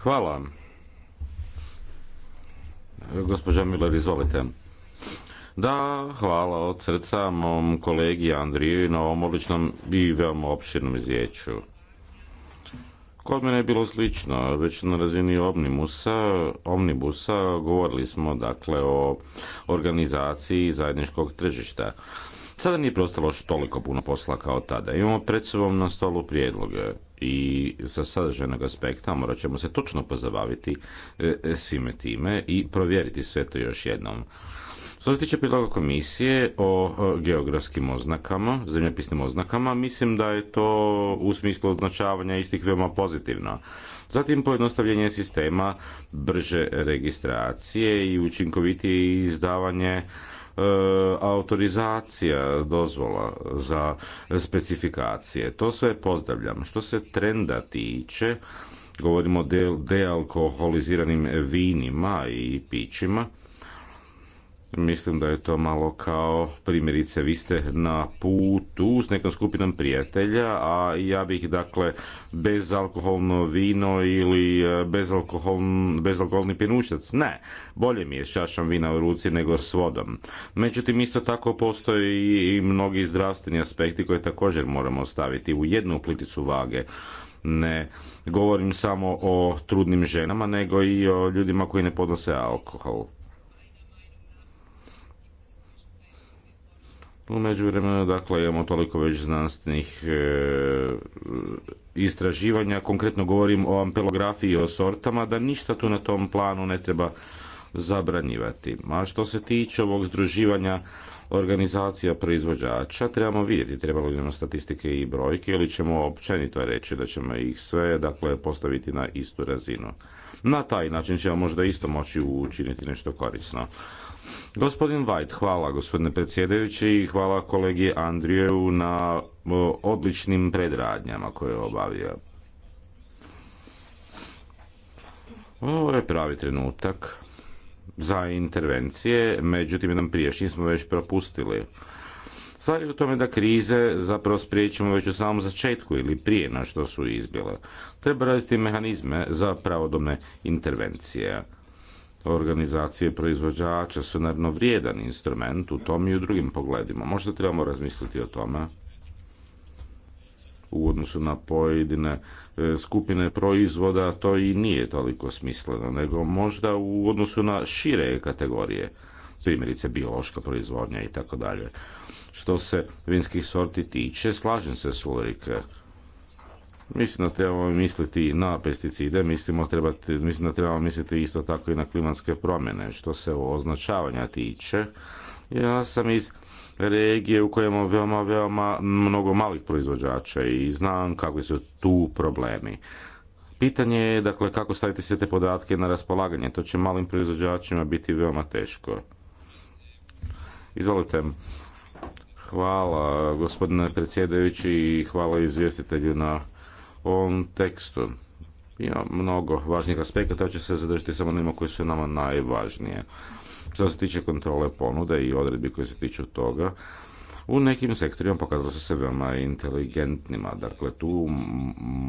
Hvala. Gospođa Miller, izvolite. Da, hvala od srca mom kolegi Andriju na ovom odličnom i veoma opširnom izvješću. Kod mene je bilo slično, već na razini omnibusa, omnibusa govorili smo dakle o organizaciji zajedničkog tržišta. Sada nije preostalo što toliko puno posla kao tada. Imamo pred sobom na stolu prijedloge i sa sadržajnog aspekta morat ćemo se točno pozabaviti e, e, svime time i provjeriti sve to još jednom. Što se tiče priloga komisije o geografskim oznakama, zemljopisnim oznakama, mislim da je to u smislu označavanja istih veoma pozitivno. Zatim pojednostavljenje sistema brže registracije i učinkovitije izdavanje e, autorizacija dozvola za specifikacije. To sve pozdravljam. Što se trenda tiče, govorimo o dealkoholiziranim vinima i pićima, Mislim da je to malo kao primjerice vi ste na putu s nekom skupinom prijatelja, a ja bih dakle bezalkoholno vino ili e, bezalkoholni pinušac. Ne, bolje mi je s čašom vina u ruci nego s vodom. Međutim, isto tako postoji i mnogi zdravstveni aspekti koje također moramo staviti u jednu pliticu vage ne govorim samo o trudnim ženama, nego i o ljudima koji ne podnose alkohol. U međuvremenu, dakle, imamo toliko već znanstvenih e, istraživanja, konkretno govorim o ampelografiji i o sortama, da ništa tu na tom planu ne treba zabranjivati. A što se tiče ovog združivanja organizacija proizvođača, trebamo vidjeti trebalo li nam statistike i brojke ili ćemo općenito reći da ćemo ih sve dakle, postaviti na istu razinu. Na taj način ćemo možda isto moći učiniti nešto korisno. Gospodin White, hvala gospodine predsjedajući i hvala kolegi Andrijevu na odličnim predradnjama koje je obavio. Ovo je pravi trenutak za intervencije, međutim jednom priješnji smo već propustili. Stvar je u tome da krize zapravo spriječimo već u samom začetku ili prije na što su izbile. Treba razviti mehanizme za pravodobne intervencije organizacije proizvođača su naravno vrijedan instrument u tom i u drugim pogledima. Možda trebamo razmisliti o tome u odnosu na pojedine e, skupine proizvoda to i nije toliko smisleno, nego možda u odnosu na šire kategorije, primjerice biološka proizvodnja i tako dalje. Što se vinskih sorti tiče, slažem se s Ulrike Mislim da trebamo misliti na pesticide, mislim da trebamo misliti isto tako i na klimatske promjene. Što se označavanja tiče, ja sam iz regije u kojoj imamo veoma, veoma mnogo malih proizvođača i znam kakvi su tu problemi. Pitanje je, dakle, kako staviti sve te podatke na raspolaganje. To će malim proizvođačima biti veoma teško. Izvolite. Hvala, gospodine predsjedajući, i hvala izvjestitelju na ovom tekstu. Ima mnogo važnijih aspekata, će se zadržiti samo onima koji su nama najvažnije. Što se tiče kontrole ponude i odredbi koje se tiču toga, u nekim sektorima pokazalo se se veoma inteligentnima. Dakle, tu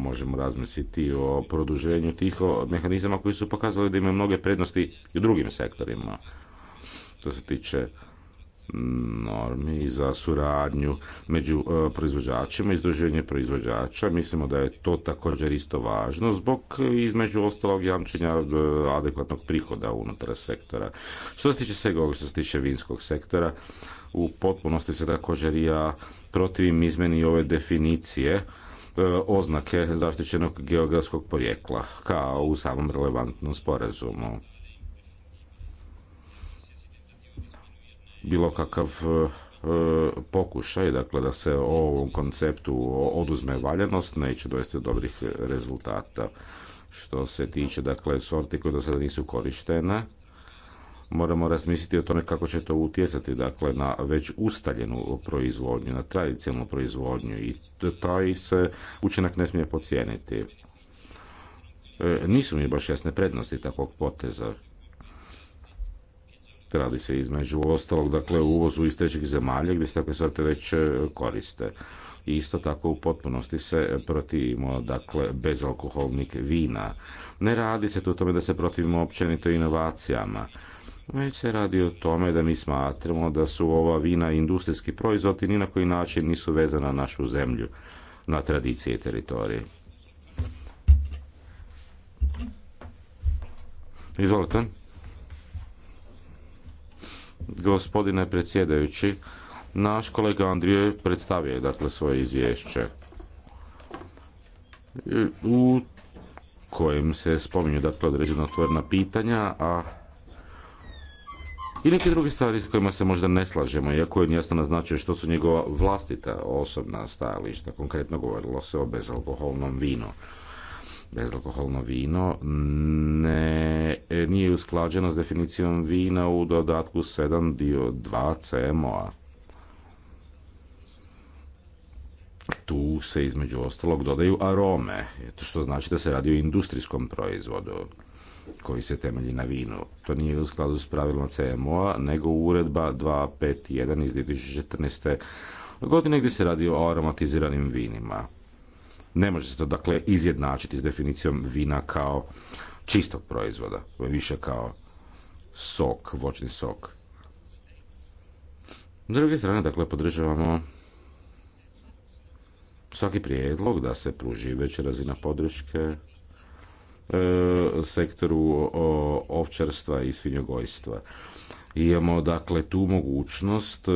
možemo razmisliti o produženju tih mehanizama koji su pokazali da imaju mnoge prednosti i u drugim sektorima. Što se tiče normi za suradnju među e, proizvođačima i proizvođača. Mislimo da je to također isto važno zbog e, između ostalog jamčenja e, adekvatnog prihoda unutar sektora. Što se tiče svega što se tiče vinskog sektora, u potpunosti se također i ja protivim izmeni ove definicije oznake zaštićenog geografskog porijekla kao u samom relevantnom sporazumu. bilo kakav e, e, pokušaj dakle da se o ovom konceptu oduzme valjanost neće dovesti dobrih rezultata što se tiče dakle sorti koje do sada nisu korištene moramo razmisliti o tome kako će to utjecati dakle na već ustaljenu proizvodnju na tradicionalnu proizvodnju i taj se učinak ne smije podcijeniti e, nisu mi baš jasne prednosti takvog poteza Radi se između ostalog dakle, uvozu iz trećih zemalja gdje se takve sorte već e, koriste. I isto tako u potpunosti se protivimo dakle, bezalkoholnih vina. Ne radi se tu o tome da se protivimo općenito inovacijama već se radi o tome da mi smatramo da su ova vina industrijski proizvodi i ni na koji način nisu vezana na našu zemlju, na tradicije i teritorije. Izvolite. Gospodine predsjedajući, naš kolega Andrije predstavio je dakle svoje izvješće u kojem se spominju dakle određena otvorena pitanja, a i neke druge stvari s kojima se možda ne slažemo, iako je jasno naznačio što su njegova vlastita osobna stajališta. Konkretno govorilo se o bezalkoholnom vinu bezalkoholno vino ne, nije usklađeno s definicijom vina u dodatku 7 dio 2 CMO-a. Tu se između ostalog dodaju arome, što znači da se radi o industrijskom proizvodu koji se temelji na vinu. To nije u skladu s pravilom CMO-a, nego uredba 251 iz 2014. godine gdje se radi o aromatiziranim vinima. Ne može se to dakle izjednačiti s definicijom vina kao čistog proizvoda, više kao sok, voćni sok. S druge strane, dakle, podržavamo svaki prijedlog da se pruži veća razina podrške e, sektoru o, ovčarstva i svinjogojstva. Imamo dakle tu mogućnost e,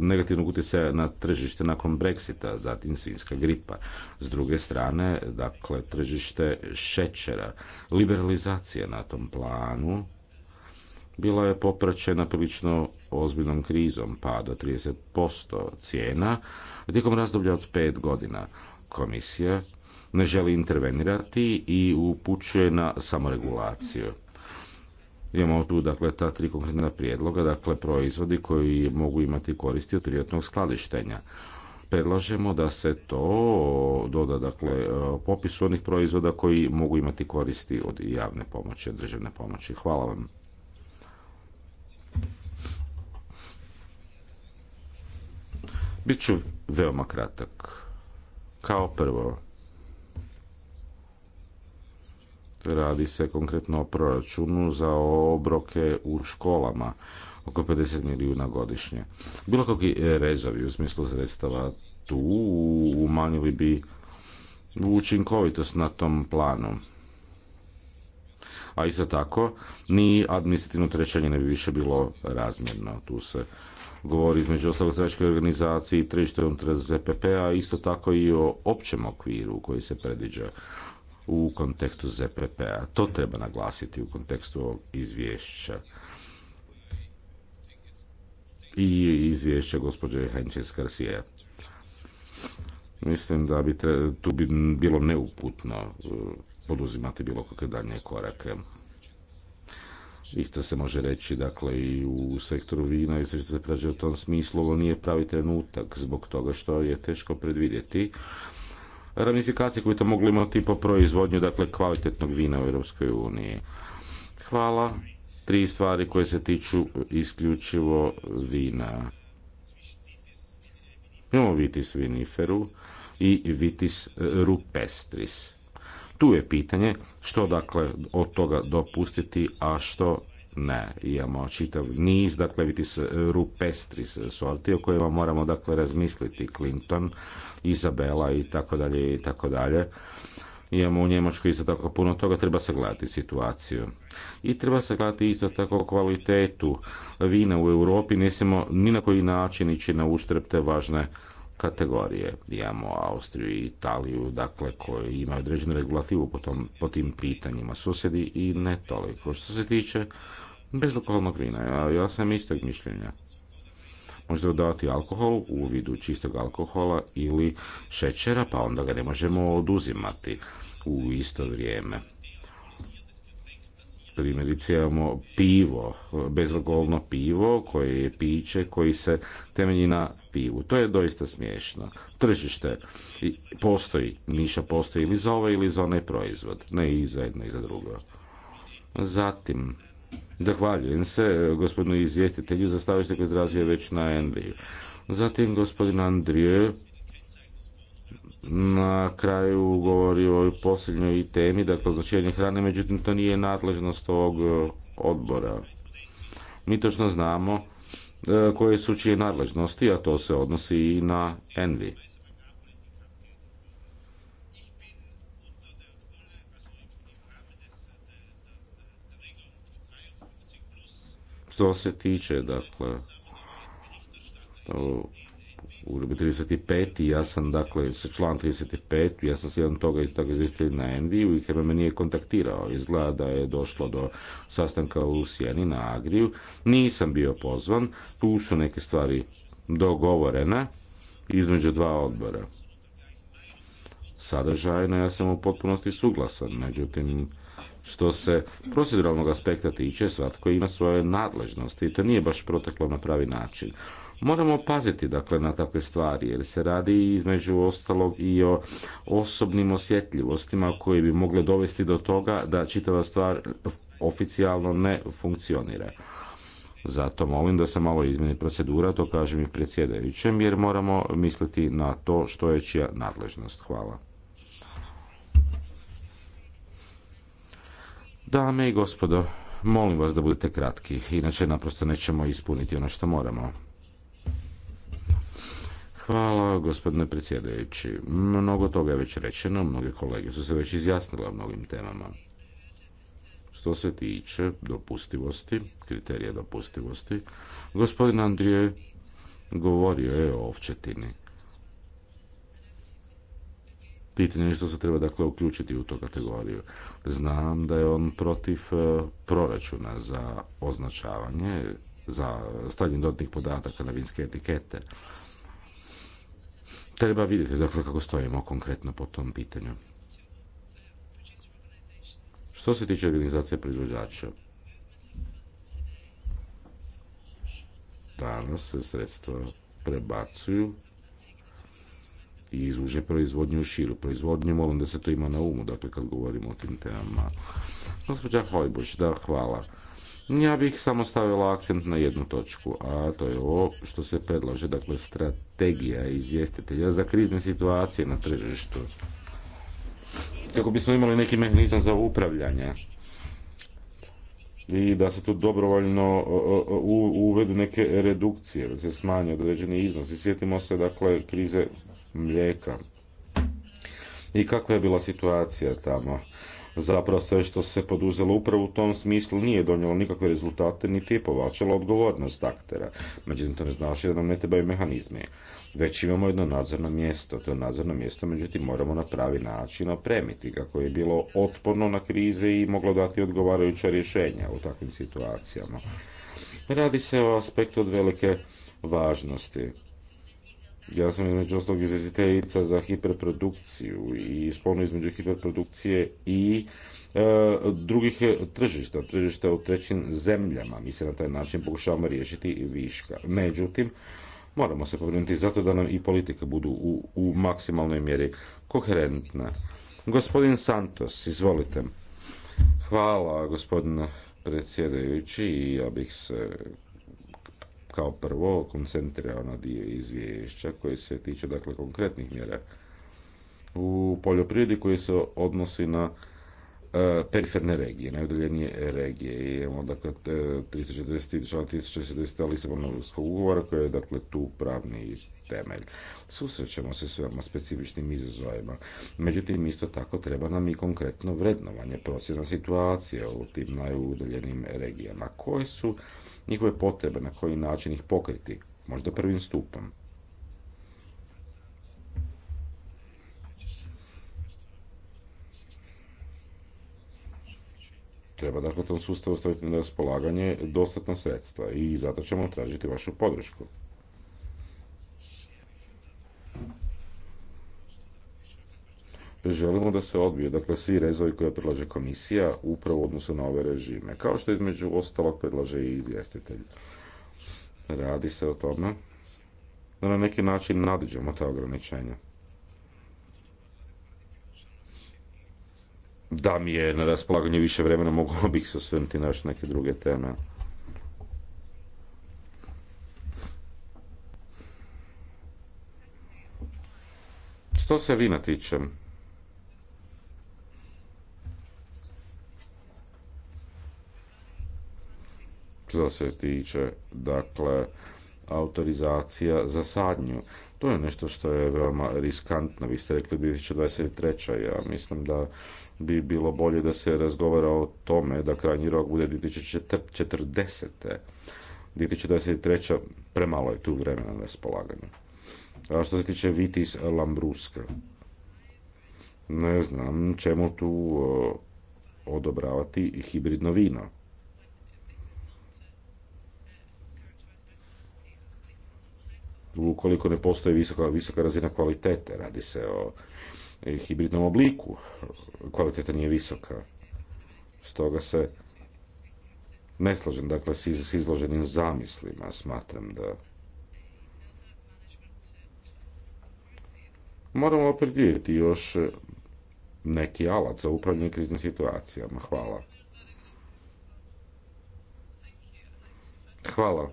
negativnog utjecaja na tržište nakon Brexita, zatim svinska gripa. S druge strane, dakle tržište šećera, liberalizacija na tom planu bila je popraćena prilično ozbiljnom krizom, pa do 30% cijena tijekom razdoblja od pet godina. Komisija ne želi intervenirati i upućuje na samoregulaciju. Imamo tu dakle ta tri konkretna prijedloga, dakle proizvodi koji mogu imati koristi od privatnog skladištenja. Predlažemo da se to doda dakle popisu onih proizvoda koji mogu imati koristi od javne pomoći, od državne pomoći. Hvala vam. Biću veoma kratak. Kao prvo, Radi se konkretno o proračunu za obroke u školama oko 50 milijuna godišnje. Bilo kakvi rezovi u smislu sredstava tu umanjili bi učinkovitost na tom planu. A isto tako, ni administrativno trećanje ne bi više bilo razmjerno. Tu se govori između ostalog organizacije organizaciji, tržište unutar ZPP-a, isto tako i o općem okviru koji se predviđa u kontekstu ZPP-a. To treba naglasiti u kontekstu ovog izvješća. I izvješća gospođe Henčes Garcia. Mislim da bi tu bi bilo neuputno uh, poduzimati bilo kakve daljnje korake. Isto se može reći, dakle, i u sektoru vina i se prađe u tom smislu, ovo nije pravi trenutak zbog toga što je teško predvidjeti ramifikacije koje to mogli imati po proizvodnju dakle kvalitetnog vina u Europskoj uniji. Hvala. Tri stvari koje se tiču isključivo vina. Imamo vitis viniferu i vitis e, rupestris. Tu je pitanje što dakle od toga dopustiti, a što ne, imamo čitav niz, dakle, vitis rupestris sorti o kojima moramo, dakle, razmisliti. Clinton, Izabela i tako dalje i tako dalje. Imamo u Njemačkoj isto tako puno toga, treba sagledati situaciju. I treba sagledati isto tako kvalitetu vina u Europi, ne smijemo ni na koji način ići na uštrb te važne kategorije. Imamo Austriju i Italiju, dakle, koji imaju određenu regulativu po, po tim pitanjima. Susjedi i ne toliko. Što se tiče bez alkoholnog vina. Ja sam istog mišljenja. Možda dodati alkohol u vidu čistog alkohola ili šećera, pa onda ga ne možemo oduzimati u isto vrijeme. Primjerice imamo pivo, bezalkoholno pivo koje je piće koji se temelji na pivu. To je doista smiješno. Tržište postoji, niša postoji ili za ovaj ili za onaj proizvod. Ne i za jedno i za drugo. Zatim, Zahvaljujem se e, gospodinu izvjestitelju za stavište koje izrazio već na Enviju. Zatim gospodin Andrije na kraju govori o posljednjoj temi, dakle značenju hrane, međutim to nije nadležnost ovog e, odbora. Mi točno znamo e, koje su čije nadležnosti, a to se odnosi i na Envi. Što se tiče, dakle, u 35. ja sam, dakle, se član 35. Ja sam slijedom toga toga na Endiju i kada me nije kontaktirao. Izgleda da je došlo do sastanka u Sjeni na Agriju. Nisam bio pozvan. Tu su neke stvari dogovorene između dva odbora. Sadržajno ja sam u potpunosti suglasan, međutim, što se proceduralnog aspekta tiče, svatko ima svoje nadležnosti i to nije baš proteklo na pravi način. Moramo paziti dakle na takve stvari jer se radi između ostalog i o osobnim osjetljivostima koje bi mogle dovesti do toga da čitava stvar oficijalno ne funkcionira. Zato molim da se malo izmeni procedura, to kažem i predsjedajućem, jer moramo misliti na to što je čija nadležnost. Hvala. Dame i gospodo, molim vas da budete kratki, inače naprosto nećemo ispuniti ono što moramo. Hvala, gospodine predsjedajući. Mnogo toga je već rečeno, mnoge kolege su se već izjasnile o mnogim temama. Što se tiče dopustivosti, kriterija dopustivosti, gospodin Andrije govorio je o ovčetini. Pitanje što se treba dakle uključiti u tu kategoriju. Znam da je on protiv e, proračuna za označavanje, za stavljanje dodatnih podataka na vinske etikete. Treba vidjeti dakle kako stojimo konkretno po tom pitanju. Što se tiče organizacije proizvođača, danas se sredstva prebacuju i izuže proizvodnju u širu proizvodnju, molim da se to ima na umu, dakle kad govorimo o tim temama. Gospođa Hojbuš, da, hvala. Ja bih samo stavila akcent na jednu točku, a to je ovo što se predlaže, dakle strategija izvjestitelja za krizne situacije na tržištu. Kako bismo imali neki mehanizam za upravljanje i da se tu dobrovoljno uvedu neke redukcije, da se smanje određeni I Sjetimo se, dakle, krize mlijeka. I kakva je bila situacija tamo? Zapravo sve što se poduzelo upravo u tom smislu nije donijelo nikakve rezultate niti je povačalo odgovornost aktera. Međutim, to ne znači da nam ne trebaju mehanizmi. Već imamo jedno nadzorno mjesto. To je nadzorno mjesto, međutim, moramo na pravi način opremiti kako je bilo otporno na krize i moglo dati odgovarajuća rješenja u takvim situacijama. Radi se o aspektu od velike važnosti. Ja sam između ostalog izvjestiteljica za hiperprodukciju i spolno između hiperprodukcije i e, drugih tržišta, tržišta u trećim zemljama. Mi se na taj način pokušavamo riješiti viška. Međutim, moramo se pobrinuti zato da nam i politika budu u, u maksimalnoj mjeri koherentna. Gospodin Santos, izvolite. Hvala gospodine predsjedajući ja bih se kao prvo koncentrirano na dio izvješća koji se tiče dakle konkretnih mjera u poljoprivredi koji se odnosi na e, periferne regije, najudaljenije regije. I imamo dakle 340, član 1060 Lisabonovskog ugovora koji je dakle tu pravni temelj. Susrećemo se s veoma specifičnim izazovima. Međutim, isto tako treba nam i konkretno vrednovanje procjena situacije u tim najudaljenim regijama. Koji su njihove potrebe, na koji način ih pokriti, možda prvim stupom. Treba dakle tom sustavu staviti na raspolaganje dostatna sredstva i zato ćemo tražiti vašu podršku. želimo da se odbije, dakle, svi rezovi koje predlaže komisija upravo u odnosu na ove režime, kao što između ostalog predlaže i izvjestitelj. Radi se o tome da na neki način nadiđemo ta ograničenja. Da mi je na raspolaganju više vremena, mogao bih se osvrnuti na još neke druge teme. Što se vina tiče, što se tiče dakle autorizacija za sadnju. To je nešto što je veoma riskantno. Vi ste rekli 2023. Ja mislim da bi bilo bolje da se razgovara o tome da krajnji rok bude 2040. 2023. premalo je tu vremena na raspolaganju. A što se tiče Vitis Lambruska, ne znam čemu tu odobravati hibridno vino. ukoliko ne postoji visoka, visoka razina kvalitete. Radi se o e, hibridnom obliku. Kvaliteta nije visoka. Stoga se ne slažem dakle, s izloženim zamislima. Smatram da moramo opredijeti još neki alat za upravljanje kriznim situacijama. Hvala. Hvala.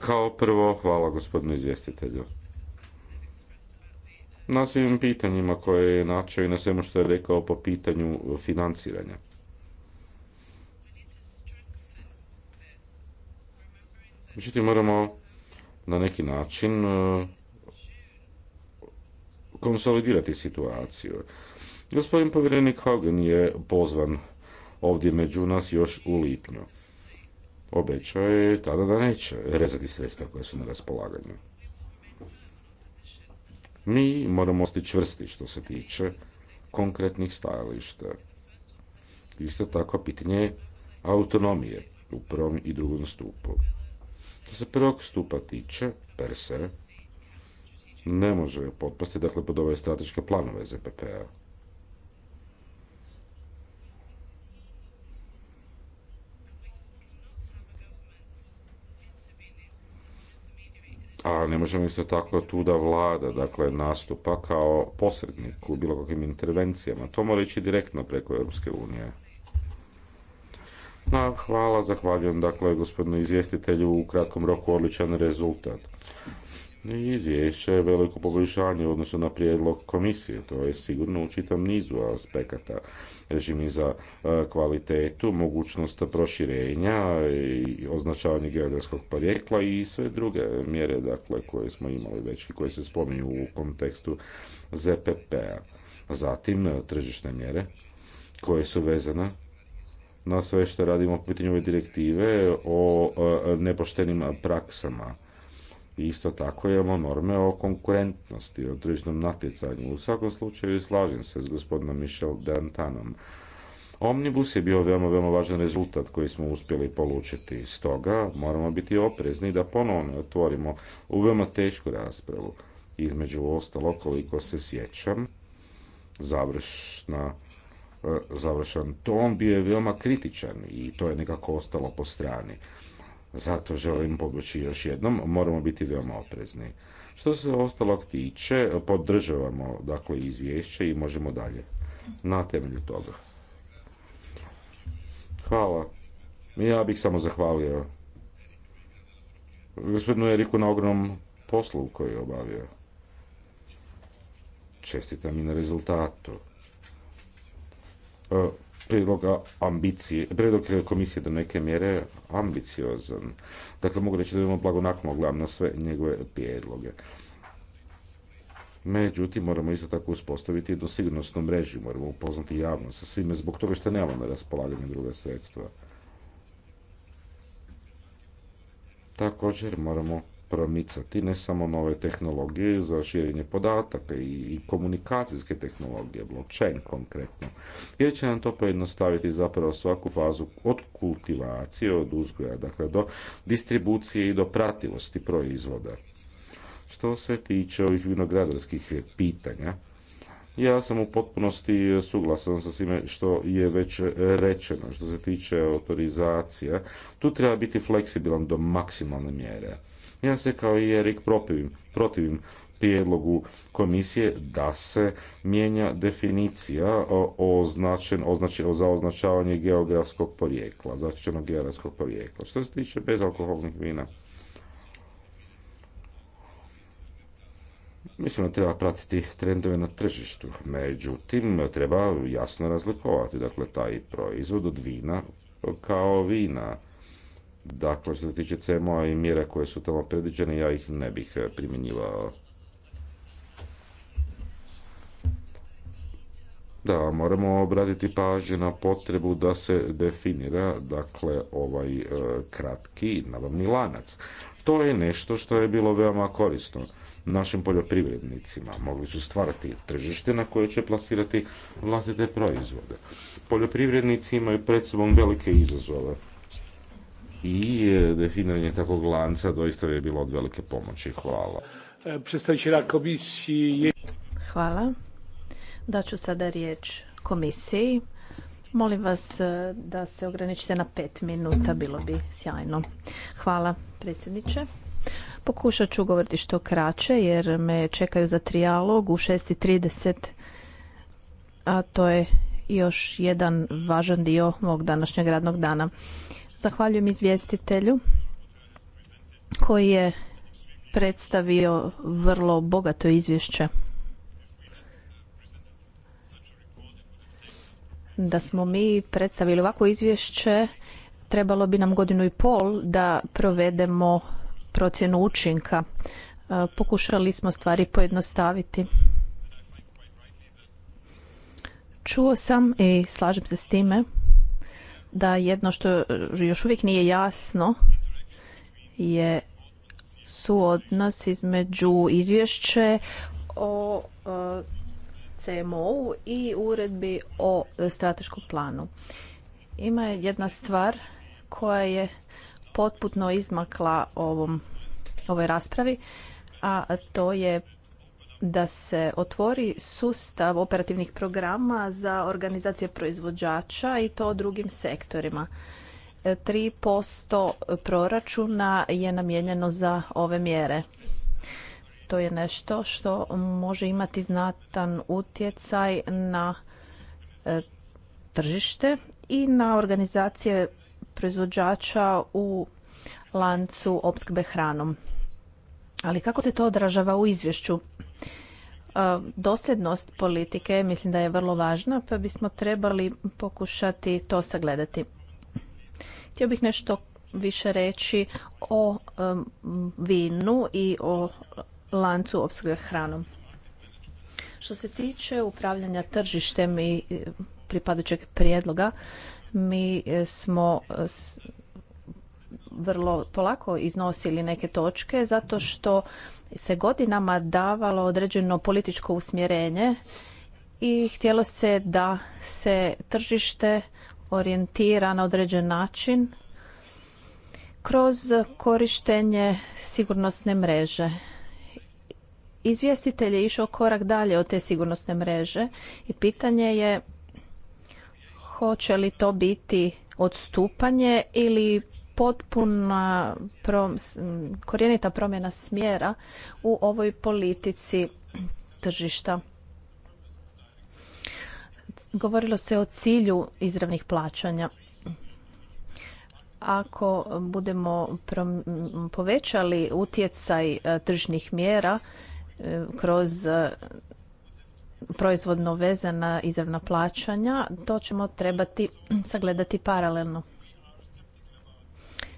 Kao prvo, hvala gospodinu izvjestitelju. Na svim pitanjima koje je načeo i na svemu što je rekao po pitanju financiranja. Međutim, moramo na neki način e, konsolidirati situaciju. Gospodin povjerenik Hagen je pozvan ovdje među nas još u lipnju obećao je tada da neće rezati sredstva koja su na raspolaganju. Mi moramo ostati čvrsti što se tiče konkretnih stajališta. Isto tako pitanje autonomije u prvom i drugom stupu. Što se prvog stupa tiče, per se, ne može potpasti dakle, pod ove strateške planove ZPP-a. a ne možemo isto tako tu da vlada dakle, nastupa kao posrednik u bilo kakvim intervencijama. To mora ići direktno preko Europske unije. No, hvala, zahvaljujem dakle gospodinu izvjestitelju u kratkom roku odličan rezultat izvješće je veliko poboljšanje u odnosu na prijedlog komisije. To je sigurno u čitam nizu aspekata. Režimi za e, kvalitetu, mogućnost proširenja i označavanje geografskog porijekla i sve druge mjere dakle, koje smo imali već i koje se spominju u kontekstu ZPP-a. Zatim e, tržišne mjere koje su vezane na sve što radimo u pitanju ove direktive o e, nepoštenim praksama Isto tako imamo norme o konkurentnosti, o tržišnom natjecanju. U svakom slučaju slažem se s gospodinom Michel Dantanom. Omnibus je bio veoma, veoma važan rezultat koji smo uspjeli polučiti. Stoga moramo biti oprezni da ponovno otvorimo u veoma tešku raspravu. Između ostalo, koliko se sjećam, završna e, završan ton bio je veoma kritičan i to je nekako ostalo po strani. Zato želim povući još jednom, moramo biti veoma oprezni. Što se ostalog tiče, podržavamo dakle izvješće i možemo dalje na temelju toga. Hvala. Ja bih samo zahvalio gospodinu Eriku na ogromnom poslu koji je obavio. Čestitam i na rezultatu. E, prijedloga ambicije, predlog komisije do neke mjere ambiciozan. Dakle, mogu reći da imamo blagonaklono gledam na sve njegove prijedloge. Međutim, moramo isto tako uspostaviti jednu sigurnosnu mrežu, moramo upoznati javno sa svime zbog toga što nemamo na raspolaganju druga sredstva. Također moramo promicati ne samo nove tehnologije za širenje podataka i komunikacijske tehnologije, blockchain konkretno, jer će nam to pojednostaviti zapravo svaku fazu od kultivacije, od uzgoja, dakle do distribucije i do prativosti proizvoda. Što se tiče ovih vinogradarskih pitanja, ja sam u potpunosti suglasan sa svime što je već rečeno što se tiče autorizacija. Tu treba biti fleksibilan do maksimalne mjere. Ja se kao i Erik protivim, protivim prijedlogu komisije da se mijenja definicija označen, za označavanje geografskog porijekla, zaštićenog geografskog porijekla. Što se tiče bezalkoholnih vina, Mislim da treba pratiti trendove na tržištu, međutim treba jasno razlikovati dakle, taj proizvod od vina kao vina Dakle, što se tiče CMO i mjera koje su tamo predviđene, ja ih ne bih e, primjenjivao. Da, moramo obraditi pažnju na potrebu da se definira, dakle, ovaj e, kratki nabavni lanac. To je nešto što je bilo veoma korisno našim poljoprivrednicima. Mogli su stvarati tržište na koje će plasirati vlastite proizvode. Poljoprivrednici imaju pred sobom velike izazove i e, definiranje takvog lanca doista je bilo od velike pomoći. Hvala. E, Predstavitelja komisiji. Hvala. Daću sada riječ komisiji. Molim vas e, da se ograničite na pet minuta, bilo bi sjajno. Hvala predsjedniče. Pokušat ću govoriti što kraće jer me čekaju za trijalog u 6.30, a to je još jedan važan dio mog današnjeg radnog dana. Zahvaljujem izvjestitelju koji je predstavio vrlo bogato izvješće. Da smo mi predstavili ovako izvješće, trebalo bi nam godinu i pol da provedemo procjenu učinka. E, pokušali smo stvari pojednostaviti. Čuo sam i slažem se s time da jedno što još uvijek nije jasno je suodnos između izvješće o e, CMO-u i uredbi o strateškom planu. Ima jedna stvar koja je potputno izmakla ovom, ovoj raspravi, a to je da se otvori sustav operativnih programa za organizacije proizvođača i to drugim sektorima. 3% e, proračuna je namijenjeno za ove mjere. To je nešto što može imati znatan utjecaj na e, tržište i na organizacije proizvođača u lancu opskrbe hranom. Ali kako se to odražava u izvješću? Dosljednost politike mislim da je vrlo važna, pa bismo trebali pokušati to sagledati. Htio bih nešto više reći o vinu i o lancu opskrbe hranom. Što se tiče upravljanja tržištem i pripadajućeg prijedloga, mi e, smo vrlo polako iznosili neke točke zato što se godinama davalo određeno političko usmjerenje i htjelo se da se tržište orijentira na određen način kroz korištenje sigurnosne mreže. Izvjestitelj je išao korak dalje od te sigurnosne mreže i pitanje je hoće li to biti odstupanje ili potpuna prom, korijenita promjena smjera u ovoj politici tržišta. Govorilo se o cilju izravnih plaćanja. Ako budemo povećali utjecaj e, tržnih mjera e, kroz e, proizvodno vezana izravna plaćanja, to ćemo trebati sagledati paralelno.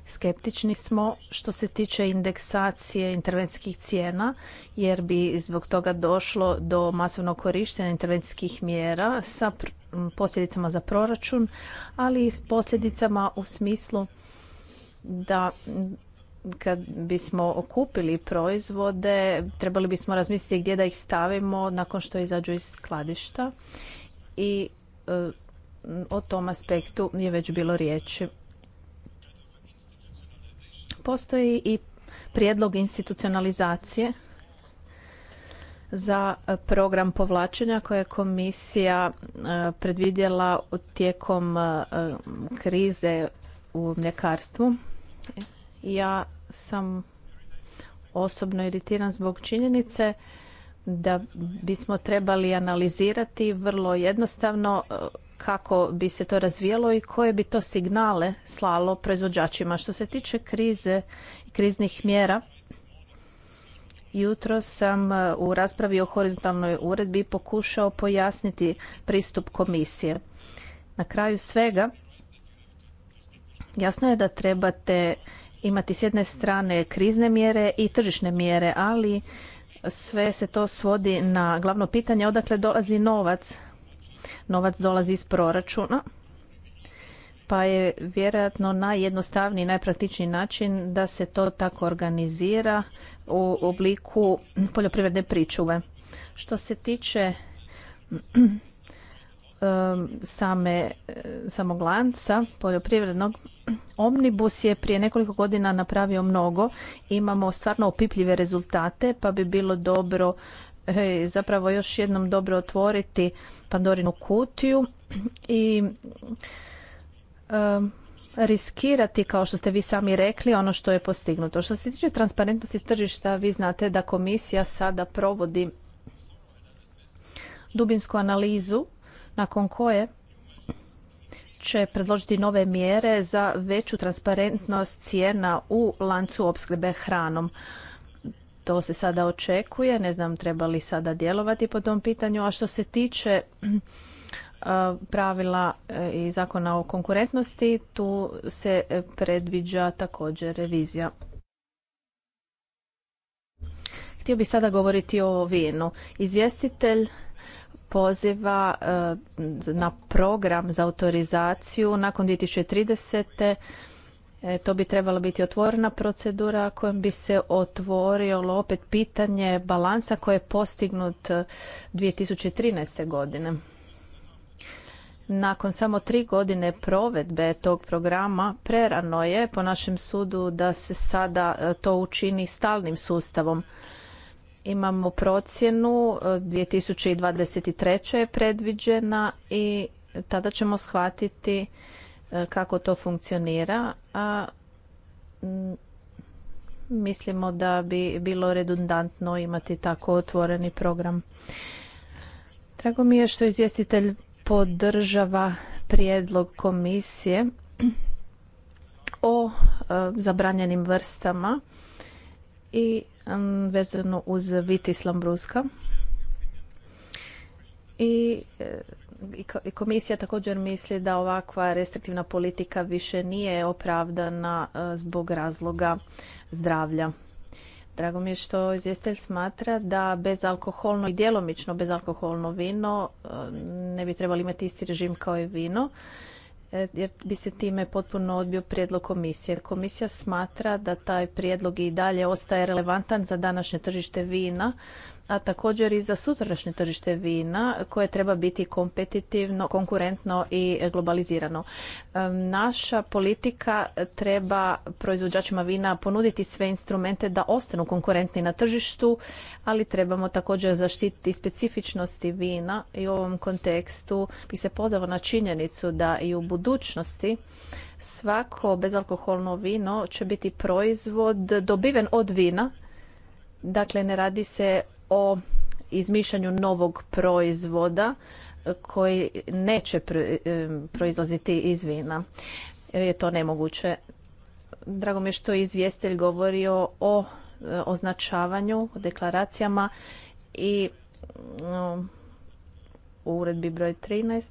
Skeptični smo što se tiče indeksacije intervencijskih cijena jer bi zbog toga došlo do masovnog korištenja intervencijskih mjera sa posljedicama za proračun, ali i s posljedicama u smislu da kad bismo okupili proizvode, trebali bismo razmisliti gdje da ih stavimo nakon što izađu iz skladišta i e, o tom aspektu je već bilo riječi. Postoji i prijedlog institucionalizacije za e, program povlačenja koje je komisija e, predvidjela tijekom e, krize u mljekarstvu. Ja sam osobno iritiran zbog činjenice da bismo trebali analizirati vrlo jednostavno e, kako bi se to razvijalo i koje bi to signale slalo proizvođačima. Što se tiče krize i kriznih mjera, jutro sam e, u raspravi o horizontalnoj uredbi pokušao pojasniti pristup komisije. Na kraju svega, jasno je da trebate imati s jedne strane krizne mjere i tržišne mjere, ali sve se to svodi na glavno pitanje odakle dolazi novac. Novac dolazi iz proračuna pa je vjerojatno najjednostavniji, najpraktičniji način da se to tako organizira u obliku poljoprivredne pričuve. Što se tiče um, same eh, samog lanca poljoprivrednog Omnibus je prije nekoliko godina napravio mnogo, imamo stvarno opipljive rezultate, pa bi bilo dobro e, zapravo još jednom dobro otvoriti Pandorinu kutiju i riskirati, kao što ste vi sami rekli, ono što je postignuto. Što se tiče transparentnosti tržišta, vi znate da komisija sada provodi dubinsku analizu nakon koje će predložiti nove mjere za veću transparentnost cijena u lancu opskrbe hranom. To se sada očekuje, ne znam treba li sada djelovati po tom pitanju, a što se tiče pravila e, i zakona o konkurentnosti, tu se e, predviđa također revizija. Htio bih sada govoriti o vinu. Izvjestitelj poziva e, na program za autorizaciju nakon 2030. E, to bi trebala biti otvorena procedura kojom bi se otvorilo opet pitanje balansa koje je postignut 2013. godine. Nakon samo tri godine provedbe tog programa prerano je po našem sudu da se sada e, to učini stalnim sustavom. Imamo procjenu 2023. E, je predviđena i tada ćemo shvatiti e, kako to funkcionira, a mislimo da bi bilo redundantno imati tako otvoreni program. Drago mi je što izvjestitelj podržava prijedlog komisije o e, zabranjenim vrstama i vezano uz Vitis Lambruska. E, I komisija također misli da ovakva restriktivna politika više nije opravdana e, zbog razloga zdravlja. Drago mi je što izvjestitelj smatra da bezalkoholno i djelomično bezalkoholno vino e, ne bi trebali imati isti režim kao i vino E, jer bi se time potpuno odbio prijedlog komisije. Komisija smatra da taj prijedlog i dalje ostaje relevantan za današnje tržište vina a također i za sutrašnje tržište vina koje treba biti kompetitivno, konkurentno i globalizirano. Naša politika treba proizvođačima vina ponuditi sve instrumente da ostanu konkurentni na tržištu, ali trebamo također zaštititi specifičnosti vina i u ovom kontekstu bi se pozvao na činjenicu da i u budućnosti svako bezalkoholno vino će biti proizvod dobiven od vina Dakle, ne radi se o izmišljanju novog proizvoda e, koji neće e, proizlaziti iz vina jer je to nemoguće. Drago mi je što je izvjestelj govorio o e, označavanju, o deklaracijama i mm, u uredbi broj 13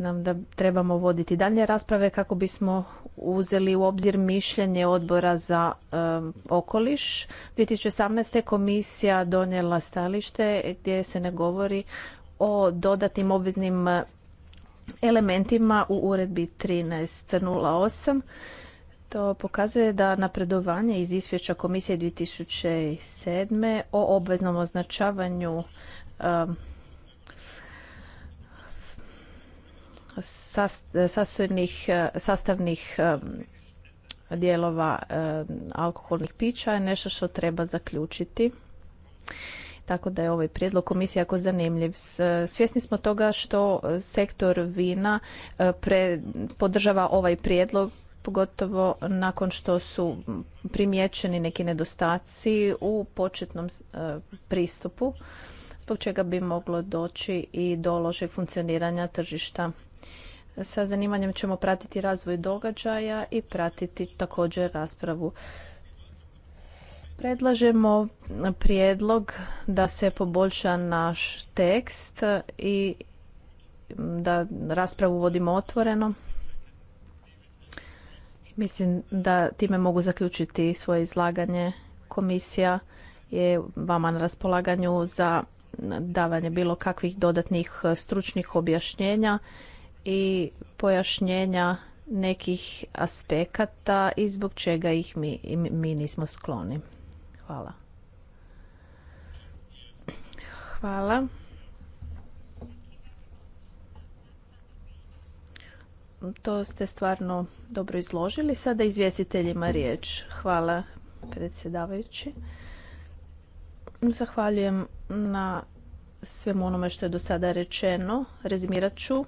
nam da trebamo voditi dalje rasprave kako bismo uzeli u obzir mišljenje odbora za e, okoliš. 2018. komisija donijela stajalište gdje se ne govori o dodatnim obveznim elementima u uredbi 1308. To pokazuje da napredovanje iz izvješća komisije 2007. o obveznom označavanju sastojnih, e, sastavnih e, dijelova e, alkoholnih pića je nešto što treba zaključiti. Tako da je ovaj prijedlog komisije jako zanimljiv. Svjesni smo toga što sektor vina pre, podržava ovaj prijedlog pogotovo nakon što su primijećeni neki nedostaci u početnom pristupu, zbog čega bi moglo doći i do lošeg funkcioniranja tržišta. Sa zanimanjem ćemo pratiti razvoj događaja i pratiti također raspravu. Predlažemo prijedlog da se poboljša naš tekst i da raspravu vodimo otvoreno. Mislim da time mogu zaključiti svoje izlaganje. Komisija je vama na raspolaganju za davanje bilo kakvih dodatnih stručnih objašnjenja i pojašnjenja nekih aspekata i zbog čega ih mi, mi nismo skloni. Hvala. Hvala. To ste stvarno dobro izložili. Sada izvjestiteljima riječ. Hvala predsjedavajući. Zahvaljujem na svemu onome što je do sada rečeno. Rezimirat ću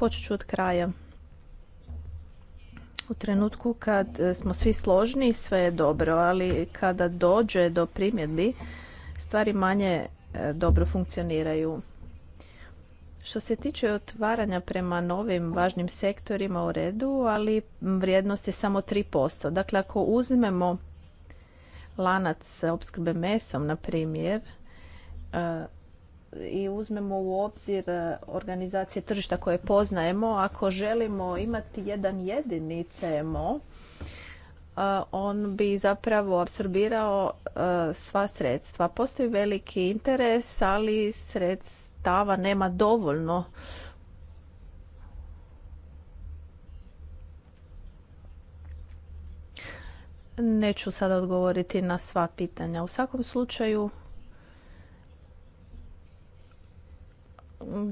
Počet ću od kraja. U trenutku kad e, smo svi složni, sve je dobro, ali kada dođe do primjedbi, stvari manje e, dobro funkcioniraju. Što se tiče otvaranja prema novim važnim sektorima u redu, ali vrijednost je samo 3%. Dakle, ako uzmemo lanac opskrbe mesom, na primjer, e, i uzmemo u obzir e, organizacije tržišta koje poznajemo, ako želimo imati jedan jedini CMO, e, on bi zapravo apsorbirao e, sva sredstva. Postoji veliki interes, ali sredstava nema dovoljno. Neću sada odgovoriti na sva pitanja. U svakom slučaju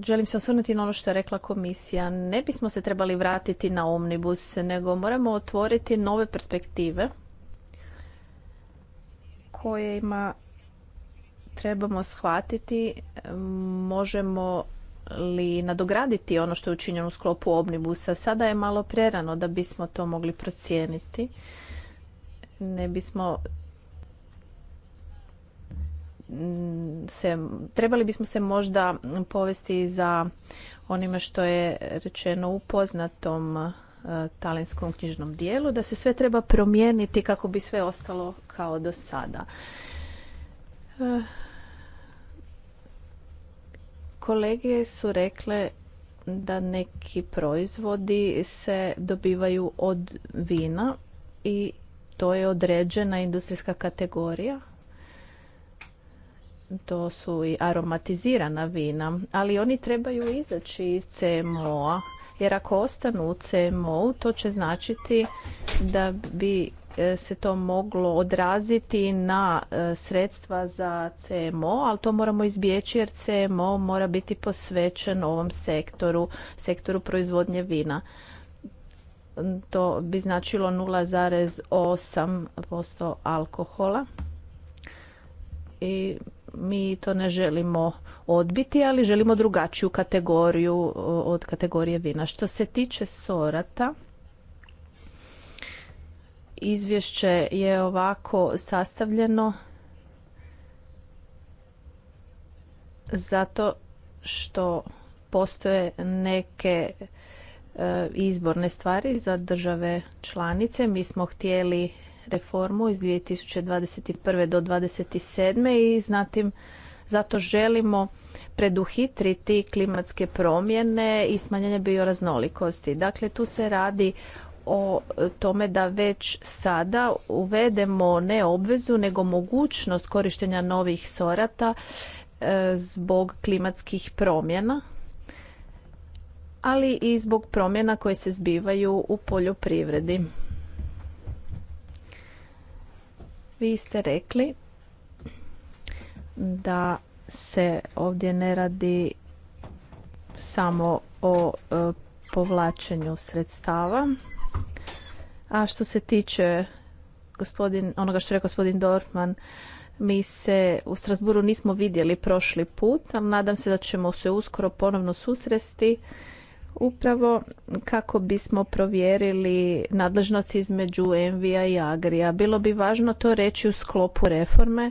želim se osvrnuti na ono što je rekla komisija. Ne bismo se trebali vratiti na omnibus, nego moramo otvoriti nove perspektive koje ima trebamo shvatiti možemo li nadograditi ono što je učinjeno u sklopu omnibusa. Sada je malo prerano da bismo to mogli procijeniti. Ne bismo se, trebali bismo se možda povesti za onima što je rečeno u poznatom e, talenskom knjižnom dijelu, da se sve treba promijeniti kako bi sve ostalo kao do sada. E, kolege su rekle da neki proizvodi se dobivaju od vina i to je određena industrijska kategorija to su i aromatizirana vina, ali oni trebaju izaći iz CMO-a, jer ako ostanu u CMO-u, to će značiti da bi e, se to moglo odraziti na e, sredstva za CMO, ali to moramo izbjeći jer CMO mora biti posvećen ovom sektoru, sektoru proizvodnje vina. To bi značilo 0,8% alkohola i mi to ne želimo odbiti, ali želimo drugačiju kategoriju od kategorije vina. Što se tiče sorata, izvješće je ovako sastavljeno zato što postoje neke e, izborne stvari za države članice. Mi smo htjeli reformu iz 2021. do 2027. i znatim zato želimo preduhitriti klimatske promjene i smanjenje bioraznolikosti. Dakle, tu se radi o tome da već sada uvedemo ne obvezu nego mogućnost korištenja novih sorata e, zbog klimatskih promjena ali i zbog promjena koje se zbivaju u poljoprivredi. Vi ste rekli da se ovdje ne radi samo o e, povlačenju sredstava. A što se tiče gospodin, onoga što je rekao gospodin Dorfman, mi se u Strasburu nismo vidjeli prošli put, ali nadam se da ćemo se uskoro ponovno susresti upravo kako bismo provjerili nadležnost između Envija i Agrija. Bilo bi važno to reći u sklopu reforme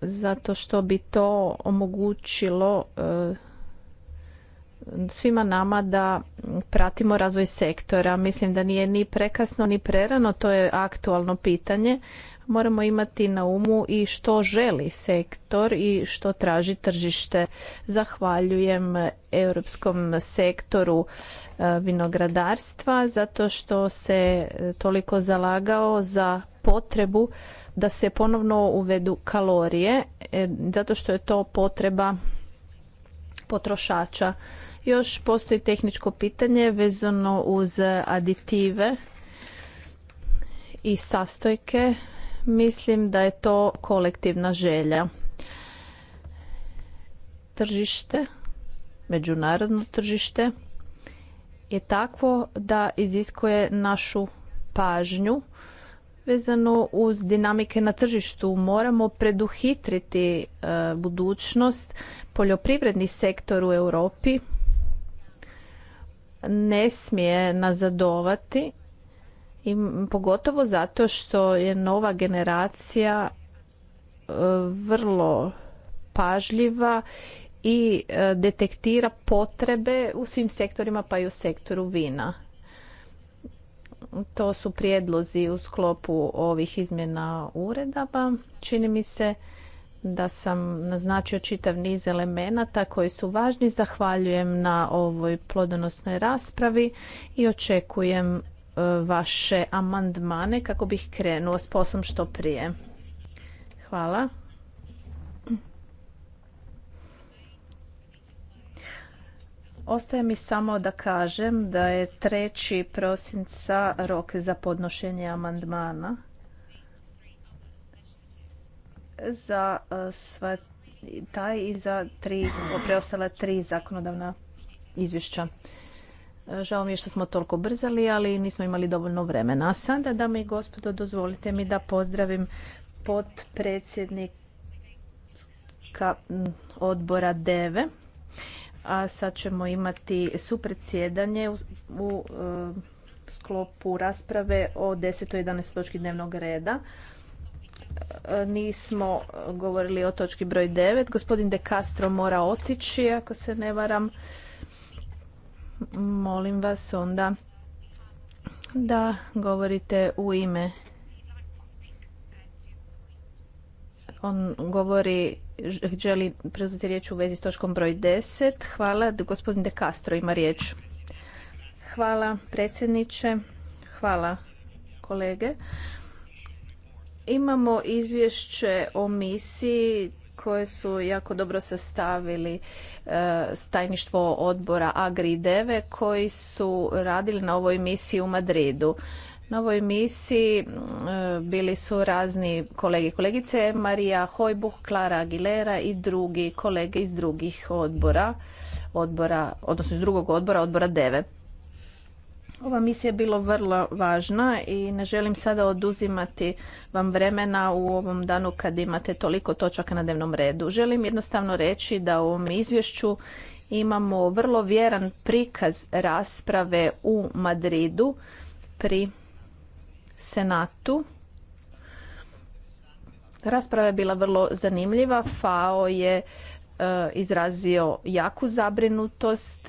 zato što bi to omogućilo e, svima nama da pratimo razvoj sektora. Mislim da nije ni prekasno ni prerano, to je aktualno pitanje moramo imati na umu i što želi sektor i što traži tržište. Zahvaljujem europskom sektoru e, vinogradarstva zato što se e, toliko zalagao za potrebu da se ponovno uvedu kalorije e, zato što je to potreba potrošača. Još postoji tehničko pitanje vezano uz aditive i sastojke Mislim da je to kolektivna želja. Tržište, međunarodno tržište je takvo da iziskuje našu pažnju vezano uz dinamike na tržištu. Moramo preduhitriti e, budućnost. Poljoprivredni sektor u Europi ne smije nazadovati i pogotovo zato što je nova generacija e, vrlo pažljiva i e, detektira potrebe u svim sektorima pa i u sektoru vina. To su prijedlozi u sklopu ovih izmjena uredaba. Čini mi se da sam naznačio čitav niz elemenata koji su važni. Zahvaljujem na ovoj plodonosnoj raspravi i očekujem vaše amandmane kako bih krenuo s poslom što prije. Hvala. Ostaje mi samo da kažem da je 3. prosinca rok za podnošenje amandmana za eh, sva taj i za tri, preostala tri zakonodavna izvješća. Žao mi je što smo toliko brzali, ali nismo imali dovoljno vremena. A sada, dame i gospodo, dozvolite mi da pozdravim potpredsjednika odbora DEVE. A sad ćemo imati supredsjedanje u, u e, sklopu rasprave o 10. 11. točki dnevnog reda. E, nismo govorili o točki broj 9. Gospodin De Castro mora otići, ako se ne varam molim vas onda da govorite u ime. On govori, želi preuzeti riječ u vezi s točkom broj 10. Hvala. Gospodin De Castro ima riječ. Hvala predsjedniče. Hvala kolege. Imamo izvješće o misiji koje su jako dobro sastavili e, stajništvo odbora Agri Deve koji su radili na ovoj misiji u Madridu. Na ovoj misiji e, bili su razni kolege i kolegice, Marija Hojbuh, Klara Aguilera i drugi kolege iz drugih odbora, odbora odnosno iz drugog odbora, odbora DEVE. Ova misija je bila vrlo važna i ne želim sada oduzimati vam vremena u ovom danu kad imate toliko točaka na dnevnom redu. Želim jednostavno reći da u ovom izvješću imamo vrlo vjeran prikaz rasprave u Madridu pri Senatu. Rasprava je bila vrlo zanimljiva. FAO je e, izrazio jaku zabrinutost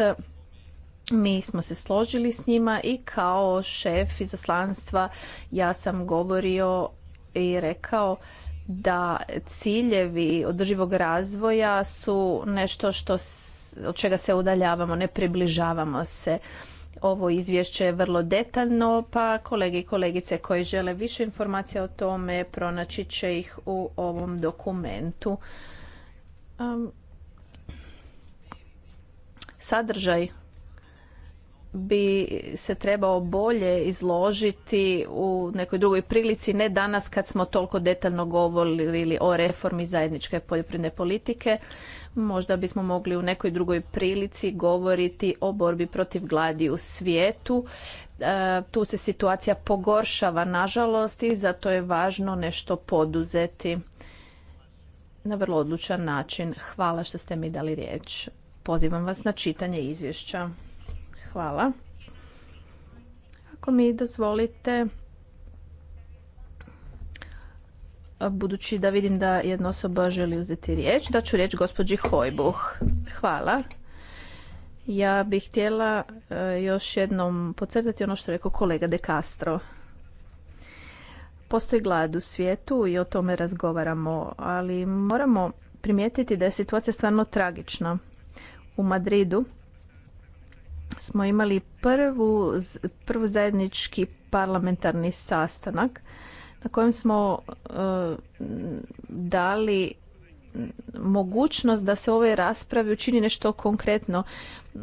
mi smo se složili s njima i kao šef izaslanstva ja sam govorio i rekao da ciljevi održivog razvoja su nešto što od čega se udaljavamo, ne približavamo se. Ovo izvješće je vrlo detaljno, pa kolege i kolegice koji žele više informacija o tome pronaći će ih u ovom dokumentu. sadržaj bi se trebao bolje izložiti u nekoj drugoj prilici, ne danas kad smo toliko detaljno govorili o reformi zajedničke poljoprivredne politike. Možda bismo mogli u nekoj drugoj prilici govoriti o borbi protiv gladi u svijetu. E, tu se situacija pogoršava, nažalost, i zato je važno nešto poduzeti na vrlo odlučan način. Hvala što ste mi dali riječ. Pozivam vas na čitanje izvješća. Hvala. Ako mi dozvolite, budući da vidim da jedna osoba želi uzeti riječ, da ću riječ gospođi Hojbuh. Hvala. Ja bih htjela e, još jednom podcrtati ono što je rekao kolega De Castro. Postoji glad u svijetu i o tome razgovaramo, ali moramo primijetiti da je situacija stvarno tragična. U Madridu smo imali prvu, zajednički parlamentarni sastanak na kojem smo e, dali mogućnost da se u ovoj raspravi učini nešto konkretno. E,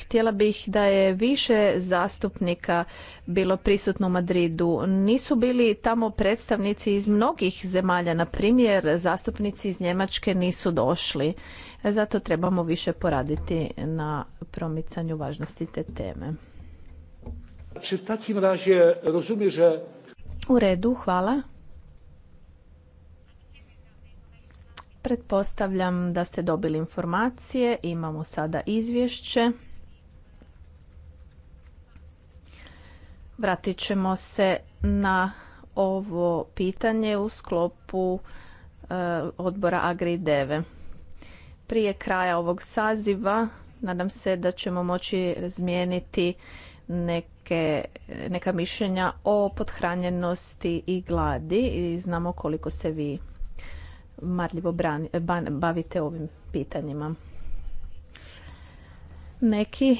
htjela bih da je više zastupnika bilo prisutno u Madridu. Nisu bili tamo predstavnici iz mnogih zemalja, na primjer zastupnici iz Njemačke nisu došli. Zato trebamo više poraditi na promicanju važnosti te teme. takim U redu, hvala. Pretpostavljam da ste dobili informacije. Imamo sada izvješće. Vratit ćemo se na ovo pitanje u sklopu e, odbora Agri 9 prije kraja ovog saziva. Nadam se da ćemo moći razmijeniti neke, neka mišljenja o podhranjenosti i gladi i znamo koliko se vi marljivo bavite ovim pitanjima. Neki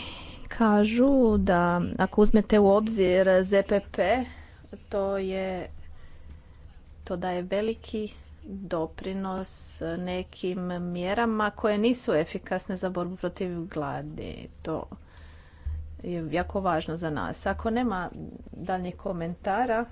kažu da ako uzmete u obzir ZPP, to je to je veliki doprinos nekim mjerama koje nisu efikasne za borbu protiv gladi. To je jako važno za nas. Ako nema daljnjih komentara,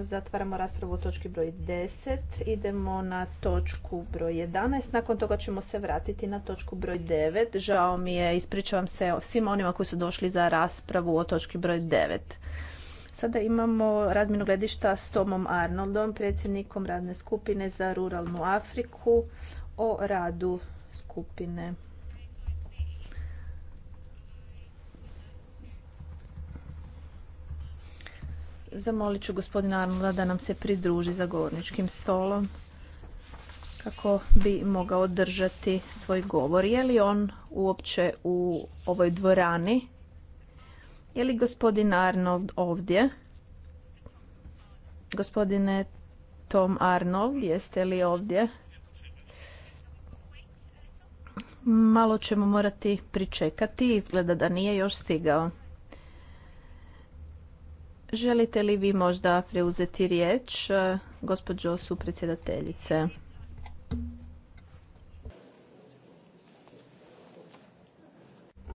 zatvaramo raspravu o točki broj 10. Idemo na točku broj 11. Nakon toga ćemo se vratiti na točku broj 9. Žao mi je, ispričavam se svima onima koji su došli za raspravu o točki broj 9. Sada imamo razminu gledišta s Tomom Arnoldom, predsjednikom radne skupine za ruralnu Afriku o radu skupine. Zamolit ću gospodina Arnolda da nam se pridruži za govorničkim stolom kako bi mogao držati svoj govor. Je li on uopće u ovoj dvorani? Je li gospodin Arnold ovdje? Gospodine Tom Arnold, jeste li ovdje? Malo ćemo morati pričekati, izgleda da nije još stigao. Želite li vi možda preuzeti riječ, gospođo supredsjedateljice?